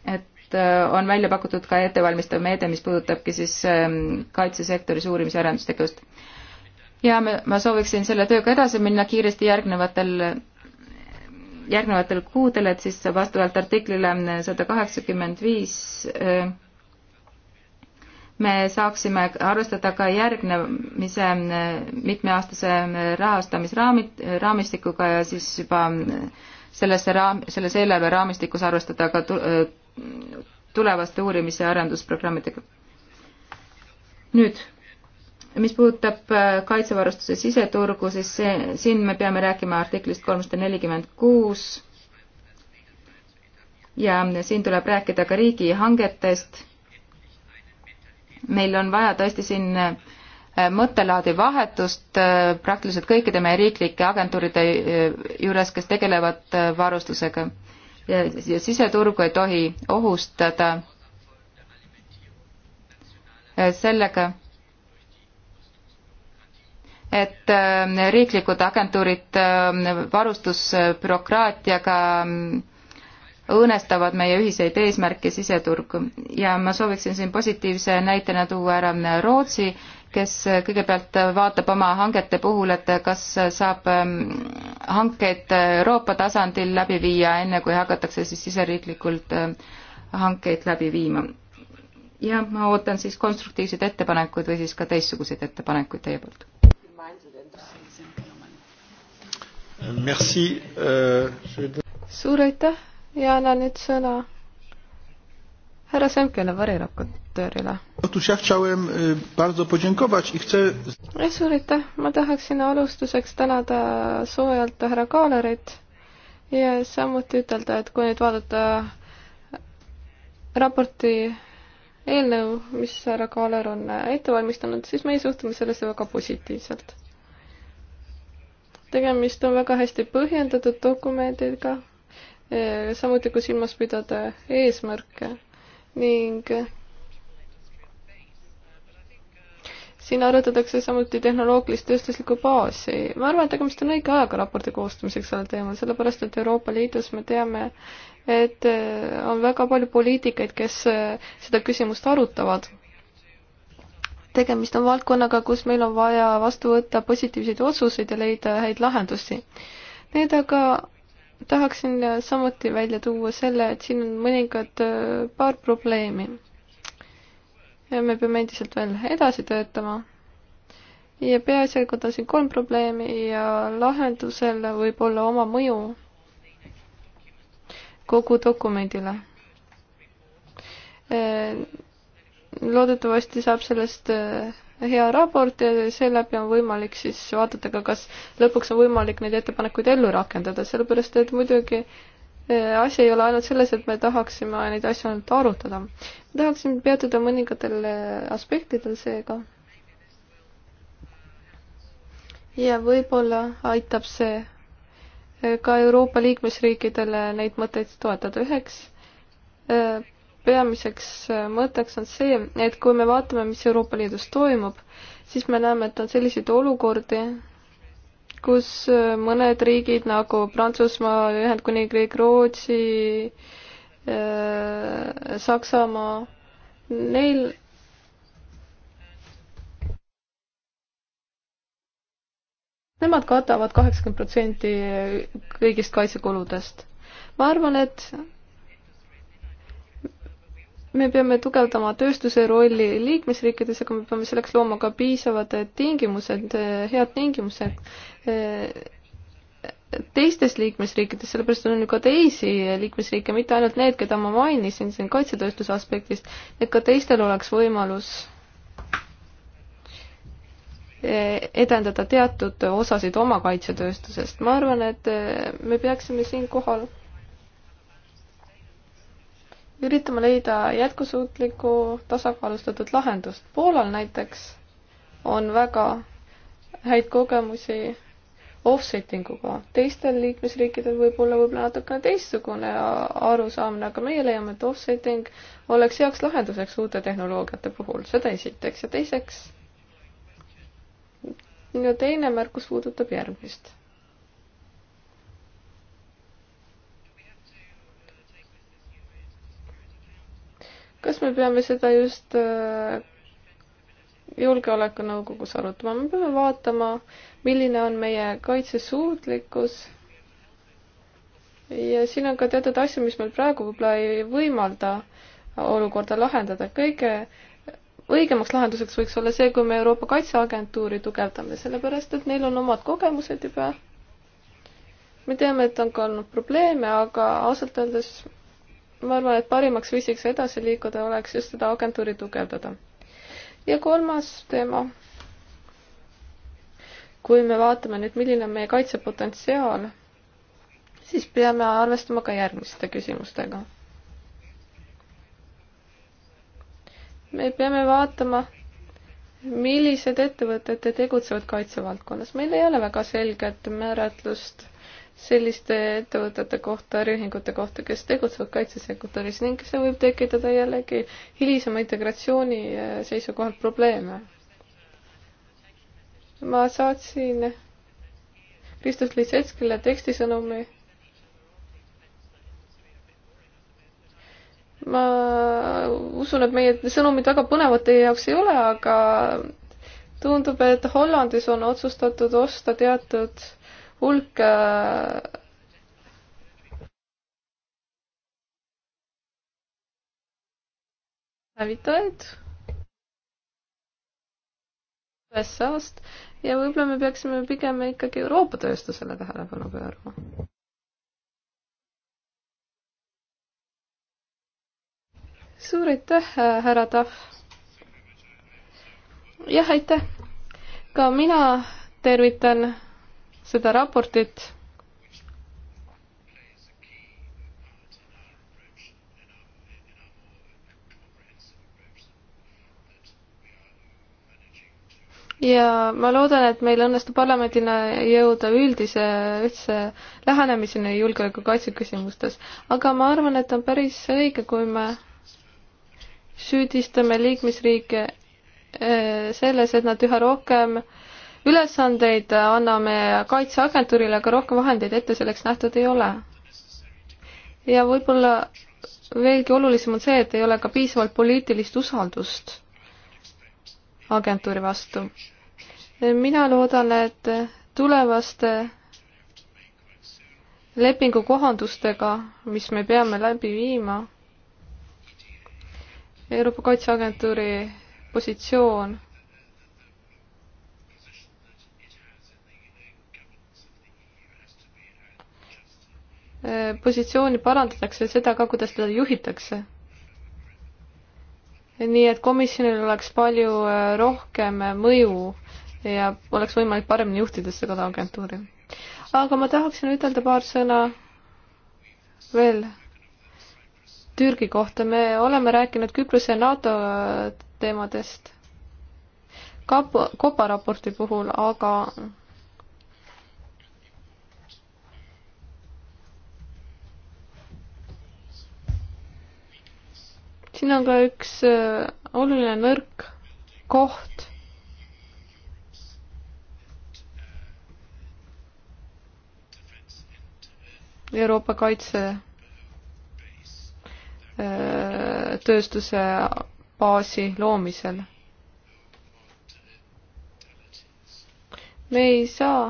et on välja pakutud ka ettevalmistav meede, mis puudutabki siis ähm, kaitsesektoris uurimis- ja arendustegevust. ja me, ma sooviksin selle tööga edasi minna kiiresti järgnevatel, järgnevatel kuudel, et siis vastavalt artiklile sada kaheksakümmend viis me saaksime arvestada ka järgnemise äh, mitmeaastase äh, rahastamisraamid, raamistikuga ja siis juba äh, sellesse raam, selles eelarve raamistikus arvestada ka tulevaste uurimis- ja arendusprogrammidega. nüüd, mis puudutab kaitsevarustuse siseturgu, siis see, siin me peame rääkima artiklist kolmsada nelikümmend kuus ja siin tuleb rääkida ka riigihangetest meil on vaja tõesti siin äh, mõttelaadi vahetust äh, praktiliselt kõikide meie riiklike agentuuride äh, juures, kes tegelevad varustusega. ja, ja siseturgu ei tohi ohustada sellega, et riiklikud agentuurid varustusbürokraatiaga mm, õõnestavad meie ühiseid eesmärke siseturgu ja ma sooviksin siin positiivse näitena tuua ära Rootsi, kes kõigepealt vaatab oma hangete puhul, et kas saab ähm, hankeid Euroopa tasandil läbi viia, enne kui hakatakse siis siseriiklikult ähm, hankeid läbi viima. ja ma ootan siis konstruktiivseid ettepanekuid või siis ka teistsuguseid ettepanekuid teie poolt. Euh, suur aitäh ja annan nüüd sõna härra Semkele, variraportöörile. suur aitäh, ma tahaksin alustuseks tänada soojalt härra Kaalerit ja samuti ütelda, et kui nüüd vaadata raporti eelnõu, mis härra Kaaler on ette valmistanud, siis meie suhtume sellesse väga positiivselt. tegemist on väga hästi põhjendatud dokumendiga, samuti kui silmas pidada eesmärke ning siin arutatakse samuti tehnoloogilist tööstuslikku baasi. ma arvan, et tegemist on õige ajaga raporti koostamiseks sellel teemal, sellepärast et Euroopa Liidus me teame, et äh, on väga palju poliitikaid, kes äh, seda küsimust arutavad. tegemist on valdkonnaga, kus meil on vaja vastu võtta positiivseid otsuseid ja leida häid lahendusi. Need aga tahaksin samuti välja tuua selle, et siin on mõningad äh, paar probleemi. ja me peame endiselt veel edasi töötama. ja peaasjalikult on siin kolm probleemi ja lahendusel võib olla oma mõju kogu dokumendile. Äh, loodetavasti saab sellest äh, hea raport ja seeläbi on võimalik siis vaadata ka, kas lõpuks on võimalik neid ettepanekuid ellu rakendada, sellepärast et muidugi eh, asi ei ole ainult selles, et me tahaksime neid asju ainult arutada. tahaksin peatuda mõningatel eh, aspektidel seega. ja võib-olla aitab see eh, ka Euroopa liikmesriikidele neid mõtteid toetada. üheks peamiseks äh, mõtteks on see, et kui me vaatame, mis Euroopa Liidus toimub, siis me näeme, et on selliseid olukordi, kus äh, mõned riigid nagu Prantsusmaa, Ühendkuningriik, Rootsi, äh, Saksamaa, neil Nemad katavad kaheksakümmend protsenti kõigist kaitsekuludest. ma arvan, et me peame tugevdama tööstuse rolli liikmesriikides, aga me peame selleks looma ka piisavad tingimused, head tingimused eh, teistes liikmesriikides, sellepärast on ju ka teisi liikmesriike, mitte ainult need, keda ma mainisin siin kaitsetööstuse aspektist, et ka teistel oleks võimalus eh, edendada teatud osasid oma kaitsetööstusest. ma arvan, et eh, me peaksime siinkohal üritama leida jätkusuutlikku tasakaalustatud lahendust. Poolal näiteks on väga häid kogemusi offsetting uga. teistel liikmesriikidel võib olla võib-olla natukene teistsugune arusaamine, aga meie leiame, et offsetting oleks heaks lahenduseks uute tehnoloogiate puhul, seda esiteks ja teiseks. minu teine märkus puudutab järgmist. kas me peame seda just äh, julgeolekunõukogus arutama, me peame vaatama, milline on meie kaitsesuutlikkus. ja siin on ka teatud asju, mis meil praegu võib-olla ei võimalda olukorda lahendada. kõige õigemaks lahenduseks võiks olla see, kui me Euroopa Kaitseagentuuri tugevdame, sellepärast et neil on omad kogemused juba. me teame, et on ka olnud probleeme, aga ausalt öeldes ma arvan, et parimaks viisiks edasi liikuda oleks just seda agentuuri tugevdada. ja kolmas teema. kui me vaatame nüüd, milline on meie kaitsepotentsiaal, siis peame arvestama ka järgmiste küsimustega. me peame vaatama, millised ettevõtted tegutsevad kaitsevaldkonnas. meil ei ole väga selget määratlust selliste ettevõtete kohta, äriühingute kohta, kes tegutsevad kaitsesektoris ning see võib tekitada jällegi hilisema integratsiooni eh, seisukohalt probleeme. ma saatsin Kristus Lisetskile tekstisõnumi. ma usun, et meie sõnumid väga põnevad teie jaoks ei ole, aga tundub, et Hollandis on otsustatud osta teatud hulk äh, hävitajaid USA-st ja võib-olla me peaksime pigem ikkagi Euroopa tööstusele tähelepanu pöörama. suur aitäh, härra Tahv. jah, aitäh. ka mina tervitan seda raportit ja ma loodan, et meil õnnestub parlamendina jõuda üldise, üldse lähenemiseni julgeoleku kaitse küsimustes. aga ma arvan, et on päris õige, kui me süüdistame liikmesriike eh, selles, et nad üha rohkem äh, ülesandeid anname Kaitseagentuurile, aga rohkem vahendeid ette selleks nähtud ei ole. ja võib-olla veelgi olulisem on see, et ei ole ka piisavalt poliitilist usaldust agentuuri vastu. mina loodan, et tulevaste lepingukohandustega, mis me peame läbi viima, Euroopa Kaitseagentuuri positsioon positsiooni parandatakse, seda ka, kuidas teda juhitakse. nii et komisjonil oleks palju äh, rohkem äh, mõju ja oleks võimalik paremini juhtida seda agentuuri. aga ma tahaksin ütelda paar sõna veel Türgi kohta. me oleme rääkinud Küprose NATO äh, teemadest kapo, koparaporti puhul, aga siin on ka üks äh, oluline nõrk koht. Euroopa kaitsetööstuse äh, baasi loomisel. me ei saa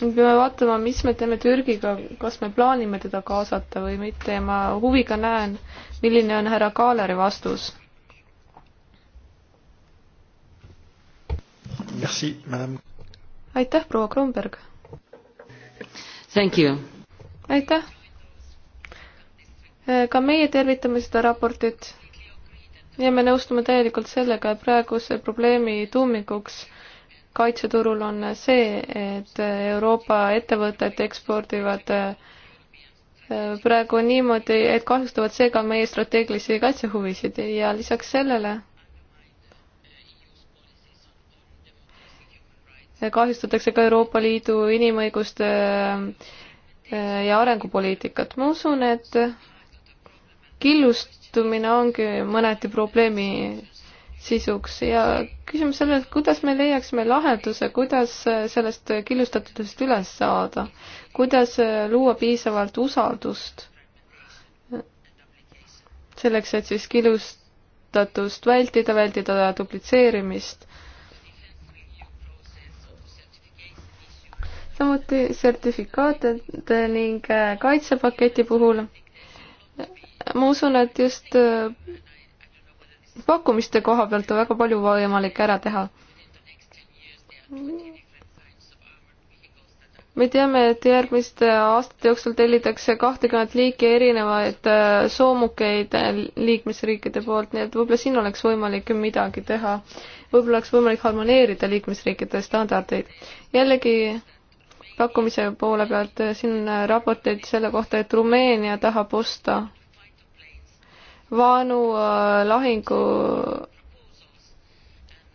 me peame vaatama, mis me teeme Türgiga, kas me plaanime teda kaasata või mitte ja ma huviga näen, milline on härra Kaaleri vastus. aitäh, proua Kromberg. aitäh. ka meie tervitame seda raportit ja me nõustume täielikult sellega, et praeguse probleemi tuumikuks kaitseturul on see, et Euroopa ettevõtted ekspordivad äh, praegu niimoodi, et kahjustavad seega meie strateegilisi kaitsehuvisid ja lisaks sellele kahjustatakse ka Euroopa Liidu inimõiguste äh, ja arengupoliitikat. ma usun, et killustumine ongi mõneti probleemi sisuks ja küsimus selles, kuidas me leiaksime lahenduse, kuidas äh, sellest killustatusest üles saada, kuidas äh, luua piisavalt usaldust selleks, et siis killustatust vältida, vältida duplitseerimist. samuti sertifikaatide ning äh, kaitsepaketi puhul ma usun, et just pakkumiste koha pealt on väga palju võimalik ära teha. me teame, et järgmiste aastate jooksul tellitakse kahtekümmet liiki erinevaid äh, soomukeid liikmesriikide poolt, nii et võib-olla siin oleks võimalik midagi teha. võib-olla oleks võimalik harmoneerida liikmesriikide standardeid. jällegi pakkumise poole pealt äh, siin raporteid selle kohta, et Rumeenia tahab osta vanu äh, lahingu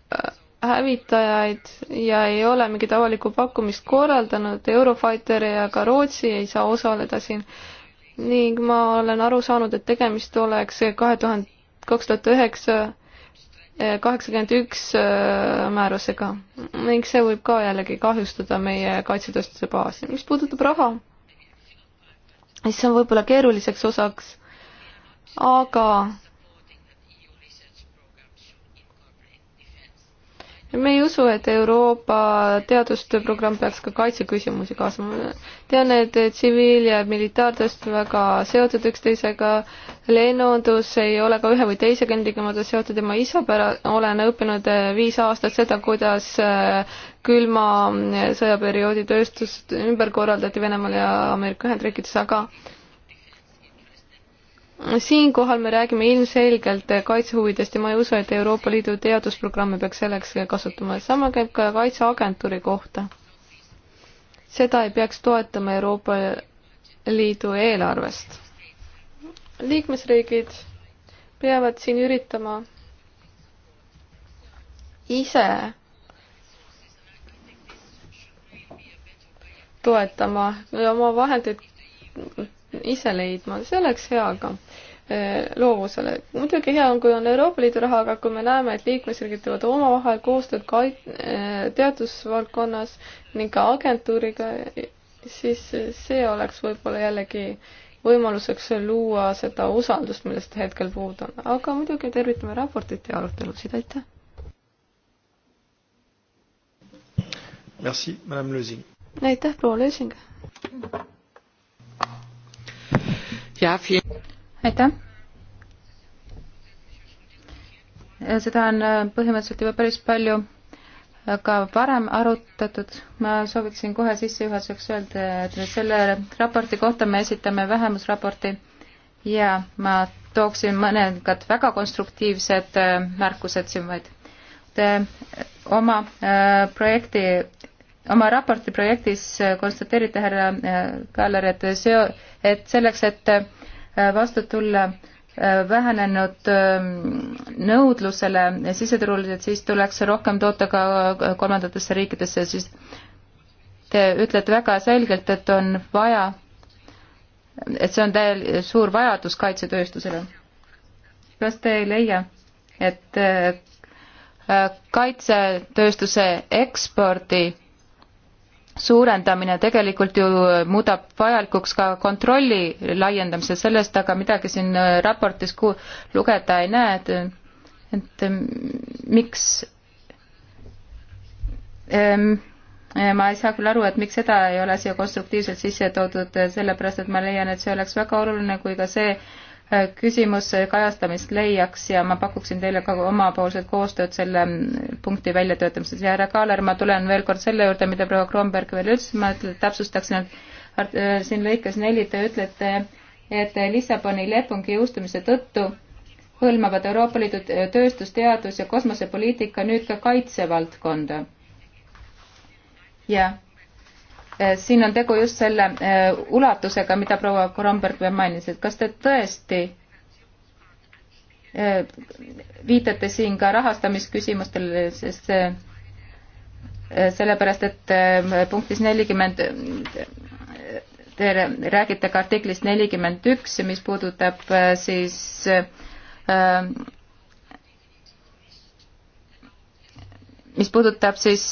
äh, hävitajaid ja ei ole mingit avalikku pakkumist korraldanud, Eurofighter ja ka Rootsi ei saa osaleda siin ning ma olen aru saanud, et tegemist oleks kahe tuhande, kaks tuhat üheksa äh, kaheksakümmend üks määrusega ning see võib ka jällegi kahjustada meie kaitsetööstuse baasi. mis puudutab raha, siis see on võib-olla keeruliseks osaks aga me ei usu, et Euroopa teadustööprogramm peaks ka kaitseküsimusi kaasama. tean, et tsiviil- ja militaartööstus on väga seotud üksteisega, lennundus ei ole ka ühe või teisega ilmtingimata seotud ja ma ise pära-, olen õppinud viis aastat seda, kuidas äh, külma sõjaperioodi tööstust ümber korraldati Venemaal ja Ameerika Ühendriikides, aga äh, siinkohal me räägime ilmselgelt kaitsehuvidest ja ma ei usu, et Euroopa Liidu teadusprogramme peaks selleks kasutama. sama käib ka kaitseagentuuri kohta. seda ei peaks toetama Euroopa Liidu eelarvest. liikmesriigid peavad siin üritama ise toetama oma vahendeid ise leidma, see oleks hea ka e, loovusele. muidugi hea on, kui on Euroopa Liidu raha, aga kui me näeme, et liikmesriigid teevad omavahel koostööd ka e, teadusvaldkonnas ning ka agentuuriga, siis see oleks võib-olla jällegi võimaluseks luua seda usaldust, millest hetkel puudu on. aga muidugi tervitame raportit ja arutelusid, aitäh! Merci, Madame Lösing. aitäh, proua Lösing! aitäh! seda on äh, põhimõtteliselt juba päris palju äh, ka varem arutatud. ma sooviksin kohe sissejuhatuseks öelda, et selle raporti kohta me esitame vähemusraporti ja ma tooksin mõned väga konstruktiivsed äh, märkused siin vaid. Te oma projekti oma raporti projektis konstateerite, härra äh, Kallar, et see, et selleks, et äh, vastu tulla äh, vähenenud ähm, nõudlusele siseturul, et siis tuleks rohkem toota ka kolmandatesse riikidesse, siis te ütlete väga selgelt, et on vaja, et see on täiel-, suur vajadus kaitsetööstusele. kas te ei leia, et kaitsetööstuse ekspordi suurendamine tegelikult ju muudab vajalikuks ka kontrolli laiendamise, sellest aga midagi siin äh, raportis ku-, lugeda ei näe, et, et äh, miks ähm, äh, ma ei saa küll aru, et miks seda ei ole siia konstruktiivselt sisse toodud, sellepärast et ma leian, et see oleks väga oluline, kui ka see äh, küsimus kajastamist leiaks ja ma pakuksin teile ka omapoolset koostööd selle punkti väljatöötamisel. ja härra Kaaler, ma tulen veel kord selle juurde, mida proua Kromberg veel ütles, ma täpsustaksin, et siin lõikes neli te ütlete, et Lissaboni lepingu jõustumise tõttu hõlmavad Euroopa Liidu tööstus, teadus ja kosmosepoliitika nüüd ka kaitsevaldkonda. jah Eh, siin on tegu just selle eh, ulatusega, mida proua Kromberg mainis, et kas te tõesti eh, viitate siin ka rahastamisküsimustele, sest sellepärast, et punktis nelikümmend, te räägite ka artiklist nelikümmend üks, mis puudutab siis mis puudutab siis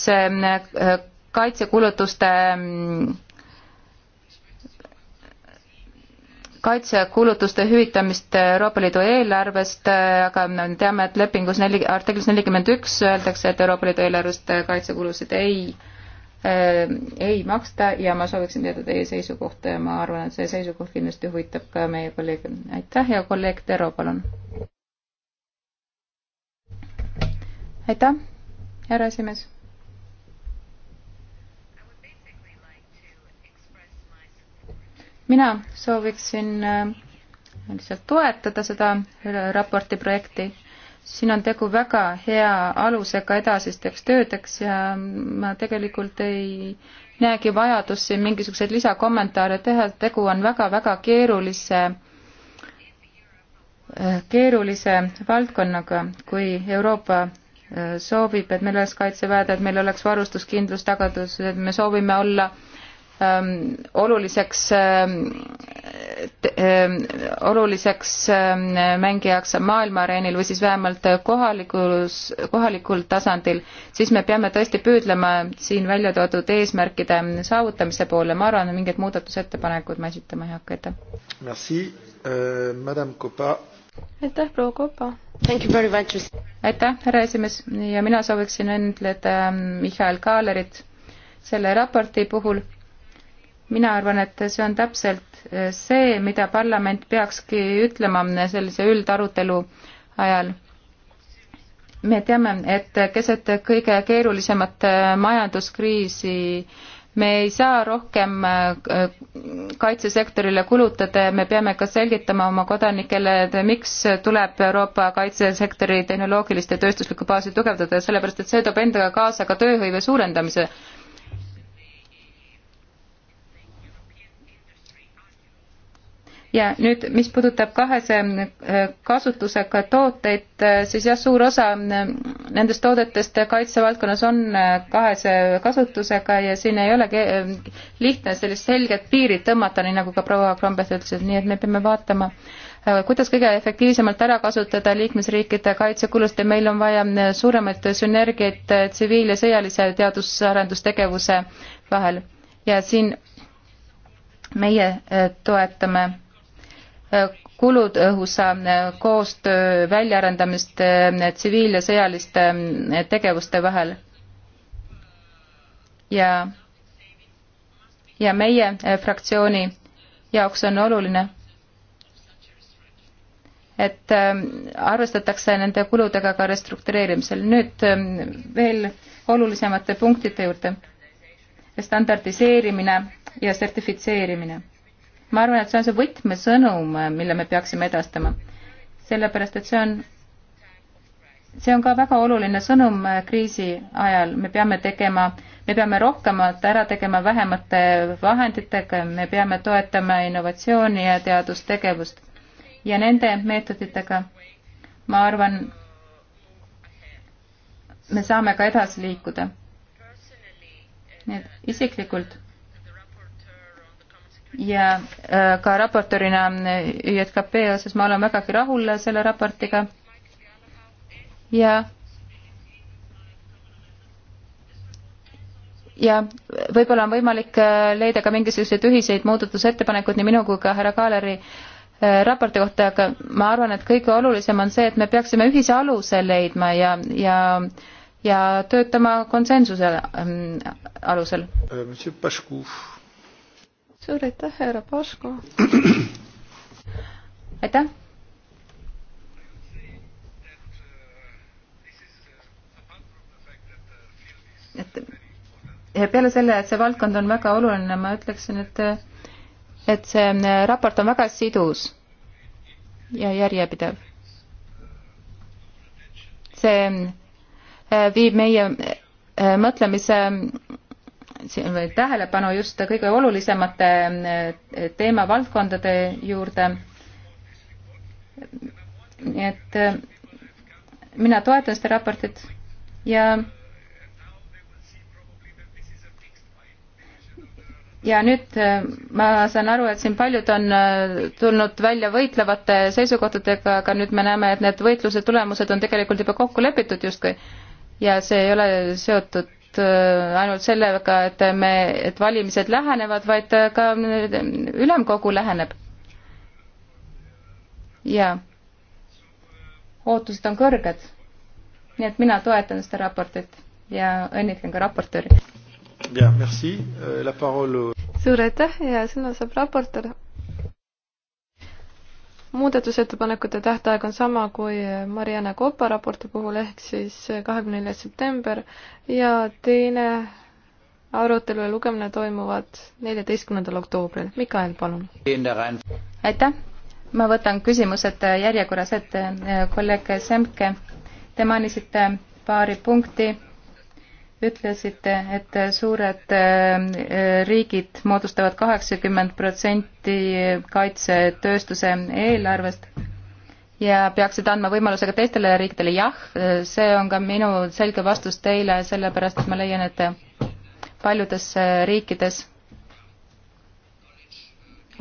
kaitsekulutuste kaitsekulutuste hüvitamist Euroopa Liidu eelarvest, aga me teame, et lepingus neli, artiklis nelikümmend üks öeldakse, et Euroopa Liidu eelarvest kaitsekulusid ei äh,, ei maksta ja ma sooviksin teada teie seisukohta ja ma arvan, et see seisukoht kindlasti huvitab ka meie kolleege. aitäh ja kolleeg Tero, palun. aitäh, härra esimees mina sooviksin äh, lihtsalt toetada seda äh, raporti projekti. siin on tegu väga hea alusega edasisteks töödeks ja ma tegelikult ei näegi vajadust siin mingisuguseid lisakommentaare teha, et tegu on väga-väga keerulise äh, keerulise valdkonnaga, kui Euroopa soovib, et meil oleks kaitseväed, et meil oleks varustuskindlus tagatud, et me soovime olla äh, Ähm, oluliseks, ähm, ähm, oluliseks mängijaks maailma areenil või siis vähemalt kohalikus, kohalikul tasandil, siis me peame tõesti püüdlema siin välja toodud eesmärkide saavutamise poole, ma arvan, mingeid muudatusettepanekuid ma esitama ei hakka, aitäh. Merci euh,, madame Copa. aitäh, proua Kopa! aitäh, härra esimees, ja mina sooviksin õnnitleda Mihhail Kaalerit selle raporti puhul mina arvan, et see on täpselt eh, see, mida parlament peakski ütlema sellise üldarutelu ajal. me teame, et keset kõige keerulisemat eh, majanduskriisi me ei saa rohkem eh, kaitsesektorile kulutada ja me peame ka selgitama oma kodanikele, et miks tuleb Euroopa kaitsesektori tehnoloogilist ja tööstuslikku baasi tugevdada, sellepärast et see toob endaga kaasa ka tööhõive suurendamise ja nüüd, mis puudutab kahese äh, kasutusega tooteid, äh, siis jah, suur osa äh, nendest toodetest kaitsevaldkonnas on kahese kasutusega ja siin ei ole lihtne sellist selget piiri tõmmata, nii nagu ka proua Krombeth ütles, nii et me peame vaatama, kuidas kõige efektiivsemalt ära kasutada liikmesriikide kaitsekulust ja meil on vaja suuremaid sünergiaid tsiviil- ja sõjalise teadus-arendustegevuse vahel ja siin meie toetame kulutõhusa äh, koostöö väljaarendamist äh, tsiviil- ja sõjaliste äh, tegevuste vahel. ja, ja meie fraktsiooni jaoks on oluline, et ähm, arvestatakse nende kuludega ka restruktureerimisel. nüüd ähm, veel olulisemate punktide juurde. standardiseerimine ja sertifitseerimine ma arvan, et see on see võtmesõnum, mille me peaksime edastama. sellepärast, et see on, see on ka väga oluline sõnum äh, kriisi ajal, me peame tegema, me peame rohkemat ära tegema vähemate vahenditega, me peame toetama innovatsiooni ja teadustegevust. ja nende meetoditega, ma arvan, me saame ka edasi liikuda. nii et isiklikult ja äh, ka raportorina ÜJKP osas ma olen vägagi rahul selle raportiga ja ja võib-olla on võimalik äh, leida ka mingisuguseid ühiseid muudatusettepanekuid nii minu kui ka härra Kaaleri äh, raporti kohta, aga ma arvan, et kõige olulisem on see, et me peaksime ühise aluse leidma ja, ja ja töötama konsensuse ähm, alusel. Monsieur Paškov suur aitäh, härra Paško. aitäh. et ja peale selle, et see valdkond on väga oluline, ma ütleksin, et, et see äh, raport on väga sidus ja järjepidev. see äh, viib meie äh, mõtlemise tähelepanu just kõige olulisemate eh, teemavaldkondade juurde. nii et eh, mina toetan seda raportit ja ja nüüd eh, ma saan aru, et siin paljud on tulnud välja võitlevate seisukohtadega, aga nüüd me näeme, et need võitluse tulemused on tegelikult juba kokku lepitud justkui ja see ei ole seotud Äh, ainult sellega, et me, et valimised lähenevad, vaid äh, ka äh, ülemkogu läheneb. ja ootused on kõrged. nii et mina toetan seda raportit ja õnnitlen ka raportööri. Euh, suur aitäh ja sõna saab raportöör muudatusettepanekute tähtaeg on sama kui Mariana Kopa raporti puhul ehk siis kahekümne neljas september ja teine arutelu ja lugemine toimuvad neljateistkümnendal oktoobril. Mikael, palun. aitäh, ma võtan küsimused järjekorras ette. kolleeg Semke, te mainisite paari punkti ütlesite, et suured äh, riigid moodustavad kaheksakümmend protsenti kaitsetööstuse eelarvest ja peaksid andma võimaluse ka teistele riikidele. jah, see on ka minu selge vastus teile, sellepärast et ma leian, et paljudes riikides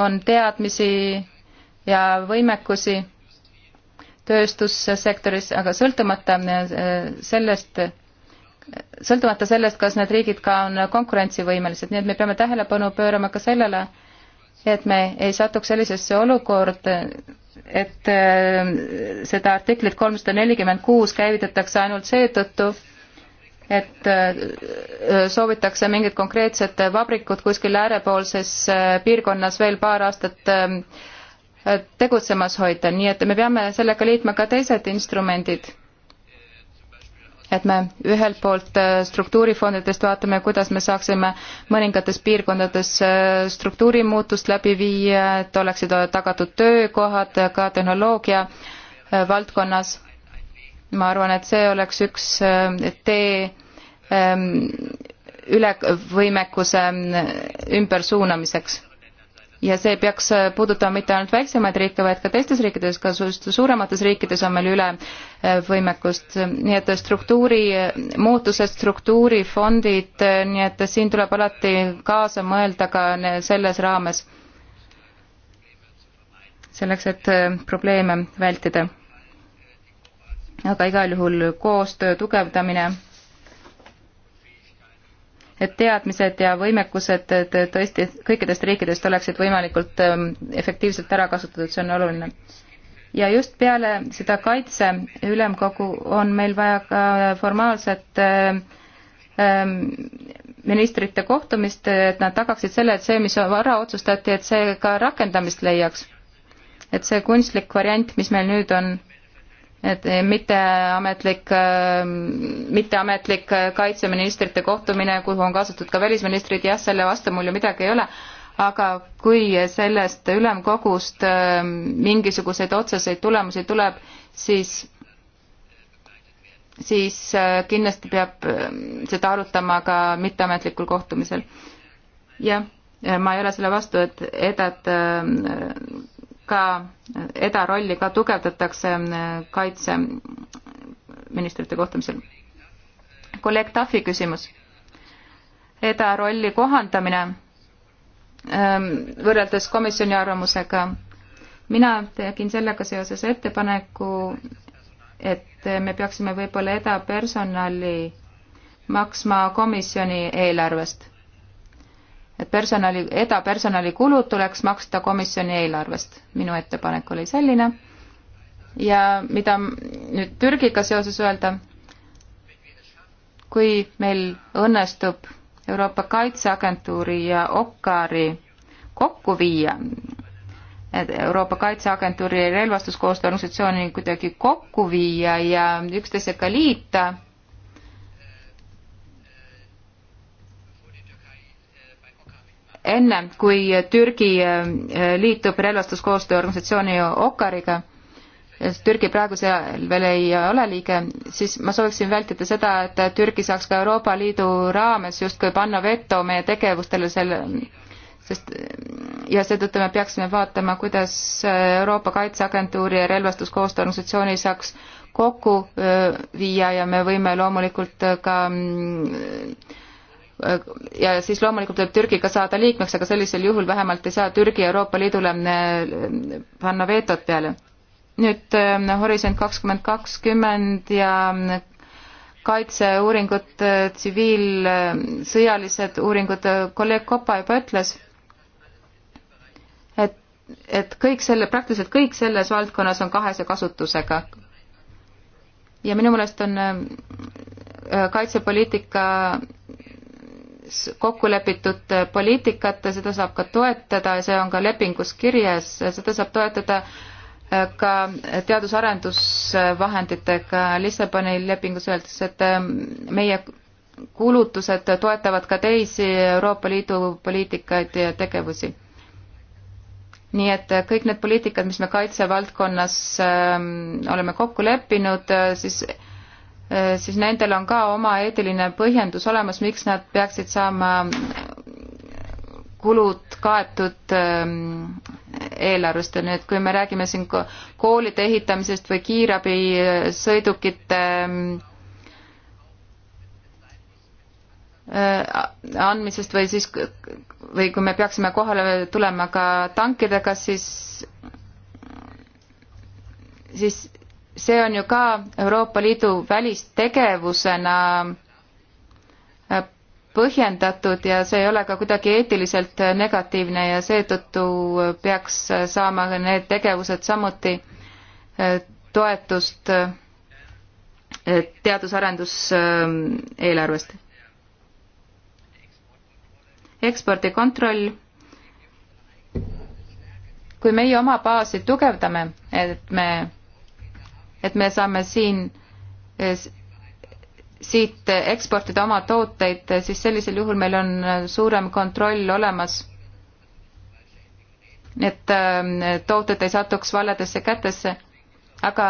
on teadmisi ja võimekusi tööstussektoris, aga sõltumata äh, sellest sõltumata sellest, kas need riigid ka on konkurentsivõimelised, nii et me peame tähelepanu pöörama ka sellele, et me ei satuks sellisesse olukorda, et äh, seda artiklit kolmsada nelikümmend kuus käivitatakse ainult seetõttu, et äh, soovitakse mingit konkreetset vabrikut kuskil äärepoolses äh, piirkonnas veel paar aastat tegutsemas hoida, nii et me peame sellega liitma ka teised instrumendid et me ühelt poolt äh, struktuurifondidest vaatame, kuidas me saaksime mõningates piirkondades äh, struktuurimuutust läbi viia, et oleksid tagatud töökohad ka tehnoloogia äh, valdkonnas. ma arvan, et see oleks üks tee ähm, üle võimekuse ümbersuunamiseks ja see peaks äh, puudutama mitte ainult väiksemaid riike, vaid ka teistes riikides, ka suuremates riikides on meil üle äh, võimekust, nii et struktuuri, äh, muutused, struktuurifondid, nii et siin tuleb alati kaasa mõelda ka selles raames, selleks, et probleeme vältida. aga igal juhul koostöö tugevdamine et teadmised ja võimekused tõesti kõikidest riikidest oleksid võimalikult ähm, efektiivselt ära kasutatud, see on oluline. ja just peale seda kaitseülemkogu on meil vaja ka formaalset ähm, ähm, ministrite kohtumist, et nad tagaksid selle, et see, mis vara otsustati, et see ka rakendamist leiaks. et see kunstlik variant, mis meil nüüd on et mitteametlik, mitteametlik kaitseministrite kohtumine, kuhu on kaasatud ka välisministrid, jah, selle vastu mul ju midagi ei ole, aga kui sellest ülemkogust ähm, mingisuguseid otseseid tulemusi tuleb, siis siis äh, kindlasti peab ähm, seda arutama ka mitteametlikul kohtumisel. jah, ma ei ole selle vastu, et edad ka, EDA rolli ka tugevdatakse äh, kaitseministrite kohtumisel. kolleeg Tafi küsimus. EDA rolli kohandamine ähm, võrreldes komisjoni arvamusega. mina tegin sellega seoses ettepaneku, et me peaksime võib-olla EDA personali maksma komisjoni eelarvest et personali, edapersonalikulud tuleks maksta komisjoni eelarvest. minu ettepanek oli selline ja mida nüüd Türgiga seoses öelda, kui meil õnnestub Euroopa Kaitseagentuuri ja OCCAR-i kokku viia, et Euroopa Kaitseagentuuri relvastuskoostöö organisatsiooni kuidagi kokku viia ja üksteisega liita, enne, kui Türgi äh, liitub relvastuskoostöö organisatsiooni Okariga, Türgi praegu seal veel ei ole liige, siis ma sooviksin vältida seda, et Türgi saaks ka Euroopa Liidu raames justkui panna veto meie tegevustele selle, sest ja seetõttu me peaksime vaatama, kuidas Euroopa Kaitseagentuuri ja relvastuskoostöö organisatsiooni saaks kokku äh, viia ja me võime loomulikult ka äh, ja siis loomulikult võib Türgi ka saada liikmeks, aga sellisel juhul vähemalt ei saa Türgi Euroopa Liidule äh, panna vetot peale. nüüd äh, Horisont kakskümmend kakskümmend ja äh, kaitseuuringud, tsiviilsõjalised uuringud, kolleeg Kopa juba ütles, et, et kõik selle, praktiliselt kõik selles valdkonnas on kahese kasutusega. ja minu meelest on kaitsepoliitika kokku lepitud poliitikat, seda saab ka toetada ja see on ka lepingus kirjas, seda saab toetada äh, ka teadus-arendusvahenditega. Lissaboni lepingus öeldakse, et ähm, meie kulutused toetavad ka teisi Euroopa Liidu poliitikaid ja tegevusi. nii et äh, kõik need poliitikad, mis me kaitsevaldkonnas ähm, oleme kokku leppinud, äh, siis Äh, siis nendel on ka oma eetiline põhjendus olemas, miks nad peaksid saama äh, kulud kaetud äh, eelarvest ja nüüd, kui me räägime siin koolide ehitamisest või kiirabisõidukite andmisest või siis, või kui me peaksime kohale tulema ka tankidega, siis, siis see on ju ka Euroopa Liidu välistegevusena äh, põhjendatud ja see ei ole ka kuidagi eetiliselt äh, negatiivne ja seetõttu äh, peaks saama need tegevused samuti toetust teadus-arenduseelarvest. ekspordikontroll. kui meie oma baasi tugevdame, et me et me saame siin, eh, siit eksportida oma tooteid, eh, siis sellisel juhul meil on eh, suurem kontroll olemas. et tooted ei satuks valedesse kätesse, aga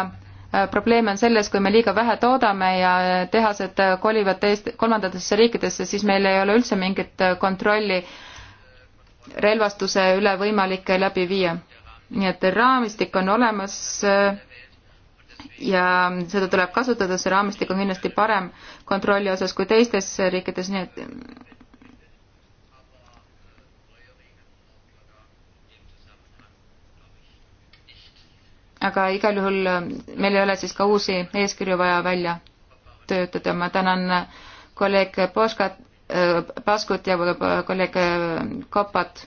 probleem on selles, kui me liiga vähe toodame ja tehased kolivad teist, kolmandatesse riikidesse, siis meil ei ole üldse mingit kontrolli relvastuse üle võimalik läbi viia. nii et raamistik on olemas äh, ja seda tuleb kasutada, see raamistik on kindlasti parem kontrolli osas kui teistes riikides, nii et aga igal juhul äh, meil ei ole siis ka uusi eeskirju vaja välja töötada, ma tänan äh, kolleeg Poskat, äh, Paskut ja kolleeg Kopat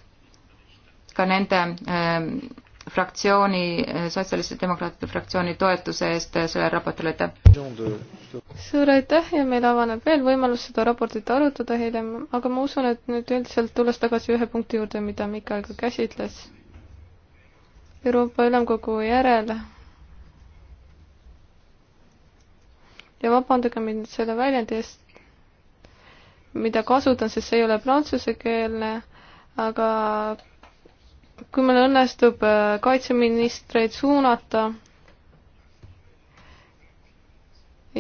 ka nende fraktsiooni, sotsialistide demokraatide fraktsiooni toetuse eest sellele raportile, aitäh! suur aitäh ja meil avaneb veel võimalus seda raportit arutada hiljem, aga ma usun, et nüüd üldiselt tulles tagasi ühe punkti juurde, mida Mikael ka käsitles, Euroopa Ülemkogu järel ja vabandage mind selle väljendi eest, mida kasutan, sest see ei ole prantsusekeelne, aga kui meil õnnestub äh, kaitseministreid suunata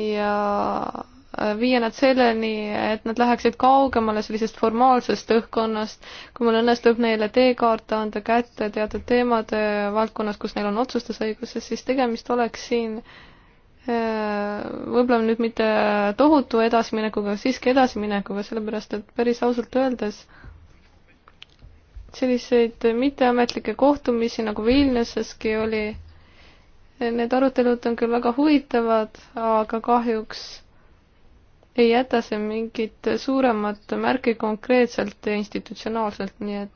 ja äh, viia nad selleni, et nad läheksid kaugemale sellisest formaalsest õhkkonnast, kui mul õnnestub neile teekaarte anda kätte teatud teemade valdkonnas, kus neil on otsustusõiguses, siis tegemist oleks siin äh, võib-olla nüüd mitte tohutu edasiminekuga, siiski edasiminekuga, sellepärast et päris ausalt öeldes äh, selliseid mitteametlikke kohtumisi nagu Vilniuseski oli. Need arutelud on küll väga huvitavad, aga kahjuks ei jäta see mingit suuremat märki konkreetselt institutsionaalselt, nii et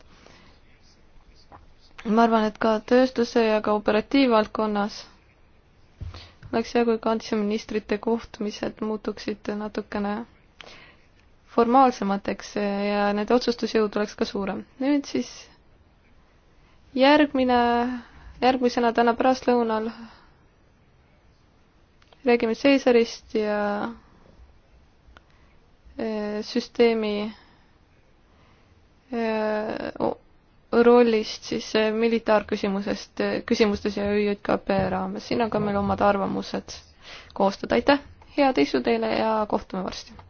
ma arvan, et ka tööstuse ja ka operatiivvaldkonnas oleks hea, kui ka andsime ministrite kohtumised muutuksid natukene formaalsemateks eh, ja nende otsustusjõud oleks ka suurem. nüüd siis järgmine, järgmisena täna pärastlõunal räägime Caesarist ja eh, süsteemi eh, rollist siis militaarküsimusest, küsimustes ja ÜJKP raames, siin on ka meil omad arvamused koostada, aitäh, head isu teile ja kohtume varsti!